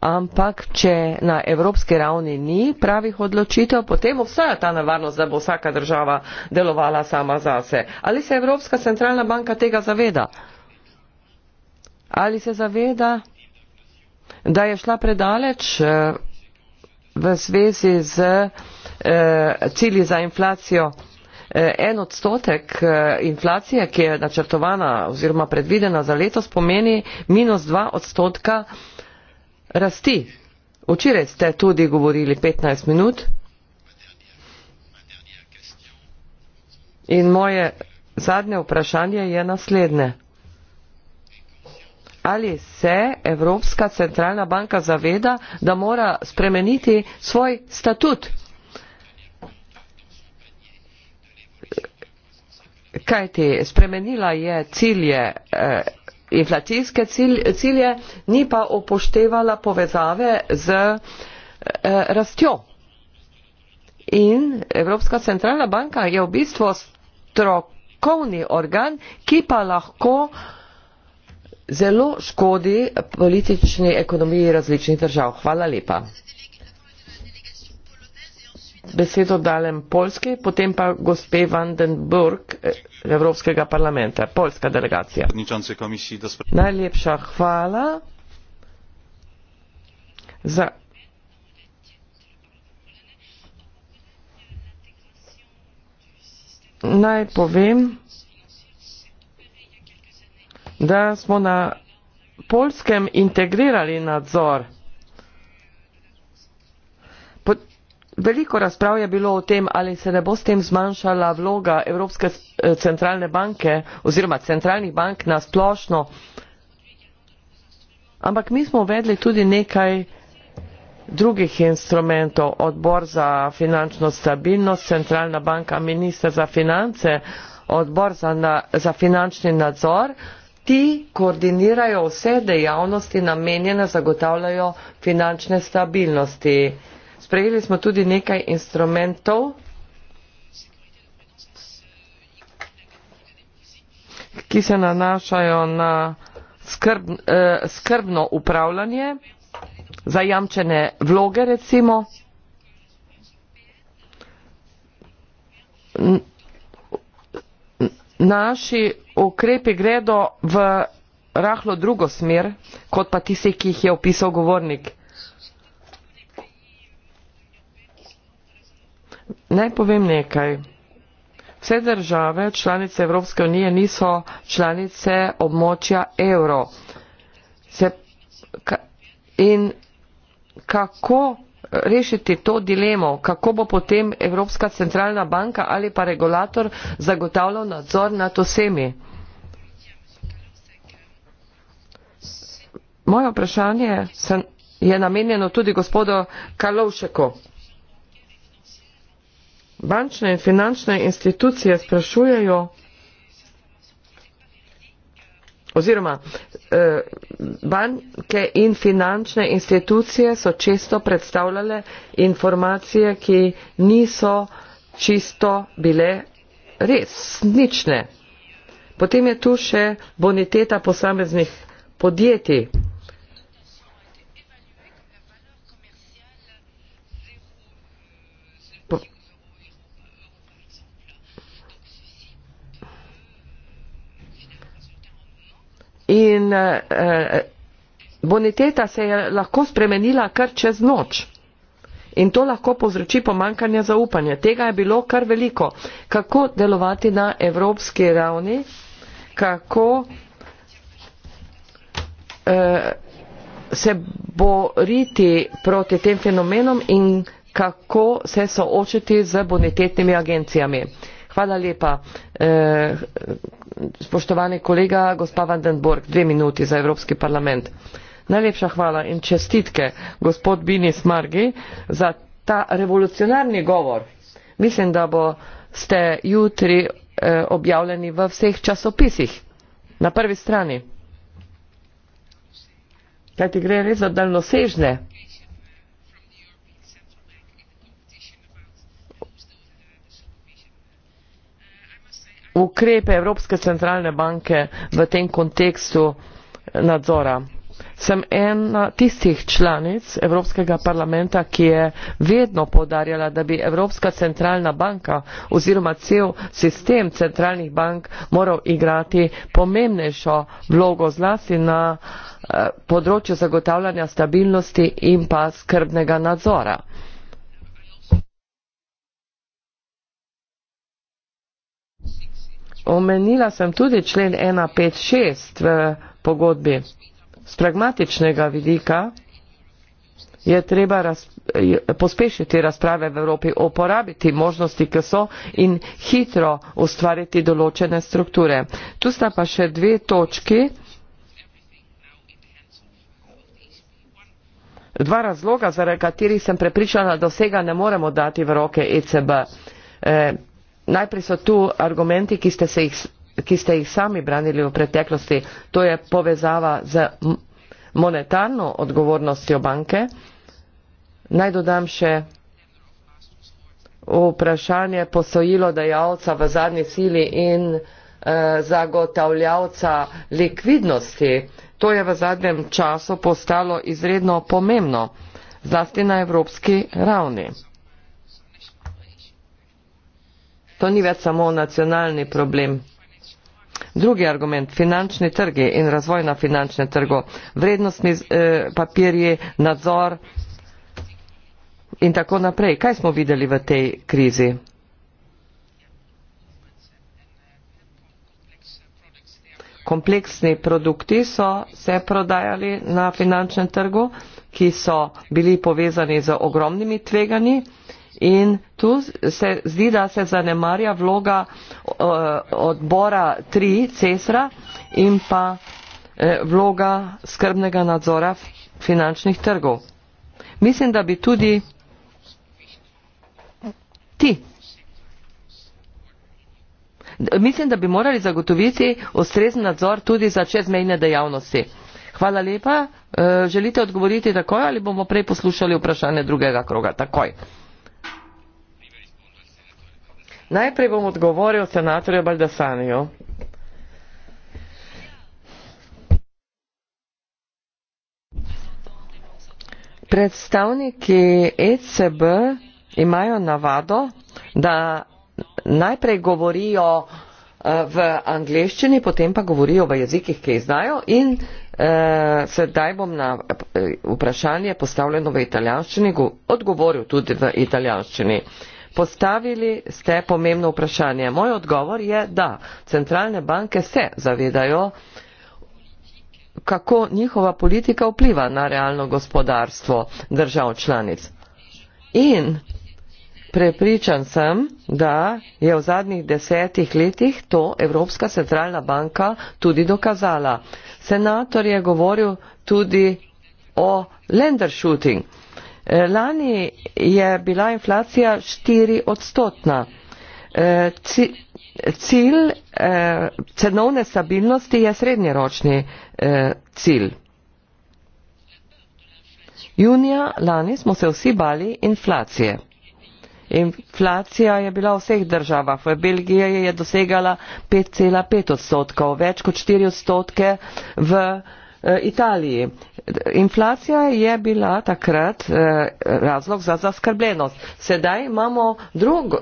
Ampak, če na evropski ravni ni pravih odločitev, potem obstaja ta nevarnost, da bo vsaka država delovala sama zase. Ali se Evropska centralna banka tega zaveda? Ali se zaveda, da je šla predaleč v zvezi z Eh, cilji za inflacijo. Eh, en odstotek eh, inflacije, ki je načrtovana oziroma predvidena za letos, pomeni minus dva odstotka rasti. Včeraj ste tudi govorili 15 minut. In moje zadnje vprašanje je naslednje. Ali se Evropska centralna banka zaveda, da mora spremeniti svoj statut? kajti spremenila je cilje, eh, inflacijske cilj, cilje, ni pa upoštevala povezave z eh, rastjo. In Evropska centralna banka je v bistvu strokovni organ, ki pa lahko zelo škodi politični ekonomiji različnih držav. Hvala lepa besedo dalem Polski, potem pa gospe Vandenburg eh, Evropskega parlamenta, polska delegacija. Najlepša hvala za. Naj povem, da smo na polskem integrirali nadzor Veliko razprav je bilo o tem, ali se ne bo s tem zmanjšala vloga Evropske eh, centralne banke oziroma centralnih bank na splošno. Ampak mi smo uvedli tudi nekaj drugih instrumentov, odbor za finančno stabilnost, centralna banka, minister za finance, odbor za, na, za finančni nadzor. Ti koordinirajo vse dejavnosti namenjene zagotavljajo finančne stabilnosti sprejeli smo tudi nekaj instrumentov, ki se nanašajo na skrb, eh, skrbno upravljanje, zajamčene vloge recimo. Naši ukrepi gredo v rahlo drugo smer, kot pa tisti, ki jih je opisal govornik. Naj povem nekaj. Vse države, članice Evropske unije, niso članice območja evro. Se, ka, in kako rešiti to dilemo, kako bo potem Evropska centralna banka ali pa regulator zagotavljal nadzor nad vsemi? Moje vprašanje je namenjeno tudi gospodu Kalovšeku bančne in finančne institucije sprašujejo oziroma eh, banke in finančne institucije so često predstavljale informacije, ki niso čisto bile resnične. Potem je tu še boniteta posameznih podjetij. In eh, eh, boniteta se je lahko spremenila kar čez noč. In to lahko povzroči pomankanje zaupanja. Tega je bilo kar veliko. Kako delovati na evropski ravni, kako eh, se boriti proti tem fenomenom in kako se soočiti z bonitetnimi agencijami. Eh, Hvala lepa. Eh, spoštovani kolega, gospa Vandenborg, dve minuti za Evropski parlament. Najlepša hvala in čestitke, gospod Bini Smargi, za ta revolucionarni govor. Mislim, da boste jutri eh, objavljeni v vseh časopisih. Na prvi strani. Kaj ti gre res za daljnosežne? ukrepe Evropske centralne banke v tem kontekstu nadzora. Sem ena tistih članic Evropskega parlamenta, ki je vedno podarjala, da bi Evropska centralna banka oziroma cel sistem centralnih bank moral igrati pomembnejšo vlogo zlasti na eh, področju zagotavljanja stabilnosti in pa skrbnega nadzora. Eh, omenila sem tudi člen 156 v pogodbi. Z pragmatičnega vidika je treba raz, pospešiti razprave v Evropi, uporabiti možnosti, ki so in hitro ustvariti določene strukture. Tu sta pa še dve točki. Dva razloga, zaradi katerih sem prepričana, da vsega ne moremo dati v roke ECB. Eh, Najprej so tu argumenti, ki ste, jih, ki ste jih sami branili v preteklosti. To je povezava z monetarno odgovornostjo banke. Naj dodam še vprašanje posojilo dejavca v zadnji sili in eh, zagotavljavca likvidnosti. To je v zadnjem času postalo izredno pomembno, zlasti na evropski ravni. To ni več samo nacionalni problem. Drugi argument, finančni trgi in razvoj na finančne trgo, vrednostni eh, papirji, nadzor in tako naprej. Kaj smo videli v tej krizi? Kompleksni produkti so se prodajali na finančnem trgu, ki so bili povezani z ogromnimi tveganji. In tu se zdi, da se zanemarja vloga odbora 3 CESRA in pa e, vloga skrbnega nadzora finančnih trgov. Mislim, da bi tudi ti. Mislim, da bi morali zagotoviti ustrezen nadzor tudi za čezmejne dejavnosti. Hvala lepa. E, želite odgovoriti takoj ali bomo prej poslušali vprašanje drugega kroga? Takoj. Najprej bom odgovoril senatorju Baldasanju. Predstavniki ECB imajo navado, da najprej govorijo eh, v angleščini, potem pa govorijo v jezikih, ki jih znajo in eh, sedaj bom na eh, vprašanje postavljeno v italijanščini odgovoril tudi v italijanščini. Eh, postavili ste pomembno vprašanje. Moj odgovor je, da centralne banke se zavedajo, kako njihova politika vpliva na realno gospodarstvo držav članic. In prepričan sem, da je v zadnjih desetih letih to Evropska centralna banka tudi dokazala. Senator je govoril tudi o lender shooting. Eh, lani je bila inflacija 4 odstotna. Eh, cilj eh, cenovne stabilnosti je srednjeročni cilj. Junija lani smo se vsi bali inflacije. Inflacija je bila v vseh državah. V Belgiji je dosegala 5,5 odstotkov, več kot 4 odstotke v Eh, Italiji. Inflacija je bila takrat eh, razlog za zaskrbljenost. Sedaj imamo druge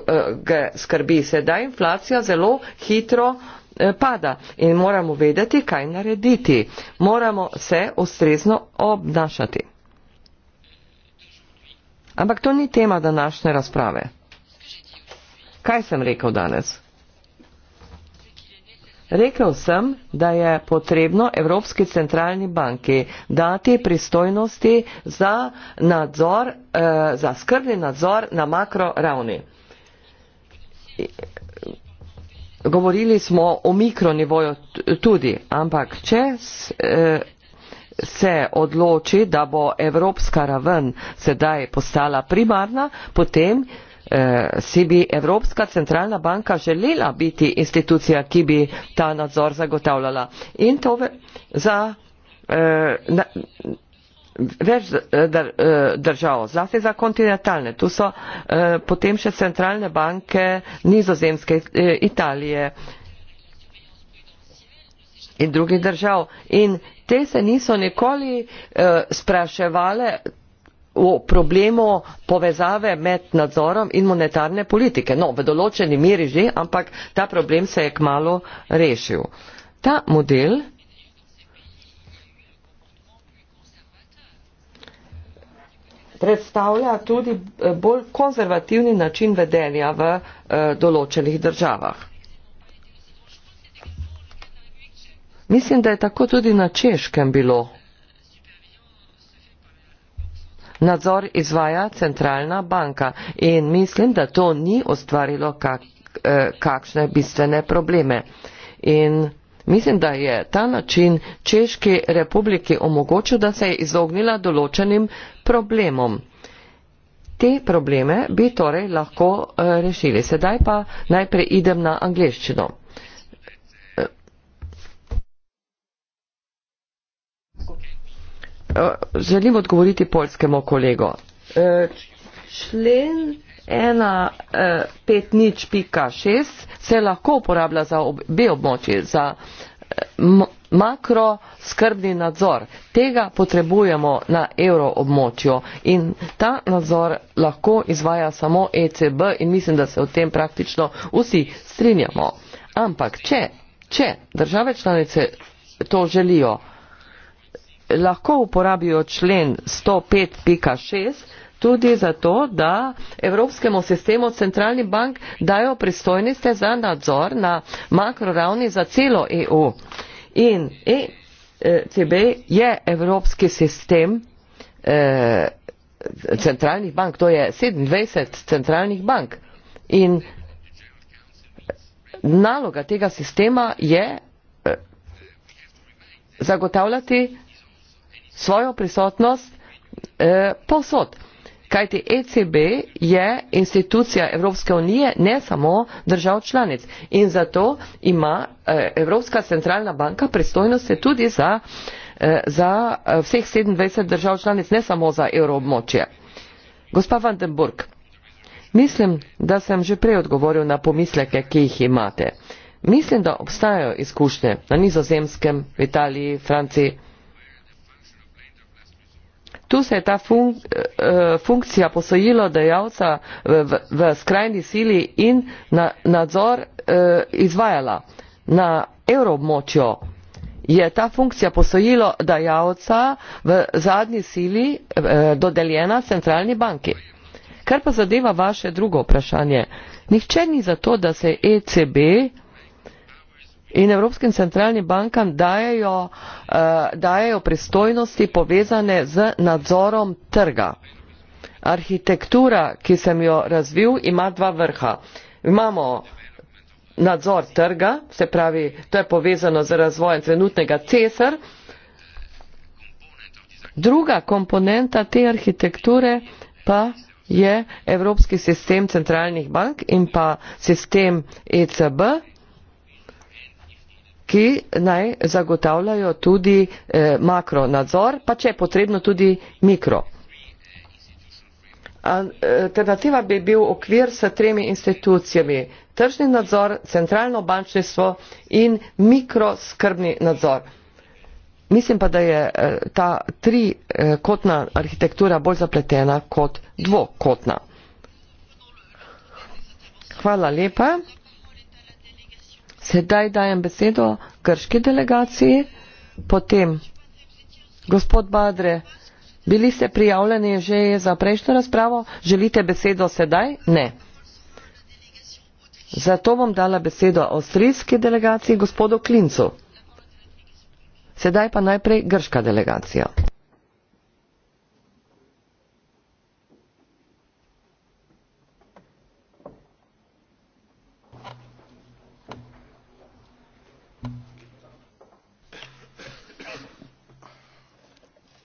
skrbi, sedaj inflacija zelo hitro eh, pada in moramo vedeti, kaj narediti. Moramo se ustrezno obnašati. Ampak to ni tema današnje razprave. Kaj sem rekel danes? Rekel sem, da je potrebno Evropski centralni banki dati pristojnosti za, nadzor, eh, za skrbni nadzor na makro ravni. Govorili smo o mikronivoju tudi, ampak če eh, se odloči, da bo evropska raven sedaj postala primarna, potem Eh, si bi Evropska centralna banka želela biti institucija, ki bi ta nadzor zagotavljala. In to za eh, več eh, držav, zlasti za kontinentalne. Tu so potem še centralne banke nizozemske Italije in drugih držav. In te se niso nikoli spraševale v problemu povezave med nadzorom in monetarne politike. No, v določeni meri že, ampak ta problem se je kmalo rešil. Ta model predstavlja tudi eh, bolj konzervativni način vedenja v eh, določenih državah. Mislim, da je tako tudi na češkem bilo nadzor izvaja centralna banka in mislim, da to ni ustvarilo kak, eh, kakšne bistvene probleme. In mislim, da je ta način Češki republiki omogočil, da se je izognila določenim problemom. Te probleme bi torej lahko eh, rešili. Sedaj pa najprej idem na angliščino. Eh, želim odgovoriti polskemu kolego. Eh, člen 1.5.6 eh, se lahko uporablja za obe območje, za makro skrbni nadzor. Tega potrebujemo na evro območju in ta nadzor lahko izvaja samo ECB in mislim, da se o tem praktično vsi strinjamo. Ampak, če, če države članice to želijo, lahko uporabijo člen 105.6 tudi zato, da Evropskemu sistemu centralnih bank dajo pristojniste za nadzor na makroravni za celo EU. In ECB je Evropski sistem eh, centralnih bank, to je 27 centralnih bank. In naloga tega sistema je e, zagotavljati svojo prisotnost eh, posod. Kajti ECB je institucija Evropske unije, ne samo držav članic. In zato ima eh, Evropska centralna banka pristojnosti tudi za, eh, za eh, vseh 27 držav članic, ne samo za evroobmočje. Gospa Vandenburg, mislim, da sem že prej odgovoril na pomisleke, ki jih imate. Mislim, da obstajajo izkušnje na nizozemskem, v Italiji, Franciji, tu se je ta funk, eh, funkcija posojilodajalca v, v, v skrajni sili in na, nadzor eh, izvajala. Na evroobmočju je ta funkcija posojilodajalca v zadnji sili eh, dodeljena centralni banki. Kar pa zadeva vaše drugo vprašanje, nihče ni za to, da se ECB eh, in evropskim centralnim bankam dajejo, uh, dajejo pristojnosti povezane z nadzorom trga. Arhitektura, ki sem jo razvil, ima dva vrha. Imamo nadzor trga, se pravi, to je povezano z razvojem trenutnega cesar. Druga komponenta te arhitekture pa je evropski sistem centralnih bank in pa sistem ECB ki naj zagotavljajo tudi eh, makro nadzor, pa če je potrebno tudi mikro. Eh, alternativa bi bil okvir s tremi institucijami. Tržni nadzor, centralno bančništvo in mikroskrbni nadzor. Mislim pa, da je eh, ta trikotna eh, arhitektura bolj zapletena kot dvokotna. Hvala lepa. Sedaj dajem besedo grški delegaciji, potem gospod Badre, bili ste prijavljeni že za prejšnjo razpravo, želite besedo sedaj? Ne. Zato bom dala besedo avstrijski delegaciji, gospodu Klincu. Sedaj pa najprej grška delegacija.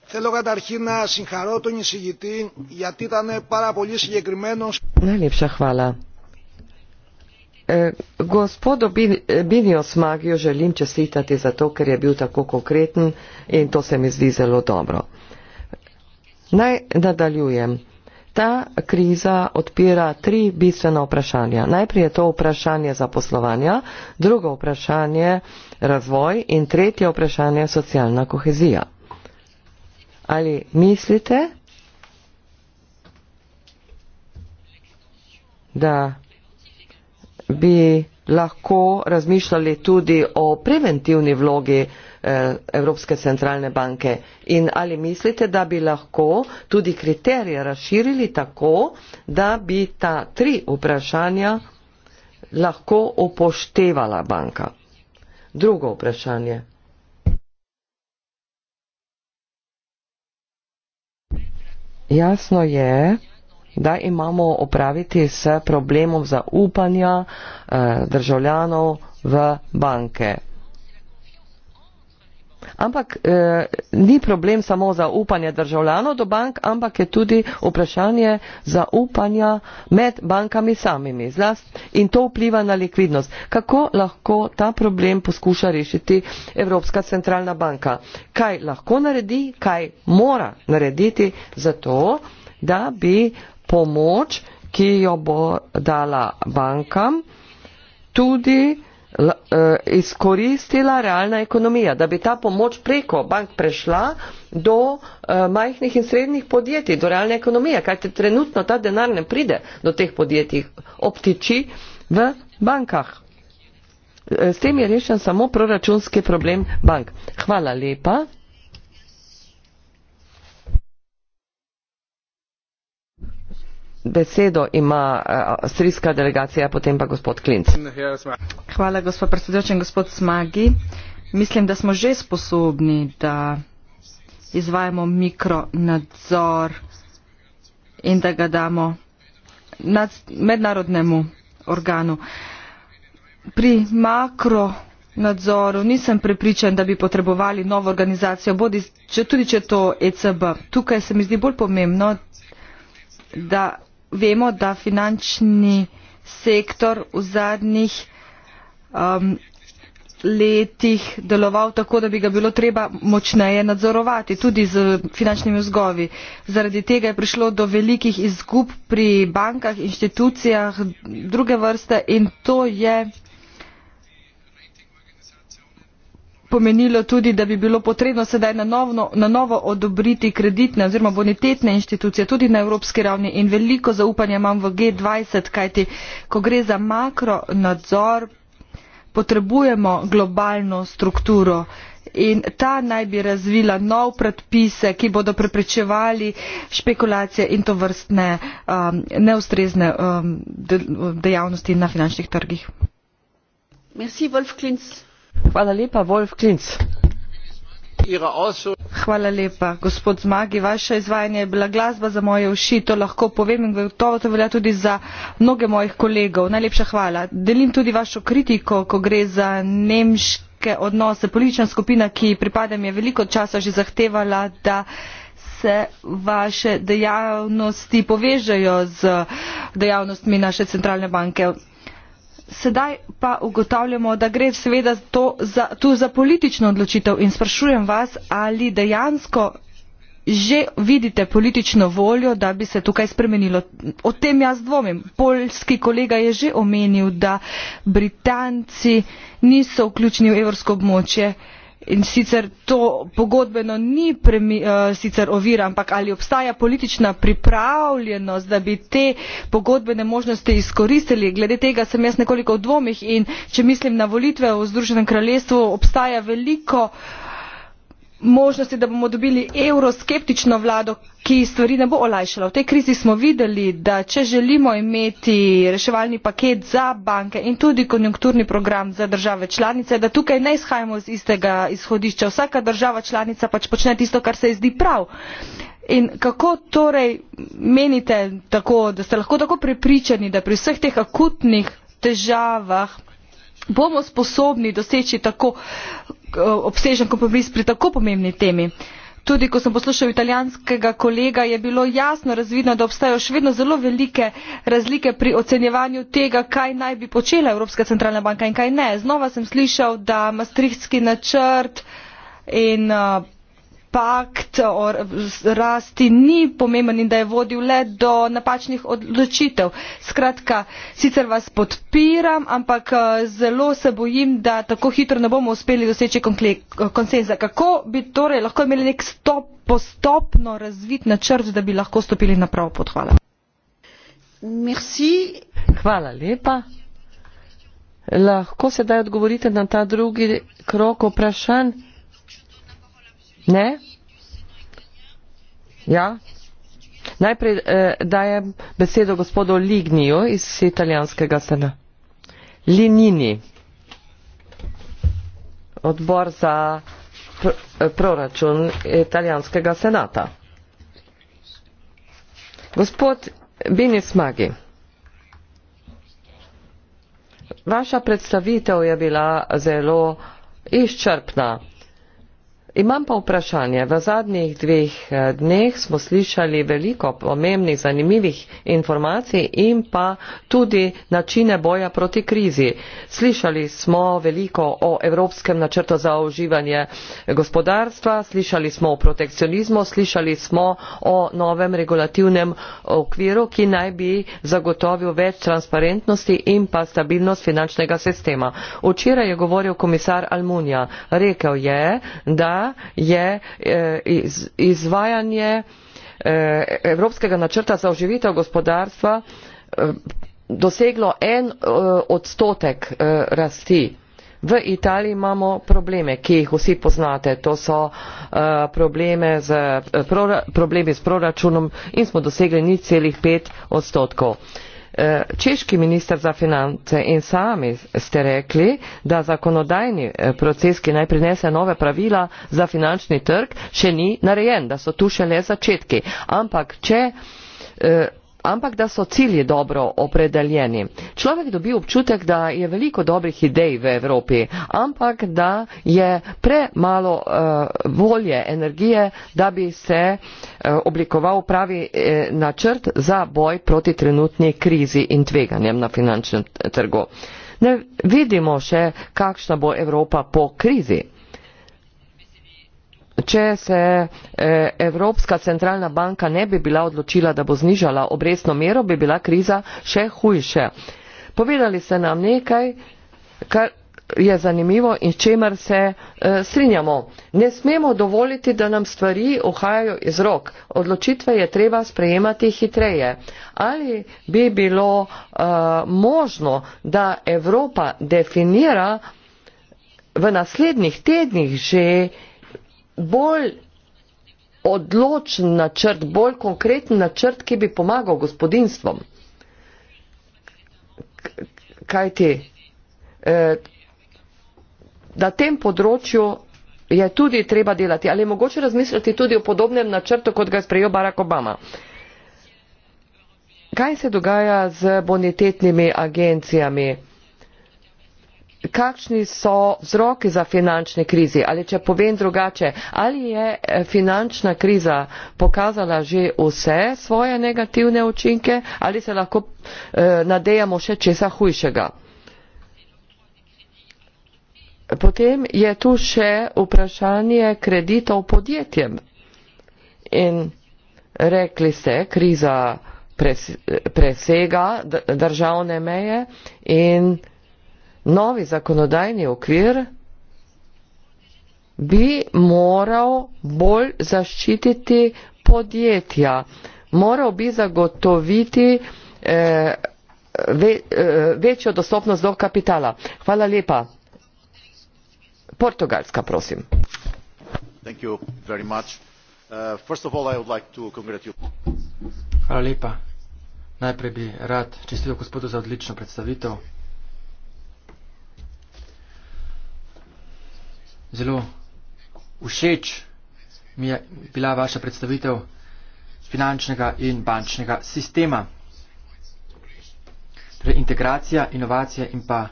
Θέλω καταρχήν να συγχαρώ τον εισηγητή γιατί ήταν πάρα πολύ συγκεκριμένο. Να λείψα χβάλα. Gospodo Binios Magijo želim čestitati za to, ker je bil tako konkreten in to se mi zdi zelo dobro. Naj nadaljujem. Ta kriza odpira tri bistvena vprašanja. Najprej je to vprašanje zaposlovanja, drugo vprašanje razvoj in tretje vprašanje socialna kohezija ali mislite, da bi lahko razmišljali tudi o preventivni vlogi eh, Evropske centralne banke in ali mislite, da bi lahko tudi kriterije razširili tako, da bi ta tri vprašanja lahko upoštevala banka. Drugo vprašanje. Jasno je, da imamo opraviti s problemom zaupanja eh, državljanov v banke. Ampak eh, ni problem samo zaupanje državljanov do bank, ampak je tudi vprašanje zaupanja med bankami samimi. Zlast, in to vpliva na likvidnost. Kako lahko ta problem poskuša rešiti Evropska centralna banka? Kaj lahko naredi, kaj mora narediti za to, da bi pomoč, ki jo bo dala bankam, tudi Eh, izkoristila realna ekonomija, da bi ta pomoč preko bank prešla do eh, majhnih in srednjih podjetij, do realne ekonomije, kajte trenutno ta denar ne pride do teh podjetij, obtiči v bankah. Eh, s tem je rešen samo proračunski problem bank. Hvala lepa. besedo ima eh, avstrijska delegacija, potem pa gospod Klinc. Hvala, gospod predsedujoč in gospod Smagi. Mislim, da smo že sposobni, da izvajamo mikronadzor in da ga damo mednarodnemu organu. Pri makro nadzoru nisem prepričan, da bi potrebovali novo organizacijo, bodi, če, tudi če je to ECB. Tukaj se mi zdi bolj pomembno, da vemo da finančni sektor v zadnjih um, letih deloval tako, da bi ga bilo treba močneje nadzorovati, tudi z finančnimi vzgovi. Zaradi tega je prišlo do velikih izgub pri bankah, inštitucijah druge vrste in to je pomenilo tudi da bi bilo potrebno sedaj na novo odobriti kreditne oziroma bonitetne inštitucije tudi na evropski ravni in veliko zaupanje imam v g dvajset kajti ko gre za makro nadzor potrebujemo globalno strukturo in ta naj bi razvila nov predpise ki bodo preprečevali špekulacije in tovrstne um, neustrezne um, dejavnosti na finančnih trgih hvala lepa gospod zmagi vaše izvajanje je bila glasba za moje uši to lahko povem in gotovo to velja tudi za mnoge mojih kolegov najlepša hvala delim tudi vašo kritiko ko gre za nemške odnose politična skupina ki ji pripadam je veliko časa že zahtevala da se vaše dejavnosti povežejo z dejavnostmi naše centralne banke sedaj pa ugotavljamo, da gre seveda za, tu za politično odločitev in sprašujem vas, ali dejansko že vidite politično voljo, da bi se tukaj spremenilo. O tem jaz dvomim. Poljski kolega je že omenil, da Britanci niso vključni v evropsko območje. Uh, in sicer to pogodbeno ni premi, uh, sicer ovira, ampak ali obstaja politična pripravljenost, da bi te pogodbene možnosti izkoristili. Glede tega sem jaz nekoliko v dvomih in če mislim na volitve v Združenem kraljestvu, obstaja veliko uh, možnosti da bomo dobili evroskeptično vlado ki stvari ne bo olajšala. v tej krizi smo videli da če želimo imeti reševalni paket za banke in tudi konjunkturni program za države članice da tukaj ne izhajamo iz istega izhodišča vsaka država članica pač počne tisto kar se ji zdi prav. In kako torej menite tako, da ste lahko tako prepričani, da pri vseh teh akutnih težavah bomo sposobni doseči tako eh, obsežen kompromis pri tako pomembni temi. Tudi ko sem poslušal italijanskega kolega, je bilo jasno razvidno, da obstajajo še vedno zelo velike razlike pri ocenjevanju tega, kaj naj bi počela Evropska centralna banka in kaj ne. Znova sem slišal, da mastrihtski načrt in uh, pakt o rasti ni pomemben in da je vodil le do napačnih odločitev. Skratka, sicer vas podpiram, ampak eh, zelo se bojim, da tako hitro ne bomo uspeli doseči konsenza. Kako bi torej lahko imeli nek stop, postopno razvit načrt, da bi lahko stopili na pravo pot? Hvala. Merci. Hvala lepa. Lahko se daj odgovoriti na ta drugi krok vprašanj. Ne? Ja? Najprej eh, dajem besedo gospodu Lignijo iz italijanskega sena. Linini. Odbor za pr eh, proračun italijanskega senata. Gospod Bini Smagi. Vaša predstavitev je bila zelo izčrpna. Imam pa vprašanje. V zadnjih dveh eh, dneh smo slišali veliko pomembnih, zanimivih informacij in pa tudi načine boja proti krizi. Slišali smo veliko o Evropskem načrtu za oživanje gospodarstva, slišali smo o protekcionizmu, slišali smo o novem regulativnem okviru, ki naj bi zagotovil več transparentnosti in pa stabilnost finančnega sistema. Včeraj je govoril komisar Almunija. Rekel je, da da je eh, iz, izvajanje eh, evropskega načrta za oživitev gospodarstva eh, doseglo en odstotek rasti. V Italiji imamo probleme, ki jih vsi poznate. To so probleme z, problemi s proračunom in smo dosegli 0,5 odstotkov. Eh, češki minister za finance in sami ste rekli, da zakonodajni eh, proces, ki naj prinese nove pravila za finančni trg, še ni narejen, da so tu še le začetki. Ampak, če eh, ampak da so cilji dobro opredeljeni. Človek dobi občutek, da je veliko dobrih idej v Evropi, ampak da je premalo uh, volje, energije, da bi se uh, oblikoval pravi uh, načrt za boj proti trenutni krizi in tveganjem na finančnem trgu. Ne vidimo še, kakšna bo Evropa po krizi če se e, evropska centralna banka ne bi bila odločila da bo znižala obrestno mero bi bila kriza še hujša povedali ste nam nekaj kar je zanimivo in s čemer se e, strinjamo. Ne smemo dovoliti, da nam stvari uhajajo iz rok. Odločitve je treba sprejemati hitreje. Ali bi bilo e, možno, da Evropa definira v naslednjih tednih že bolj odločen načrt, bolj konkreten načrt, ki bi pomagal gospodinstvom. Kaj ti? Eh, na tem področju je tudi treba delati. Ali je mogoče razmisliti tudi o podobnem načrtu, kot ga je sprejel Barack Obama? Kaj se dogaja z bonitetnimi agencijami? kakšni so vzroki za finančne krizi ali če povem drugače, ali je eh, finančna kriza pokazala že vse svoje negativne učinke ali se lahko eh, nadejamo še česa hujšega. Potem je tu še vprašanje kreditov podjetjem in rekli ste, kriza presega državne meje in novi zakonodajni okvir bi moral bolj zaščititi podjetja, moral bi zagotoviti eh, ve, eh, večjo dostopnost do kapitala. Hvala lepa. Portugalska, prosim. Uh, Hvala lepa. Najprej bi rad čestil gospodu za odlično predstavitev. zelo všeč mi je bila vaša predstavitev finančnega in bančnega sistema. Torej integracija, inovacija in pa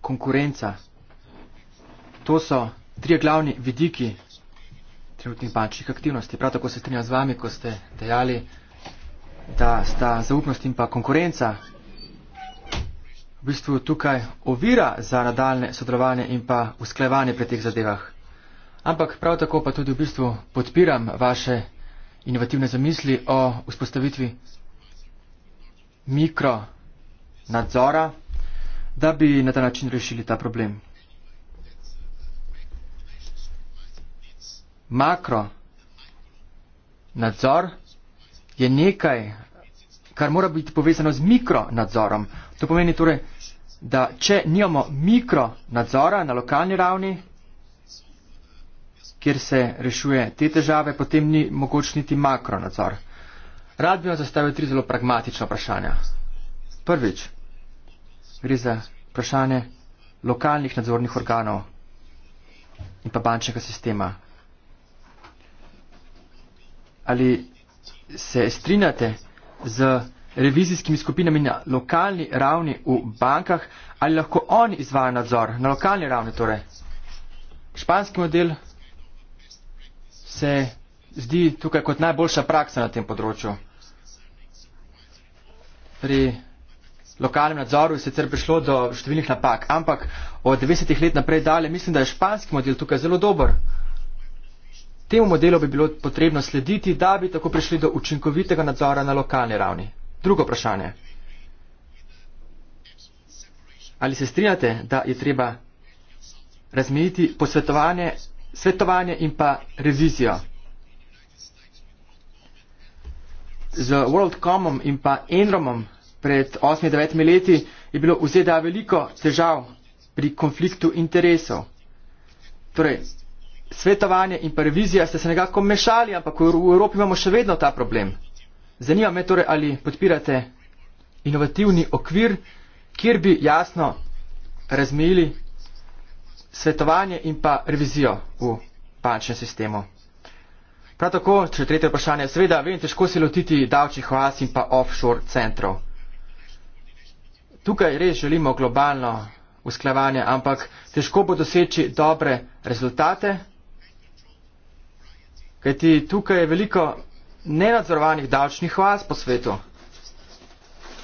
konkurenca. To so trije glavni vidiki trenutnih bančnih aktivnosti. Prav tako se strinjam z vami, ko ste dejali, da sta zaupnost in pa konkurenca v bistvu tukaj ovira za nadaljne sodelovanje in pa usklajevanje pri teh zadevah. Ampak prav tako pa tudi v bistvu podpiram vaše inovativne zamisli o vzpostavitvi mikro nadzora, da bi na ta način rešili ta problem. Makro nadzor je nekaj, kar mora biti povezano z mikro nadzorom. To pomeni torej, da če nimamo mikro nadzora na lokalni ravni, kjer se rešuje te težave, potem ni mogoč niti makro nadzor. Rad bi vam zastavil tri zelo pragmatična vprašanja. Prvič, gre za vprašanje lokalnih nadzornih organov in pa bančnega sistema. Ali se strinjate z revizijskimi skupinami na lokalni ravni v bankah, ali lahko oni izvajo nadzor na lokalni ravni torej. Španski model se zdi tukaj kot najboljša praksa na tem področju. Pri lokalnem nadzoru je sicer prišlo do številnih napak, ampak od 90. let naprej dalje mislim, da je španski model tukaj zelo dober. Temu modelu bi bilo potrebno slediti, da bi tako prišli do učinkovitega nadzora na lokalni ravni. Drugo vprašanje. Ali se strinjate, da je treba razmeniti posvetovanje, svetovanje in pa revizijo? Z WorldComom in pa Enromom pred 8-9 leti je bilo v ZDA veliko težav pri konfliktu interesov. Torej, svetovanje in pa revizija ste se nekako mešali, ampak v Evropi imamo še vedno ta problem. Zanima me torej, ali podpirate inovativni okvir, kjer bi jasno razmejili svetovanje in pa revizijo v bančnem sistemu. Prav tako, če tretje vprašanje, seveda vem, težko se lotiti davčnih oas in pa offshore centrov. Tukaj res želimo globalno usklajevanje, ampak težko bo doseči dobre rezultate, kajti tukaj je veliko nenadzorovanih davčnih oaz po svetu.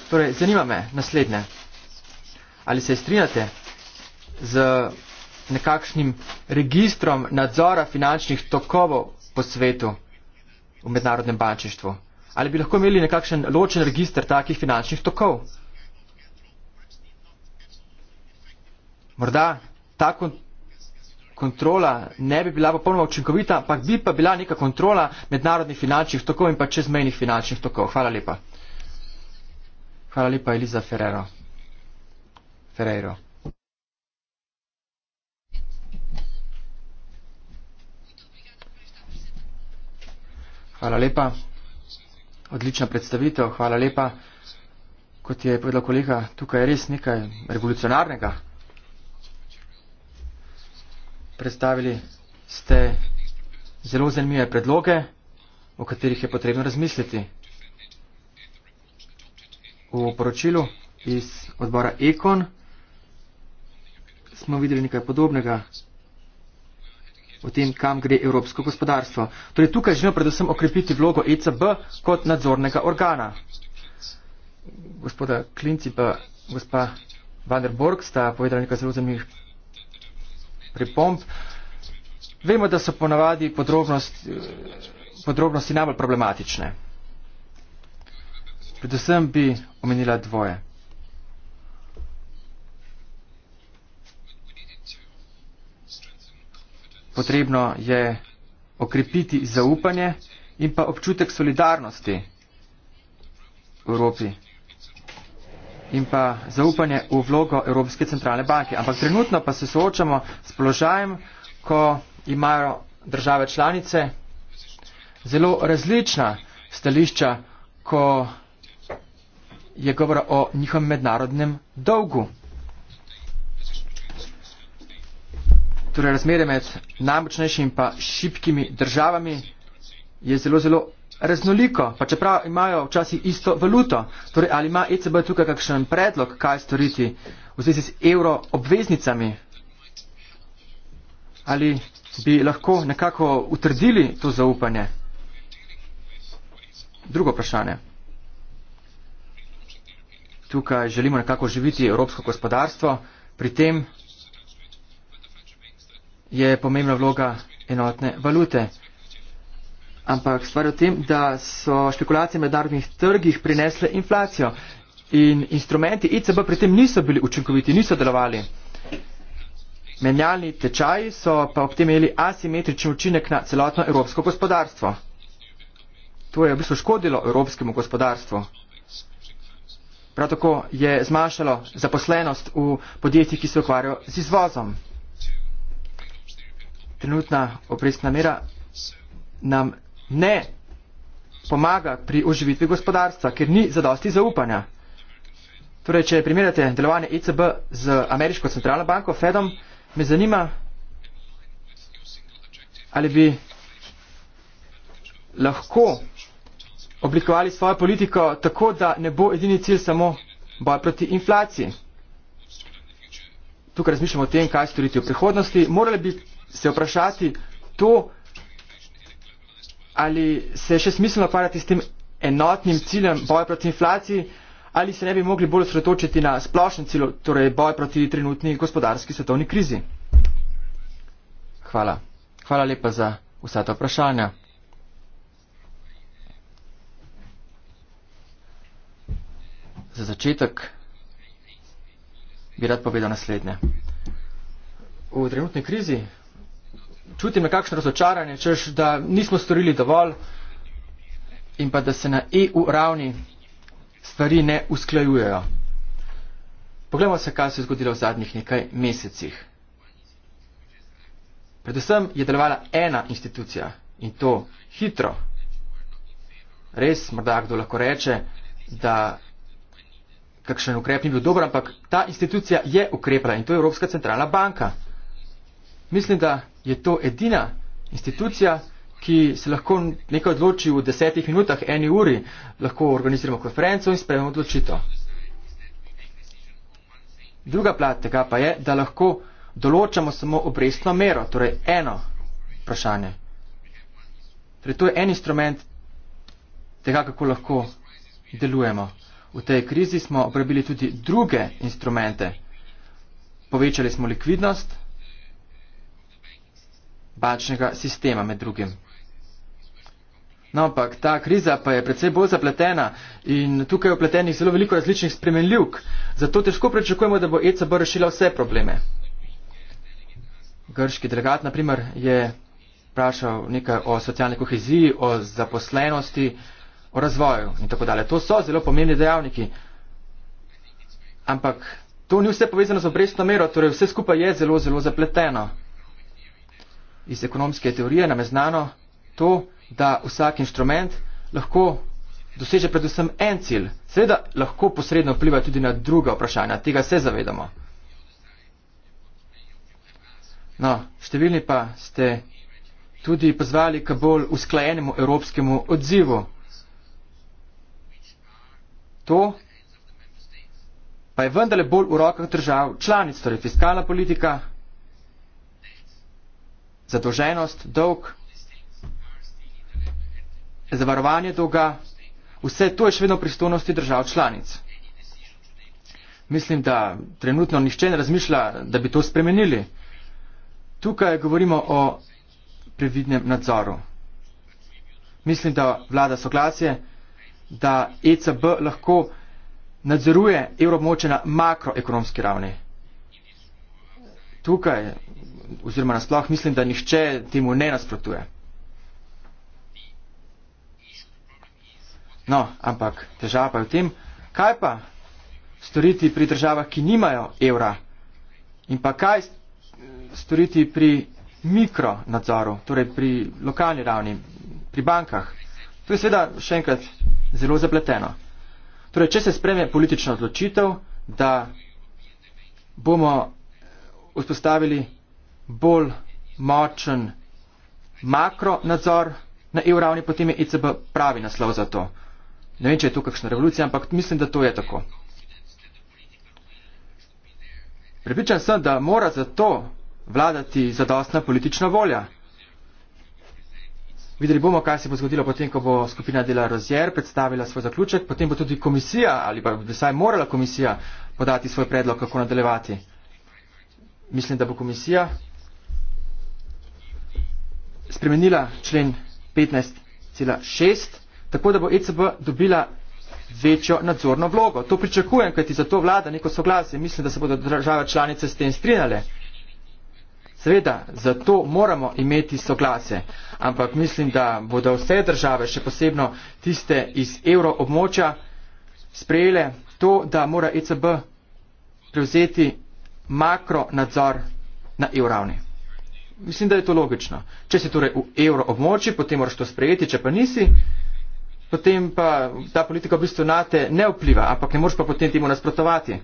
Torej, zanima me naslednje. Ali se strinjate z nekakšnim registrom nadzora finančnih tokov po svetu v mednarodnem bančništvu? Ali bi lahko imeli nekakšen ločen registr takih finančnih tokov? Morda kontrola ne bi bila popolnoma učinkovita, ampak bi pa bila neka kontrola mednarodnih finančnih tokov in pa čezmejnih finančnih tokov. Hvala lepa. Hvala lepa, Eliza Ferrero. Ferrero. Hvala lepa. Odlična predstavitev. Hvala lepa. Kot je povedal kolega, tukaj je res nekaj revolucionarnega predstavili ste zelo zanimive predloge, o katerih je potrebno razmisliti. V poročilu iz odbora Ekon smo videli nekaj podobnega o tem, kam gre evropsko gospodarstvo. Torej tukaj želimo predvsem okrepiti vlogo ECB kot nadzornega organa. Gospoda Klinci pa gospa Vanderborg sta povedala nekaj zelo zanimivih pripomb. Vemo, da so ponavadi podrobnosti, podrobnosti najbolj problematične. Predvsem bi omenila dvoje. Potrebno je okrepiti zaupanje in pa občutek solidarnosti v Evropi in pa zaupanje v vlogo Evropske centralne banke. Ampak trenutno pa se soočamo s položajem, ko imajo države članice zelo različna stališča, ko je govora o njihovem mednarodnem dolgu. Torej, razmere med najmočnejšimi in pa šipkimi državami je zelo, zelo raznoliko, pa čeprav imajo včasih isto valuto. Torej, ali ima ECB tukaj kakšen predlog, kaj storiti v zvezi z evro obveznicami? Ali bi lahko nekako utrdili to zaupanje? Drugo vprašanje. Tukaj želimo nekako živiti evropsko gospodarstvo, pri tem je pomembna vloga enotne valute ampak stvar je v tem, da so špekulacije na mednarodnih trgih prinesle inflacijo in instrumenti ICB pri tem niso bili učinkoviti, niso delovali. Menjalni tečaji so pa ob tem imeli asimetričen učinek na celotno evropsko gospodarstvo. To je v bistvu škodilo evropskemu gospodarstvu. Prav tako je zmanjšalo zaposlenost v podjetjih, ki se ukvarjajo z izvozom. Trenutna obrestna mera nam ne pomaga pri oživitvi gospodarstva, ker ni zadosti zaupanja. Torej, če primerjate delovanje ECB z Ameriško centralno banko Fedom, me zanima, ali bi lahko oblikovali svojo politiko tako, da ne bo edini cilj samo boj proti inflaciji. Tukaj razmišljamo o tem, kaj storiti v prihodnosti. Morali bi se vprašati to, ali se je še smiselno ukvarjati s tem enotnim ciljem boja proti inflaciji, ali se ne bi mogli bolj osredotočiti na splošen cilj, torej boj proti trenutni gospodarski svetovni krizi. Hvala. Hvala lepa za vsa ta vprašanja. Za začetek bi rad povedal naslednje. V trenutni krizi čutim nekakšno razočaranje, češ, da nismo storili dovolj in pa da se na EU ravni stvari ne usklajujejo. Poglejmo se, kaj se je zgodilo v zadnjih nekaj mesecih. Predvsem je delovala ena institucija in to hitro. Res, morda kdo lahko reče, da kakšen ukrep ni bil dober, ampak ta institucija je ukrepala in to je Evropska centralna banka. Mislim, da je to edina institucija, ki se lahko nekaj odloči v desetih minutah, eni uri, lahko organiziramo konferenco in sprejemo odločitev. Druga plat tega pa je, da lahko določamo samo obrestno mero, torej eno vprašanje. Torej, to je en instrument tega, kako lahko delujemo. V tej krizi smo uporabili tudi druge instrumente. Povečali smo likvidnost, bančnega sistema med drugim. No, ampak ta kriza pa je predvsej bolj zapletena in tukaj je vpletenih zelo veliko različnih spremenljivk, zato težko pričakujemo, da bo ECB rešila vse probleme. Grški delegat, naprimer, je vprašal nekaj o socialni koheziji, o zaposlenosti, o razvoju in tako dalje. To so zelo pomembni dejavniki. Ampak to ni vse povezano z obrestno mero, torej vse skupaj je zelo, zelo zapleteno iz ekonomske teorije nam je znano to, da vsak inštrument lahko doseže predvsem en cilj. Seveda lahko posredno vpliva tudi na druga vprašanja, tega se zavedamo. No, številni pa ste tudi pozvali k bolj usklajenemu evropskemu odzivu. To pa je vendarle bolj v rokah držav članic, torej fiskalna politika, zadolženost, dolg, zavarovanje dolga, vse to je še vedno pristojnosti držav članic. Mislim, da trenutno nišče ne razmišlja, da bi to spremenili. Tukaj govorimo o previdnem nadzoru. Mislim, da vlada soglasje, da ECB lahko nadzoruje evroobmoče na makroekonomski ravni. Tukaj oziroma nasploh mislim, da nišče temu ne nasprotuje. No, ampak težava pa je v tem, kaj pa storiti pri državah, ki nimajo evra in pa kaj storiti pri mikronadzoru, torej pri lokalni ravni, pri bankah. To je seveda še enkrat zelo zapleteno. Torej, če se spreme politična odločitev, da bomo vzpostavili bolj močen makro nadzor na EU ravni, potem je ECB pravi naslov za to. Ne vem, če je to kakšna revolucija, ampak mislim, da to je tako. Pripričan sem, da mora za to vladati zadostna politična volja. Videli bomo, kaj se bo zgodilo potem, ko bo skupina dela Rozier predstavila svoj zaključek, potem bo tudi komisija ali pa bi vsaj morala komisija podati svoj predlog, kako nadaljevati. Mislim, da bo komisija spremenila člen 15,6, tako da bo ECB dobila večjo nadzorno vlogo. To pričakujem, kajti za to vlada neko soglasje. Mislim, da se bodo država članice s tem strinjale. Seveda, za to moramo imeti soglasje, ampak mislim, da bodo vse države, še posebno tiste iz evroobmoča, sprejele to, da mora ECB prevzeti makro nadzor na EU ravni. Mislim, da je to logično. Če si torej v evroobmočju, potem moraš to sprejeti, če pa nisi, potem pa ta politika v bistvu na te ne vpliva, ampak ne moreš pa potem temu nasprotovati.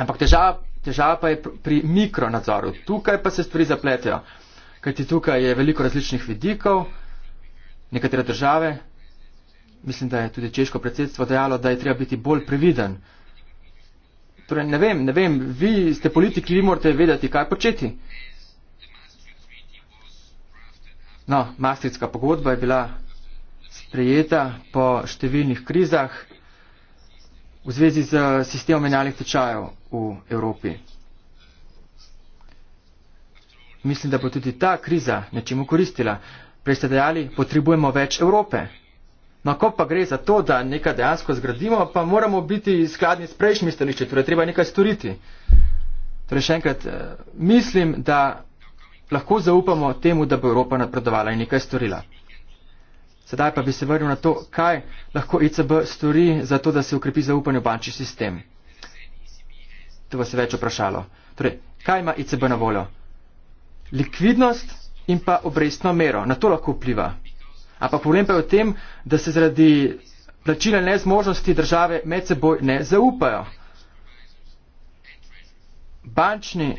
Ampak težava, težava pa je pri mikronadzoru. Tukaj pa se stvari zapletejo, kajti tukaj je veliko različnih vidikov, nekatere države, mislim, da je tudi češko predsedstvo dejalo, da je treba biti bolj previden. Torej, ne vem, ne vem, vi ste politiki, vi morate vedeti, kaj početi. No, Maastrichtska pogodba je bila sprejeta po številnih krizah v zvezi z sistemom menjalnih tečajev v Evropi. Mislim, da bo tudi ta kriza nečemu koristila. Prej ste dejali, potrebujemo več Evrope. No, ko pa gre za to, da nekaj dejansko zgradimo, pa moramo biti skladni s prejšnjimi stališči, torej treba nekaj storiti. Torej še enkrat, eh, mislim, da lahko zaupamo temu, da bo Evropa napredovala in nekaj storila. Sedaj pa bi se vrnil na to, kaj lahko ECB stori za to, da se ukrepi zaupanje v bančni sistem. To vas je več vprašalo. Torej, kaj ima ECB na voljo? Likvidnost in pa obrestno mero. Na to lahko vpliva. Ampak problem pa je v tem, da se zaradi plačila nezmožnosti države med seboj ne zaupajo. Bančni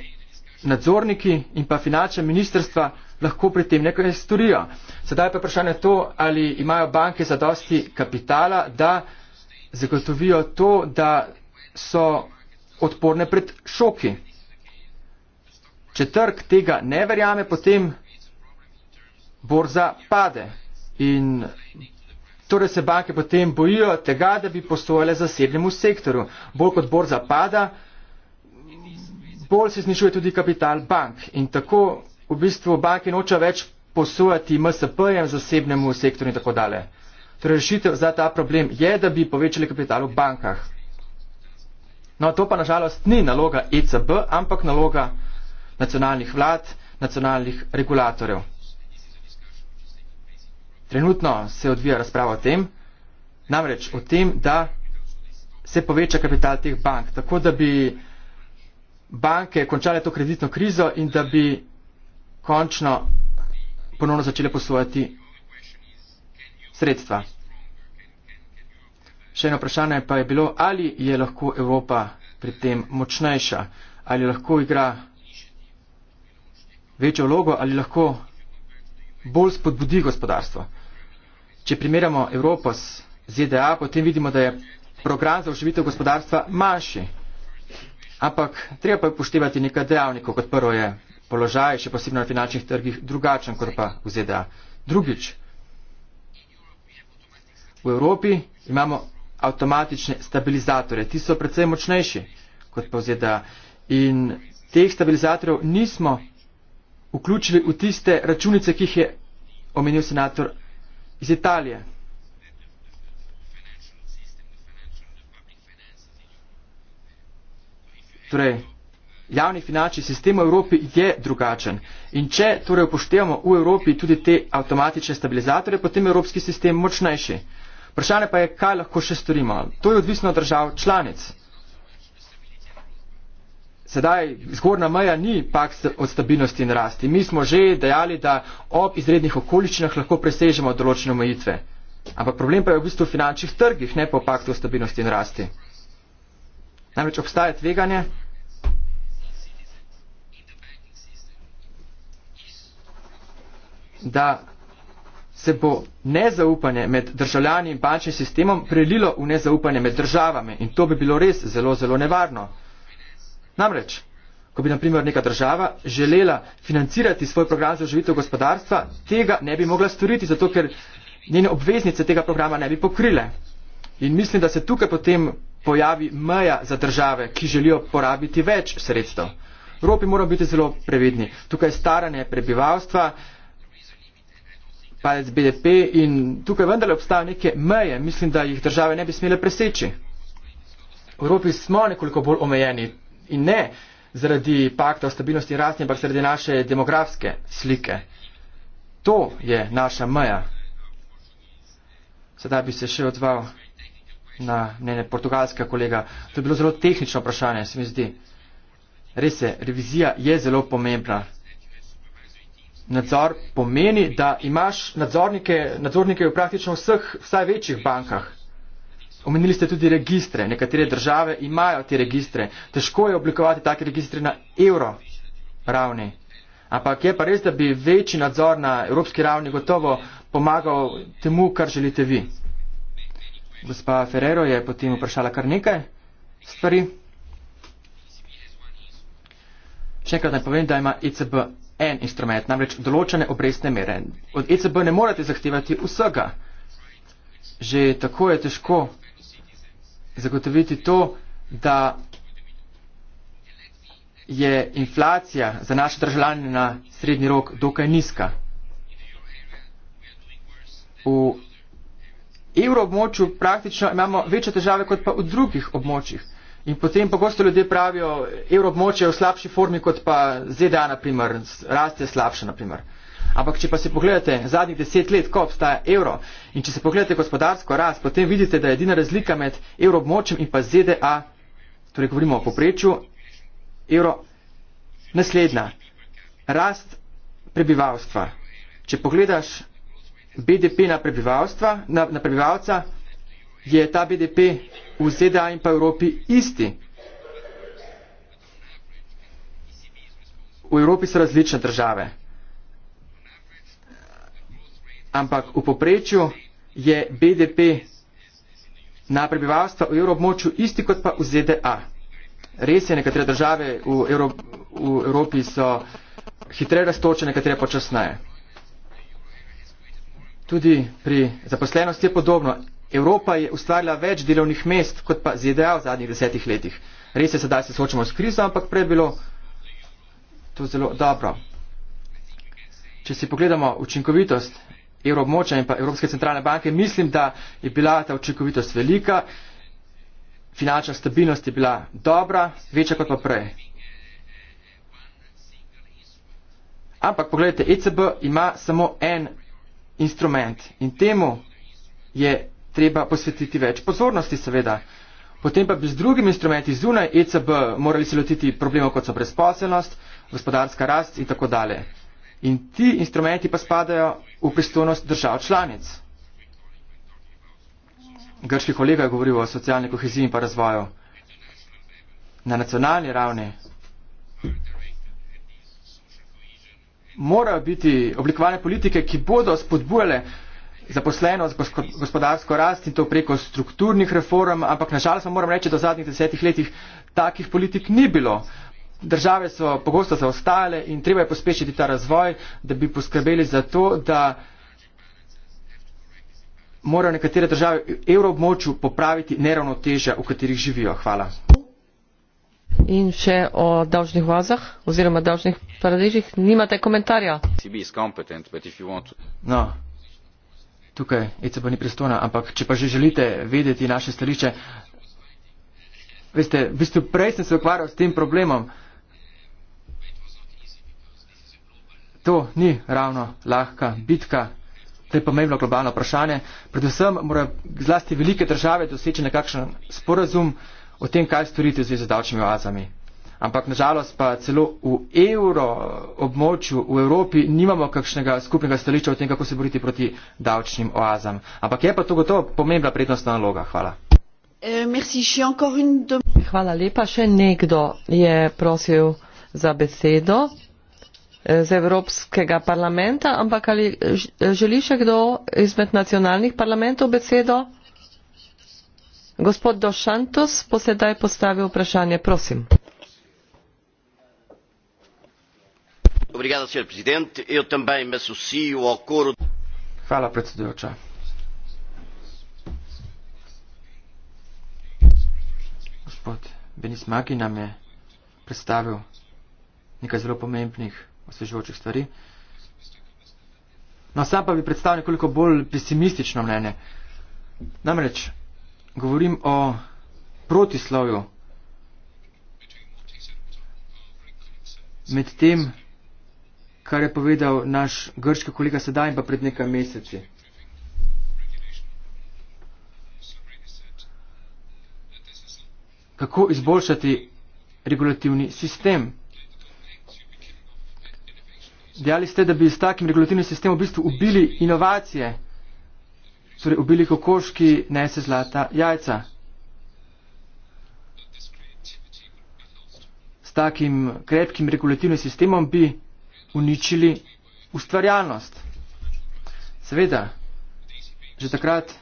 nadzorniki in pa finančna ministrstva lahko pri tem nekaj storijo. Sedaj pa vprašanje to, ali imajo banke zadosti kapitala, da zagotovijo to, da so odporne pred šoki. Če trg tega ne verjame, potem borza pade in torej se banke potem bojijo tega, da bi postojale zasebnemu sektorju. Bolj kot borza pada, bolj se znižuje tudi kapital bank in tako v bistvu banke noče več posojati MSP-jem, zasebnemu sektorju in tako dalje. Torej, rešitev za ta problem je, da bi povečali kapital v bankah. No, to pa nažalost ni naloga ECB, ampak naloga nacionalnih vlad, nacionalnih regulatorjev. Trenutno se odvija razprava o tem, namreč o tem, da se poveča kapital teh bank, tako da bi banke končale to kreditno krizo in da bi končno ponovno začele posvojati sredstva. Še eno vprašanje pa je bilo, ali je lahko Evropa pri tem močnejša, ali lahko igra večjo vlogo, ali lahko bolj spodbudi gospodarstvo. Če primerjamo Evropo z ZDA, potem vidimo, da je program za oživitev gospodarstva manjši. Ampak treba pa upoštevati nekaj dejavnikov, kot prvo je položaj, še posebno na finančnih trgih, drugačen kot pa v ZDA. Drugič, v Evropi imamo avtomatične stabilizatore, ti so predvsej močnejši kot pa v ZDA. In teh stabilizatorjev nismo vključili v tiste računice, ki jih je omenil senator iz Italije. Torej, javni finančni sistem v Evropi je drugačen. In če torej upoštevamo v Evropi tudi te avtomatične stabilizatorje, potem je evropski sistem močnejši. Vprašanje pa je, kaj lahko še storimo. To je odvisno od držav članic. Sedaj zgornja meja ni pak od stabilnosti in rasti. Mi smo že dejali, da ob izrednih okoliščinah lahko presežemo določene omejitve. Ampak problem pa je v bistvu v finančnih trgih, ne pa v paktu o stabilnosti in rasti. Namreč obstaja tveganje, da se bo nezaupanje med državljani in bančnim sistemom prelilo v nezaupanje med državami in to bi bilo res zelo, zelo nevarno. Namreč, ko bi naprimer neka država želela financirati svoj program za oživitev gospodarstva, tega ne bi mogla storiti, zato ker njene obveznice tega programa ne bi pokrile. In mislim, da se tukaj potem pojavi meja za države, ki želijo porabiti več sredstev. V Evropi moramo biti zelo previdni. Tukaj je staranje prebivalstva, palec BDP in tukaj vendarle obstajajo neke meje. Mislim, da jih države ne bi smele preseči. V Evropi smo nekoliko bolj omejeni in ne zaradi pakta o stabilnosti in rasti, ampak zaradi naše demografske slike. To je naša meja. Sedaj bi se še odzval na mnenje portugalskega kolega. To je bilo zelo tehnično vprašanje, se mi zdi. Res je, revizija je zelo pomembna. Nadzor pomeni, da imaš nadzornike, nadzornike v praktično vseh, vsaj večjih bankah. Omenili ste tudi registre. Nekatere države imajo te registre. Težko je oblikovati take registre na evro ravni. Ampak je pa res, da bi večji nadzor na evropski ravni gotovo pomagal temu, kar želite vi. Gospa Ferrero je potem vprašala kar nekaj stvari. Še enkrat naj povem, da ima ECB en instrument, namreč določene obrestne mere. Od ECB ne morate zahtevati vsega. Že tako je težko zagotoviti to, da je inflacija za naše državljane na srednji rok dokaj nizka. V evroobmočju praktično imamo večje težave kot pa v drugih območjih. In potem pogosto ljudje pravijo, evroobmočje je v slabši formi kot pa ZDA, naprimer, raste slabše, naprimer. Ampak, če pa si pogledate zadnjih deset let, ko obstaja evro in če si pogledate gospodarsko rast, potem vidite, da je edina razlika med evroobmočjem in pa ZDA, torej govorimo o poprečju, evro naslednja. Rast prebivalstva. Če pogledaš BDP na, prebivalstva, na, na prebivalca, je ta BDP v ZDA in pa Evropi isti. V Evropi so različne države. Ampak v poprečju je BDP na prebivalstva v evroobmočju isti kot pa v ZDA. Res je, nekatere države v, Evrop v Evropi so hitreje raztočene, nekatere počasneje. Tudi pri zaposlenosti je podobno. Evropa je ustvarila več delovnih mest, kot pa ZDA v zadnjih desetih letih. Res je, sedaj se soočamo s krizo, ampak prej je bilo to zelo dobro. Če si pogledamo učinkovitost evroobmoča in pa Evropske centralne banke, mislim, da je bila ta učinkovitost velika, finančna stabilnost je bila dobra, večja kot pa prej. Ampak pogledajte, ECB ima samo en instrument in temu je treba posvetiti več pozornosti, seveda. Potem pa bi z drugimi instrumenti zunaj ECB morali se lotiti problemov, kot so brezposelnost, gospodarska rast in tako dalje. In ti instrumenti pa spadajo v pristojnost držav članic. Grški kolega je govoril o socialni koheziji in pa razvoju. Na nacionalni ravni morajo biti oblikovane politike, ki bodo spodbujale zaposlenost, gospodarsko rast in to preko strukturnih reform, ampak nažalost vam moram reči, da v zadnjih desetih letih takih politik ni bilo. Države so pogosto zaostale in treba je pospešiti ta razvoj, da bi poskrbeli za to, da morajo nekatere države v evroobmočju popraviti neravnotežja, v katerih živijo. Hvala. In še o davčnih oazah oziroma davčnih paradižih. Nimate komentarja? No. Tukaj ECB ni pristojna, ampak če pa že želite vedeti naše stališče, veste, v bistvu prej sem se ukvarjal s tem problemom. To ni ravno lahka bitka, to je pomembno globalno vprašanje. Predvsem morajo zlasti velike države doseči nekakšen sporazum o tem, kaj storiti v zvezi z davčnimi oazami. Ampak nažalost pa celo v evro območju, v Evropi nimamo kakšnega skupnega stališča o tem, kako se boriti proti davčnim oazam. Ampak je pa to gotovo pomembna prednostna naloga. Hvala. Eh, Hvala lepa. Še nekdo je prosil za besedo eh, z Evropskega parlamenta, ampak ali eh, želi še kdo izmed nacionalnih parlamentov besedo? Gospod Dos Santos bo sedaj postavil vprašanje. Prosim. Hvala, predsedujoča. Gospod Benis Magi nam je predstavil nekaj zelo pomembnih osvežujočih stvari. No, sam pa bi predstavil nekoliko bolj pesimistično mnenje. Namreč, govorim o protislovju. Med tem, kar je povedal naš grški kolega sedaj, pa pred nekaj meseci. Kako izboljšati regulativni sistem? Dejali ste, da bi s takim regulativnim sistemom v bistvu ubili inovacije torej ubili kokoš, ki nese zlata jajca. S takim krepkim regulativnim sistemom bi uničili ustvarjalnost. Seveda, že takrat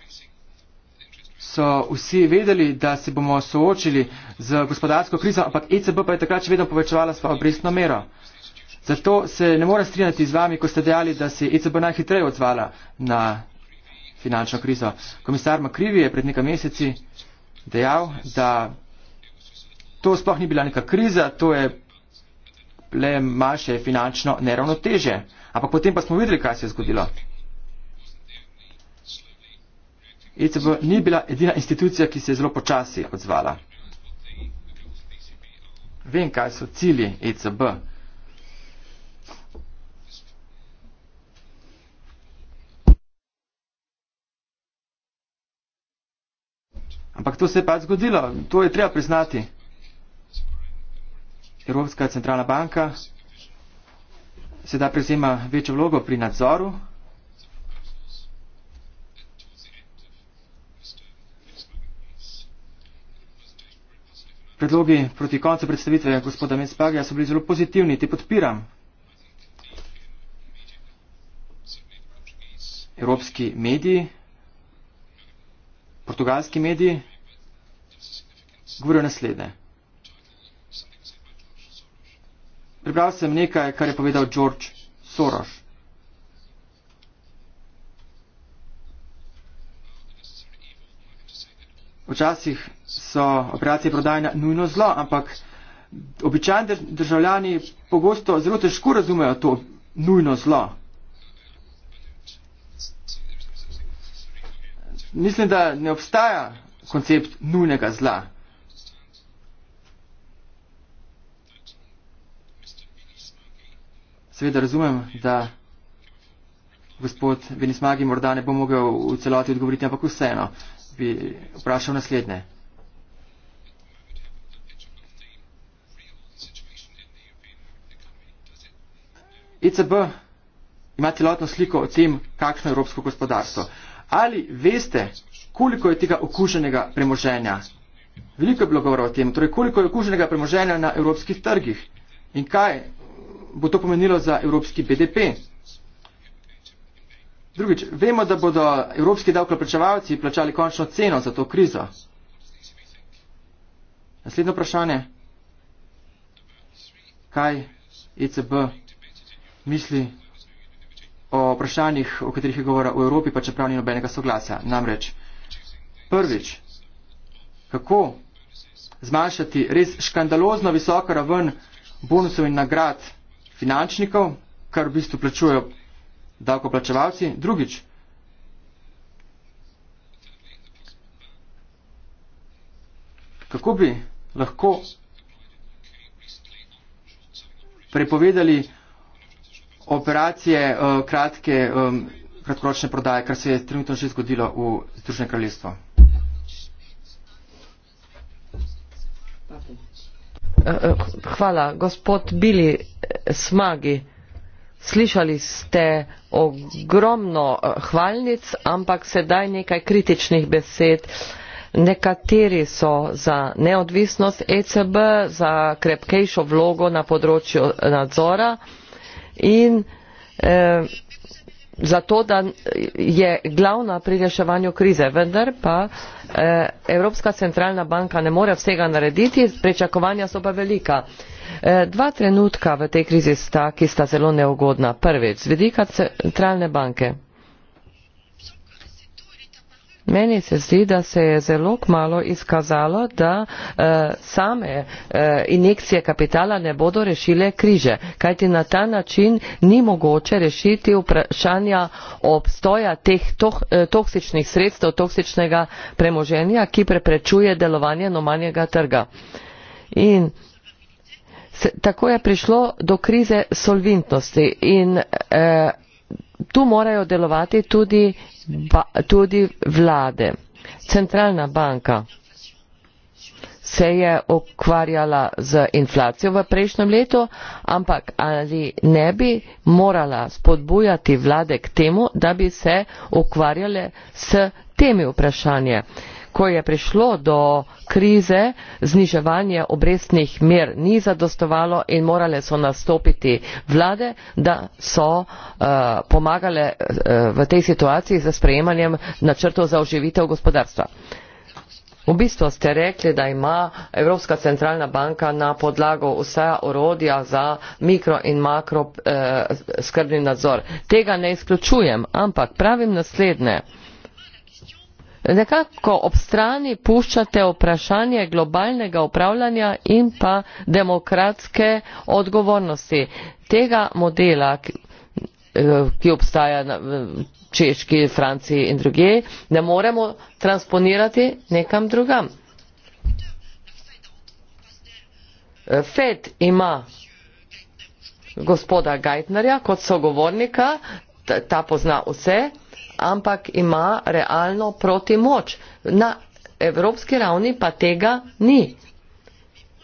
so vsi vedeli, da se bomo soočili z gospodarsko krizo, ampak ECB pa je takrat še vedno povečevala svojo obrestno mero. Zato se ne morem strinjati z vami, ko ste dejali, da se je ECB najhitreje odzvala na finančno krizo. Komisar Makrivi je pred nekaj meseci dejal, da to sploh ni bila neka kriza, to je le manjše finančno neravnoteže. Ampak potem pa smo videli, kaj se je zgodilo. ECB ni bila edina institucija, ki se je zelo počasi odzvala. Vem, kaj so cilji ECB. Ampak to se je pač zgodilo, to je treba priznati. Evropska centralna banka sedaj prevzema večjo vlogo pri nadzoru. Predlogi proti koncu predstavitve gospoda Mespagija so bili zelo pozitivni, te podpiram. Evropski mediji portugalski mediji govorijo naslednje. Prebral sem nekaj, kar je povedal George Soros. Včasih so operacije prodajna nujno zlo, ampak običajni državljani pogosto zelo težko razumejo to nujno zlo. mislim, da ne obstaja koncept nujnega zla. Seveda razumem, da gospod Venismagi morda ne bo mogel v celoti odgovoriti, ampak vseeno bi vprašal naslednje. ECB ima celotno sliko o tem, kakšno je evropsko gospodarstvo ali veste, koliko je tega okuženega premoženja? Veliko je bilo govora o tem, torej koliko je okuženega premoženja na evropskih trgih in kaj bo to pomenilo za evropski BDP. Drugič, vemo, da bodo evropski davkoplačevalci plačali končno ceno za to krizo. Naslednje vprašanje. Kaj ECB misli o vprašanjih, o katerih je govora v Evropi, pa čeprav ni nobenega soglasja. Namreč, prvič, kako zmanjšati res škandalozno visoko raven bonusov in nagrad finančnikov, kar v bistvu plačujejo davkoplačevalci. Drugič, kako bi lahko prepovedali operacije eh, kratke, eh, kratkoročne prodaje, kar se je trenutno že zgodilo v Združenem kraljestvu. Hvala. Gospod Bili Smagi, slišali ste ogromno eh, hvalnic, ampak sedaj nekaj kritičnih besed. Nekateri so za neodvisnost ECB, za krepkejšo vlogo na področju nadzora in eh, zato, da je glavna pri reševanju krize. Vendar pa eh, Evropska centralna banka ne more vsega narediti, prečakovanja so pa velika. Eh, dva trenutka v tej krizi sta, ki sta zelo neugodna. Prvič, z vidika centralne banke. Meni se zdi, da se je zelo kmalo izkazalo, da eh, same eh, injekcije kapitala ne bodo rešile križe, kajti na ta način ni mogoče rešiti vprašanja obstoja teh toh, eh, toksičnih sredstev, toksičnega premoženja, ki preprečuje delovanje nomanjega trga. In se, tako je prišlo do krize solventnosti. In, eh, tu morajo delovati tudi, tudi vlade. Centralna banka se je okvarjala z inflacijo v prejšnjem letu, ampak ali ne bi morala spodbujati vlade k temu, da bi se okvarjale s temi vprašanji ko je prišlo do krize, zniževanje obrestnih mer ni zadostovalo in morale so nastopiti vlade, da so uh, pomagale uh, v tej situaciji za sprejemanjem načrtov za oživitev gospodarstva. V bistvu ste rekli, da ima Evropska centralna banka na podlago vsa orodja za mikro in makro eh, skrbni nadzor. Tega ne izključujem, ampak pravim naslednje. Eh, nekako ob strani puščate vprašanje globalnega upravljanja in pa demokratske odgovornosti tega modela ki eh, obstaja v Češki, Franciji in druge, ne moremo transponirati nekam drugam. Eh, FED ima gospoda Geitnerja kot sogovornika, ta pozna vse, ampak ima realno proti moč. Na evropski ravni pa tega ni.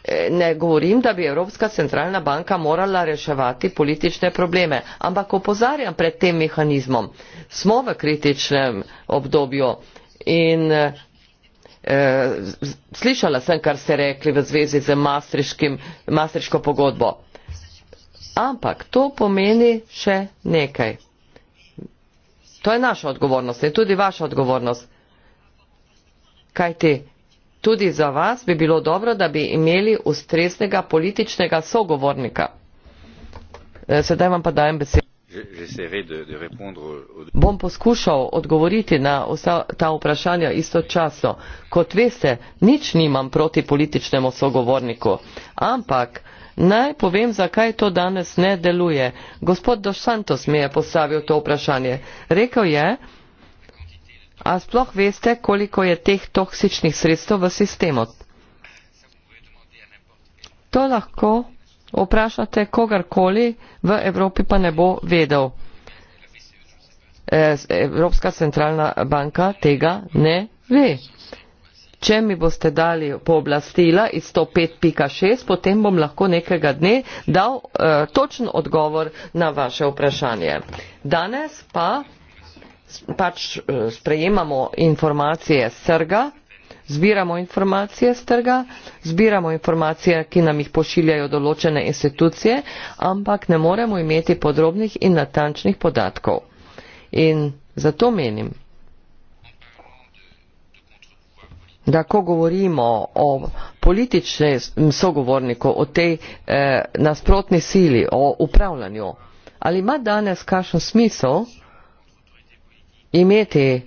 E, ne govorim, da bi Evropska centralna banka morala reševati politične probleme, ampak opozarjam pred tem mehanizmom. Smo v kritičnem obdobju in e, e slišala sem, kar ste rekli v zvezi z mastriško pogodbo. Ampak to pomeni še nekaj. To je naša odgovornost in tudi vaša odgovornost. Kajti tudi za vas bi bilo dobro, da bi imeli ustreznega političnega sogovornika. E, sedaj vam pa dajem besedo. Bom poskušal odgovoriti na vsa ta vprašanja istočasno. Kot veste, nič nimam proti političnemu sogovorniku, ampak Naj povem, zakaj to danes ne deluje. Gospod Dos Santos mi je postavil to vprašanje. Rekel je, a sploh veste, koliko je teh toksičnih sredstev v sistemu? To lahko vprašate kogarkoli v Evropi, pa ne bo vedel. Eh, Evropska centralna banka tega ne ve če mi boste dali pooblastila iz 105.6, potem bom lahko nekega dne dal uh, točen odgovor na vaše vprašanje. Danes pa pač uh, sprejemamo informacije s trga, zbiramo informacije s trga, zbiramo informacije, ki nam jih pošiljajo določene institucije, ampak ne moremo imeti podrobnih in natančnih podatkov. In zato menim, da ko govorimo o političnem sogovorniku, o tej eh, nasprotni sili, o upravljanju, ali ima danes kakšen smisel imeti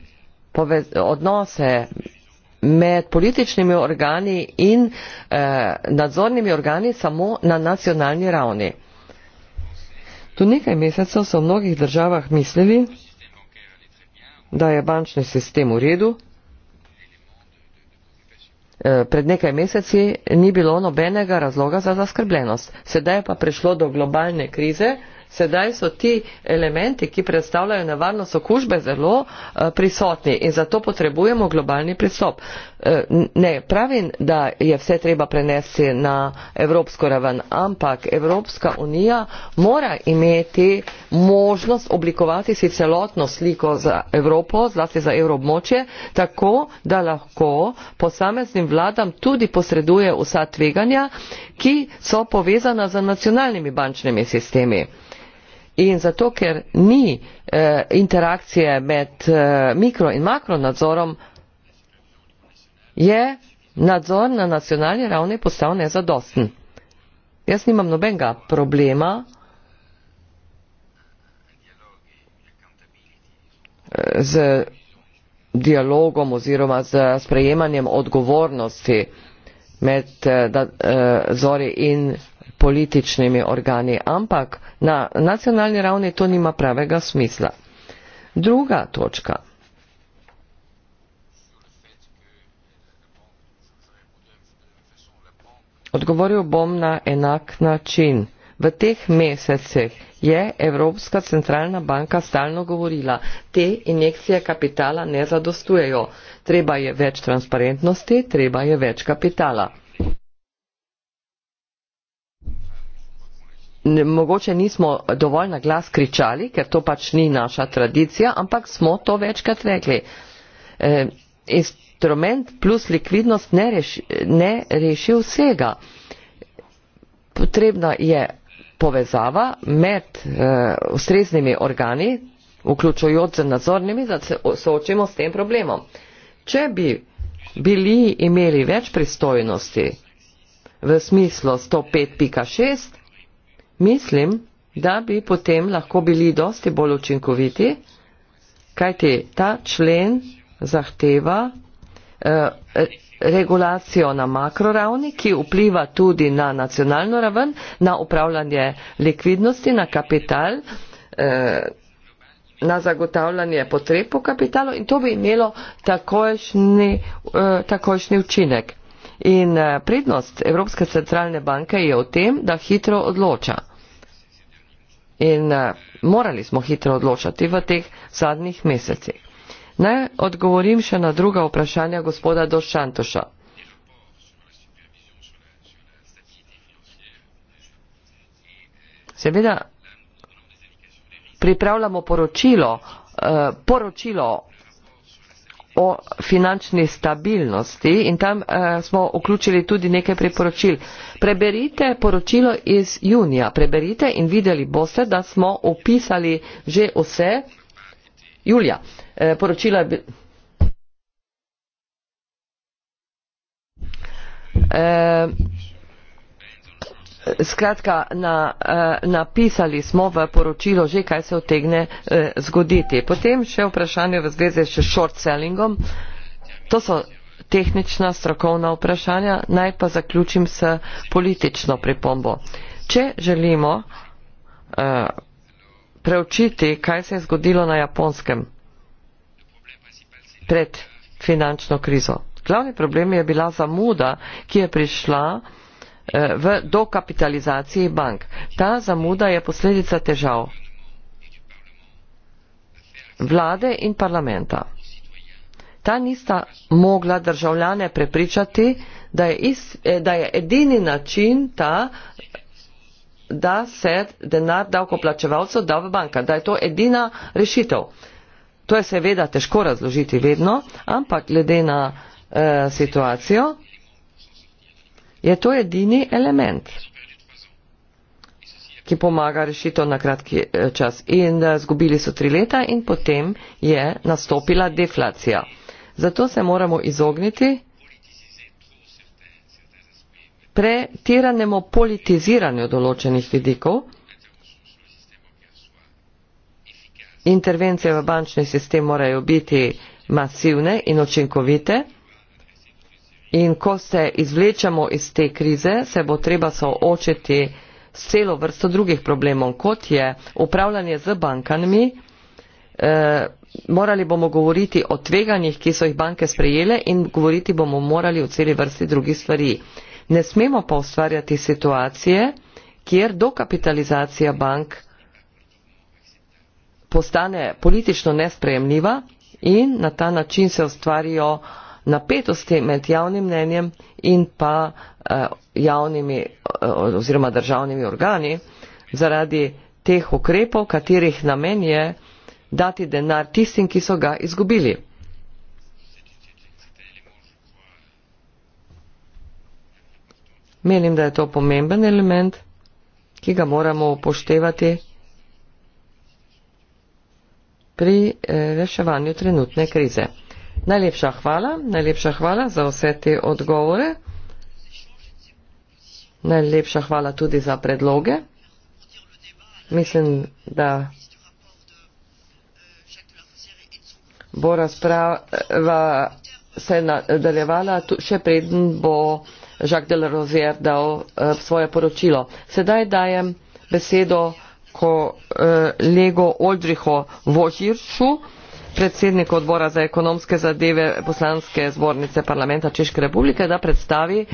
odnose med političnimi organi in eh, nadzornimi organi samo na nacionalni ravni? Tu nekaj mesecev so v mnogih državah mislili, da je bančni sistem v redu, Eh, pred nekaj meseci ni bilo nobenega razloga za zaskrbljenost. Sedaj je pa prišlo do globalne krize, sedaj so ti elementi, ki predstavljajo nevarnost okužbe, zelo eh, prisotni in zato potrebujemo globalni pristop. Eh, ne pravim, da je vse treba prenesti na evropsko raven, ampak Evropska unija mora imeti možnost oblikovati si celotno sliko za Evropo, zlasti za evroobmočje, tako da lahko posameznim vladam tudi posreduje vsa tveganja, ki so povezana z nacionalnimi bančnimi sistemi in zato ker ni eh, interakcije med eh, mikro in makro nadzorom, je nadzor na nacionalni ravni postal nezadosten. Jaz nimam nobenega problema eh, z dialogom oziroma z sprejemanjem odgovornosti med nadzori eh, eh in političnimi organi, ampak na nacionalni ravni to nima pravega smisla. Druga točka. Odgovoril bom na enak način. V teh mesecih je Evropska centralna banka stalno govorila, te injekcije kapitala ne zadostujejo. Treba je več transparentnosti, treba je več kapitala. mogoče nismo dovolj na glas kričali, ker to pač ni naša tradicija, ampak smo to večkrat rekli. E, instrument plus likvidnost ne reši, ne reši vsega. Potrebna je povezava med e, ustreznimi organi, vključujoč z nadzornimi, da se soočimo s tem problemom. Če bi bili imeli več pristojnosti v smislu 105.6, Mislim, da bi potem lahko bili dosti bolj učinkoviti, kajti ta člen zahteva eh, regulacijo na makroravni, ki vpliva tudi na nacionalno raven, na upravljanje likvidnosti, na kapital, eh, na zagotavljanje potreb po kapitalu in to bi imelo takojšnji, eh, takojšnji učinek. In prednost Evropske centralne banke je v tem, da hitro odloča. In uh, morali smo hitro odločati v teh zadnjih mesecih. Naj odgovorim še na druga vprašanja gospoda Došantoša. Seveda pripravljamo poročilo, uh, poročilo o finančni stabilnosti in tam uh, smo vključili tudi nekaj priporočil. Preberite poročilo iz junija, preberite in videli boste, da smo opisali že vse julija. Uh, poročilo je bilo. Uh, eh, skratka na, eh, napisali smo v poročilo že, kaj se otegne eh, zgoditi. Potem še vprašanje v zvezi s short sellingom. To so tehnična, strokovna vprašanja. Naj pa zaključim s politično pripombo. Če želimo uh, preučiti, kaj se je zgodilo na japonskem pred finančno krizo. Glavni problem je bila zamuda, ki je prišla Eh, v dokapitalizaciji bank. Ta zamuda je posledica težav vlade in parlamenta. Ta nista mogla državljane prepričati, da je, is, eh, da je edini način ta, da se denar davkoplačevalcev da v banka, da je to edina rešitev. To je seveda težko razložiti vedno, ampak glede na eh, situacijo je to edini element, ki pomaga rešitev na kratki eh, čas. In eh, zgubili so tri leta in potem je nastopila deflacija. Zato se moramo izogniti pretiranemu politiziranju določenih vidikov, intervencije v bančni sistem morajo biti masivne in očinkovite, In ko se izvlečemo iz te krize, se bo treba soočiti s celo vrsto drugih problemov, kot je upravljanje z bankami. E, morali bomo govoriti o tveganjih, ki so jih banke sprejele in govoriti bomo morali o celi vrsti drugih stvari. Ne smemo pa ustvarjati situacije, kjer dokapitalizacija bank postane politično nespremljiva in na ta način se ustvarijo napetosti med javnim mnenjem in pa eh, javnimi eh, oziroma državnimi organi zaradi teh ukrepov, katerih namen je dati denar tistim, ki so ga izgubili. Menim, da je to pomemben element, ki ga moramo upoštevati pri eh, reševanju trenutne krize. Najlepša hvala, najlepša hvala za vse te odgovore. Najlepša hvala tudi za predloge. Mislim, da bo razprava se nadaljevala še preden bo Jacques de la Rozier dal uh, svoje poročilo. Sedaj dajem besedo kolego uh, Oldriho Vožiršu. Uh, predsednik odbora za ekonomske zadeve poslanske zbornice parlamenta Češke republike, da predstavi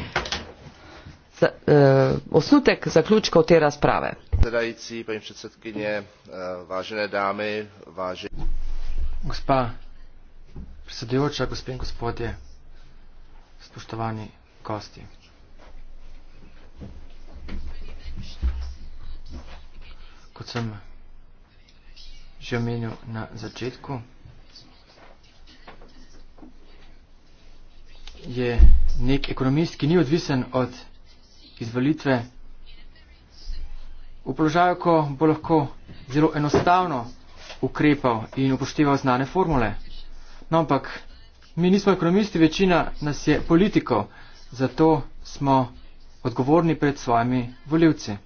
za, eh, osnutek zaključkov te razprave. Predsedajci, paim predsedkinje, eh, važene dame, važene. Gospa predsedujoča, gospe in gospodje, spoštovani gosti. Kot sem že omenil na začetku, je nek ekonomist, ki ni odvisen od izvolitve v položaju, ko bo lahko zelo enostavno ukrepal in upošteval znane formule. No, ampak mi nismo ekonomisti, večina nas je politikov, zato smo odgovorni pred svojimi voljivci.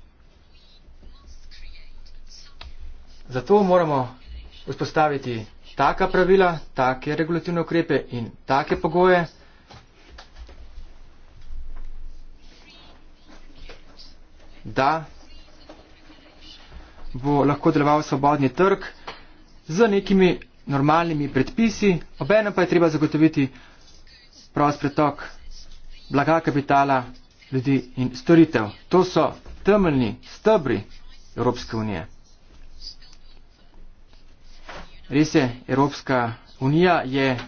Zato moramo vzpostaviti taka pravila, take regulativne ukrepe in take pogoje, da bo lahko deloval svobodni trg z nekimi normalnimi predpisi, obenem pa je treba zagotoviti prost pretok blaga kapitala, ljudi in storitev. To so temeljni stebri Evropske unije. Res je, Evropska unija je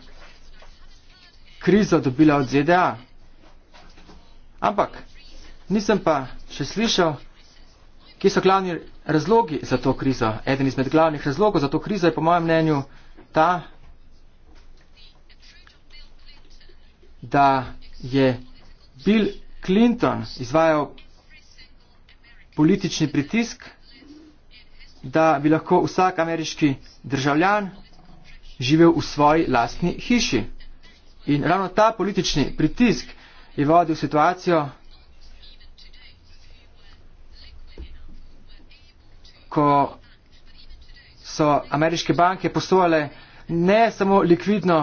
krizo dobila od ZDA, ampak Nisem pa še slišal, ki so glavni razlogi za to krizo. Eden izmed glavnih razlogov za to krizo je po mojem mnenju ta, da je Bill Clinton izvajal politični pritisk, da bi lahko vsak ameriški državljan živel v svoji lastni hiši. In ravno ta politični pritisk je vodil situacijo, ko so ameriške banke posojale ne samo likvidno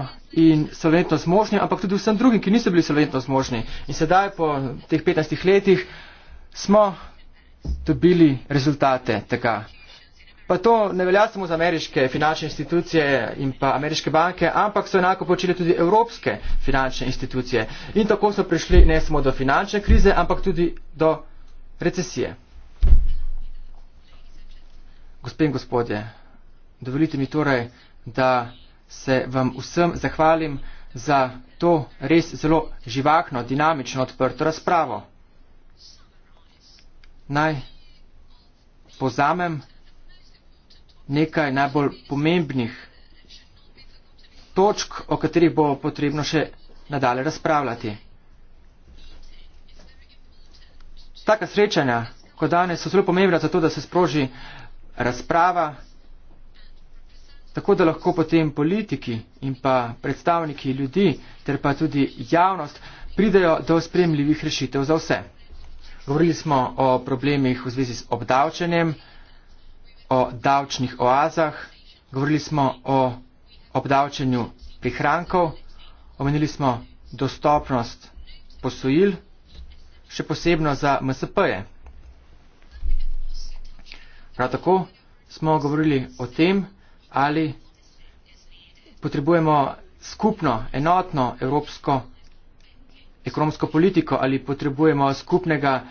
in solventno zmožni, ampak tudi vsem drugim, ki niso bili solventno zmožni. In sedaj po teh 15 letih smo dobili rezultate tega. Pa to ne velja samo za ameriške finančne institucije in pa ameriške banke, ampak so enako počeli tudi evropske finančne institucije. In tako so prišli ne samo do finančne krize, ampak tudi do recesije. Gospe in gospodje, dovolite mi torej, da se vam vsem zahvalim za to res zelo živahno, dinamično, odprto razpravo. Naj pozamem nekaj najbolj pomembnih točk, o katerih bo potrebno še nadalje razpravljati. Taka srečanja, kot danes, so zelo pomembna za to, da se sproži razprava, tako da lahko potem politiki in pa predstavniki ljudi ter pa tudi javnost pridejo do spremljivih rešitev za vse. Govorili smo o problemih v zvezi z obdavčenjem, o davčnih oazah, govorili smo o obdavčenju prihrankov, omenili smo dostopnost posojil, še posebno za MSP-je. Prav tako smo govorili o tem, ali potrebujemo skupno, enotno evropsko ekonomsko politiko ali potrebujemo skupnega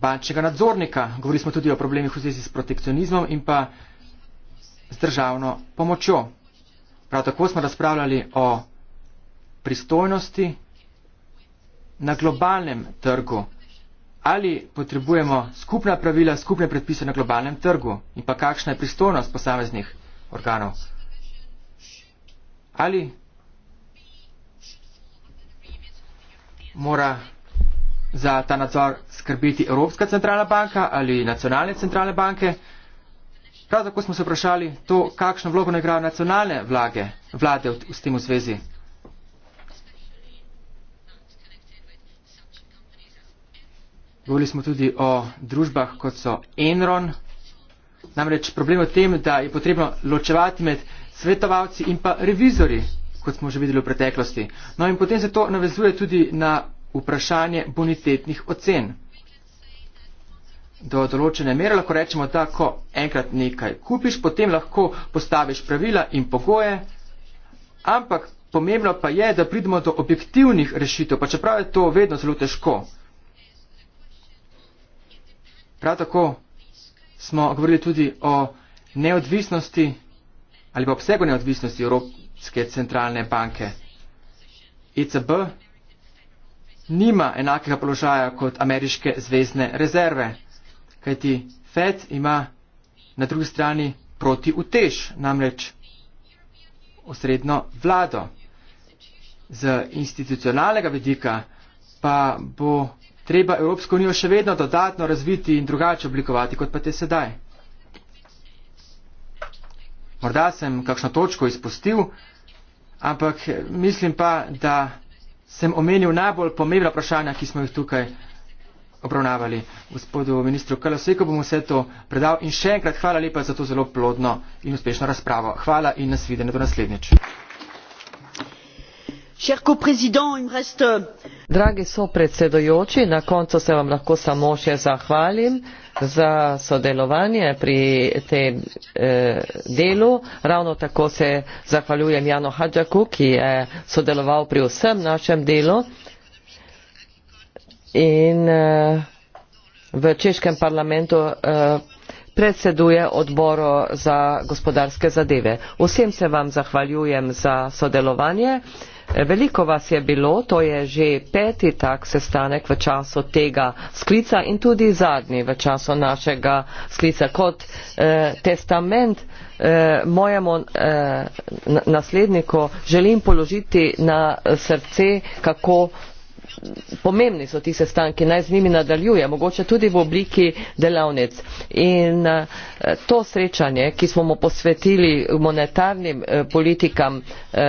bančnega nadzornika. Govorili smo tudi o problemih v zvezi s protekcionizmom in pa z državno pomočjo. Prav tako smo razpravljali o pristojnosti na globalnem trgu ali potrebujemo skupna pravila, skupne predpise na globalnem trgu in pa kakšna je pristojnost posameznih organov. Ali mora za ta nadzor skrbeti Evropska centralna banka ali nacionalne centralne banke. Prav tako smo se vprašali to, kakšno vlogo ne igrajo nacionalne vlage, vlade v, v, v, v tem v zvezi. Govorili smo tudi o družbah, kot so Enron. Namreč problem je v tem, da je potrebno ločevati med svetovalci in pa revizori, kot smo že videli v preteklosti. No in potem se to navezuje tudi na vprašanje bonitetnih ocen. Do določene mere lahko rečemo, da ko enkrat nekaj kupiš, potem lahko postaviš pravila in pogoje, ampak pomembno pa je, da pridemo do objektivnih rešitev, pa čeprav je to vedno zelo težko. Prav tako smo govorili tudi o neodvisnosti ali pa obsegu neodvisnosti Evropske centralne banke. ECB nima enakega položaja kot ameriške zvezdne rezerve, kajti FED ima na drugi strani proti utež, namreč osredno vlado. Z institucionalnega vidika pa bo treba Evropsko unijo še vedno dodatno razviti in drugače oblikovati, kot pa te sedaj. Morda sem kakšno točko izpustil, ampak mislim pa, da sem omenil najbolj pomembna vprašanja, ki smo jih tukaj obravnavali. Gospodu ministru Kalosejko bom vse to predal in še enkrat hvala lepa za to zelo plodno in uspešno razpravo. Hvala in nasvidenje do naslednjič. Euh, dragi sopredsedujoči na koncu se vam lahko samo še zahvalim za sodelovanje pri tem eh, delu ravno tako se zahvaljujem jano hadžaku ki je sodeloval pri vsem našem delu in eh, v češkem parlamentu eh, predseduje odboro za gospodarske zadeve. Vsem se vam zahvaljujem za sodelovanje. Eh, Veliko vas je bilo, to je že peti tak sestanek v času tega sklica in tudi zadnji v času našega sklica kot eh, testament. Eh, mojemu eh, nasledniku želim položiti na srce, kako pomembni so ti sestanki, naj z njimi nadaljuje, mogoče tudi v obliki delavnic. In eh, to srečanje, ki smo mu posvetili monetarnim eh, politikam, eh,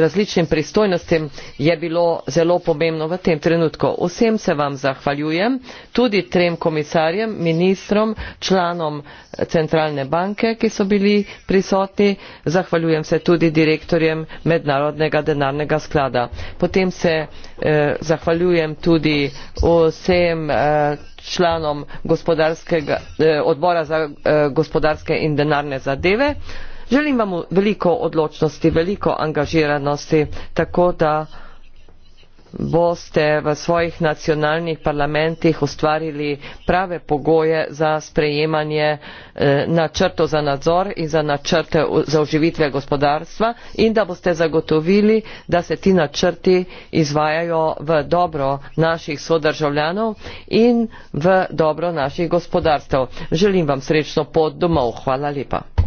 različnim pristojnostim, je bilo zelo pomembno v tem trenutku. Vsem se vam zahvaljujem, tudi trem komisarjem, ministrom, članom centralne banke, ki so bili prisotni, zahvaljujem se tudi direktorjem Mednarodnega denarnega sklada. Potem se eh, zahvaljujem tudi vsem eh, članom eh, odbora za eh, gospodarske in denarne zadeve. Želim vam veliko odločnosti, veliko angažiranosti, tako da boste v svojih nacionalnih parlamentih ustvarili prave pogoje za sprejemanje eh, načrto za nadzor in za načrte za oživitve gospodarstva in da boste zagotovili, da se ti načrti izvajajo v dobro naših sodržavljanov in v dobro naših gospodarstv. Želim vam srečno pot domov. Hvala lepa.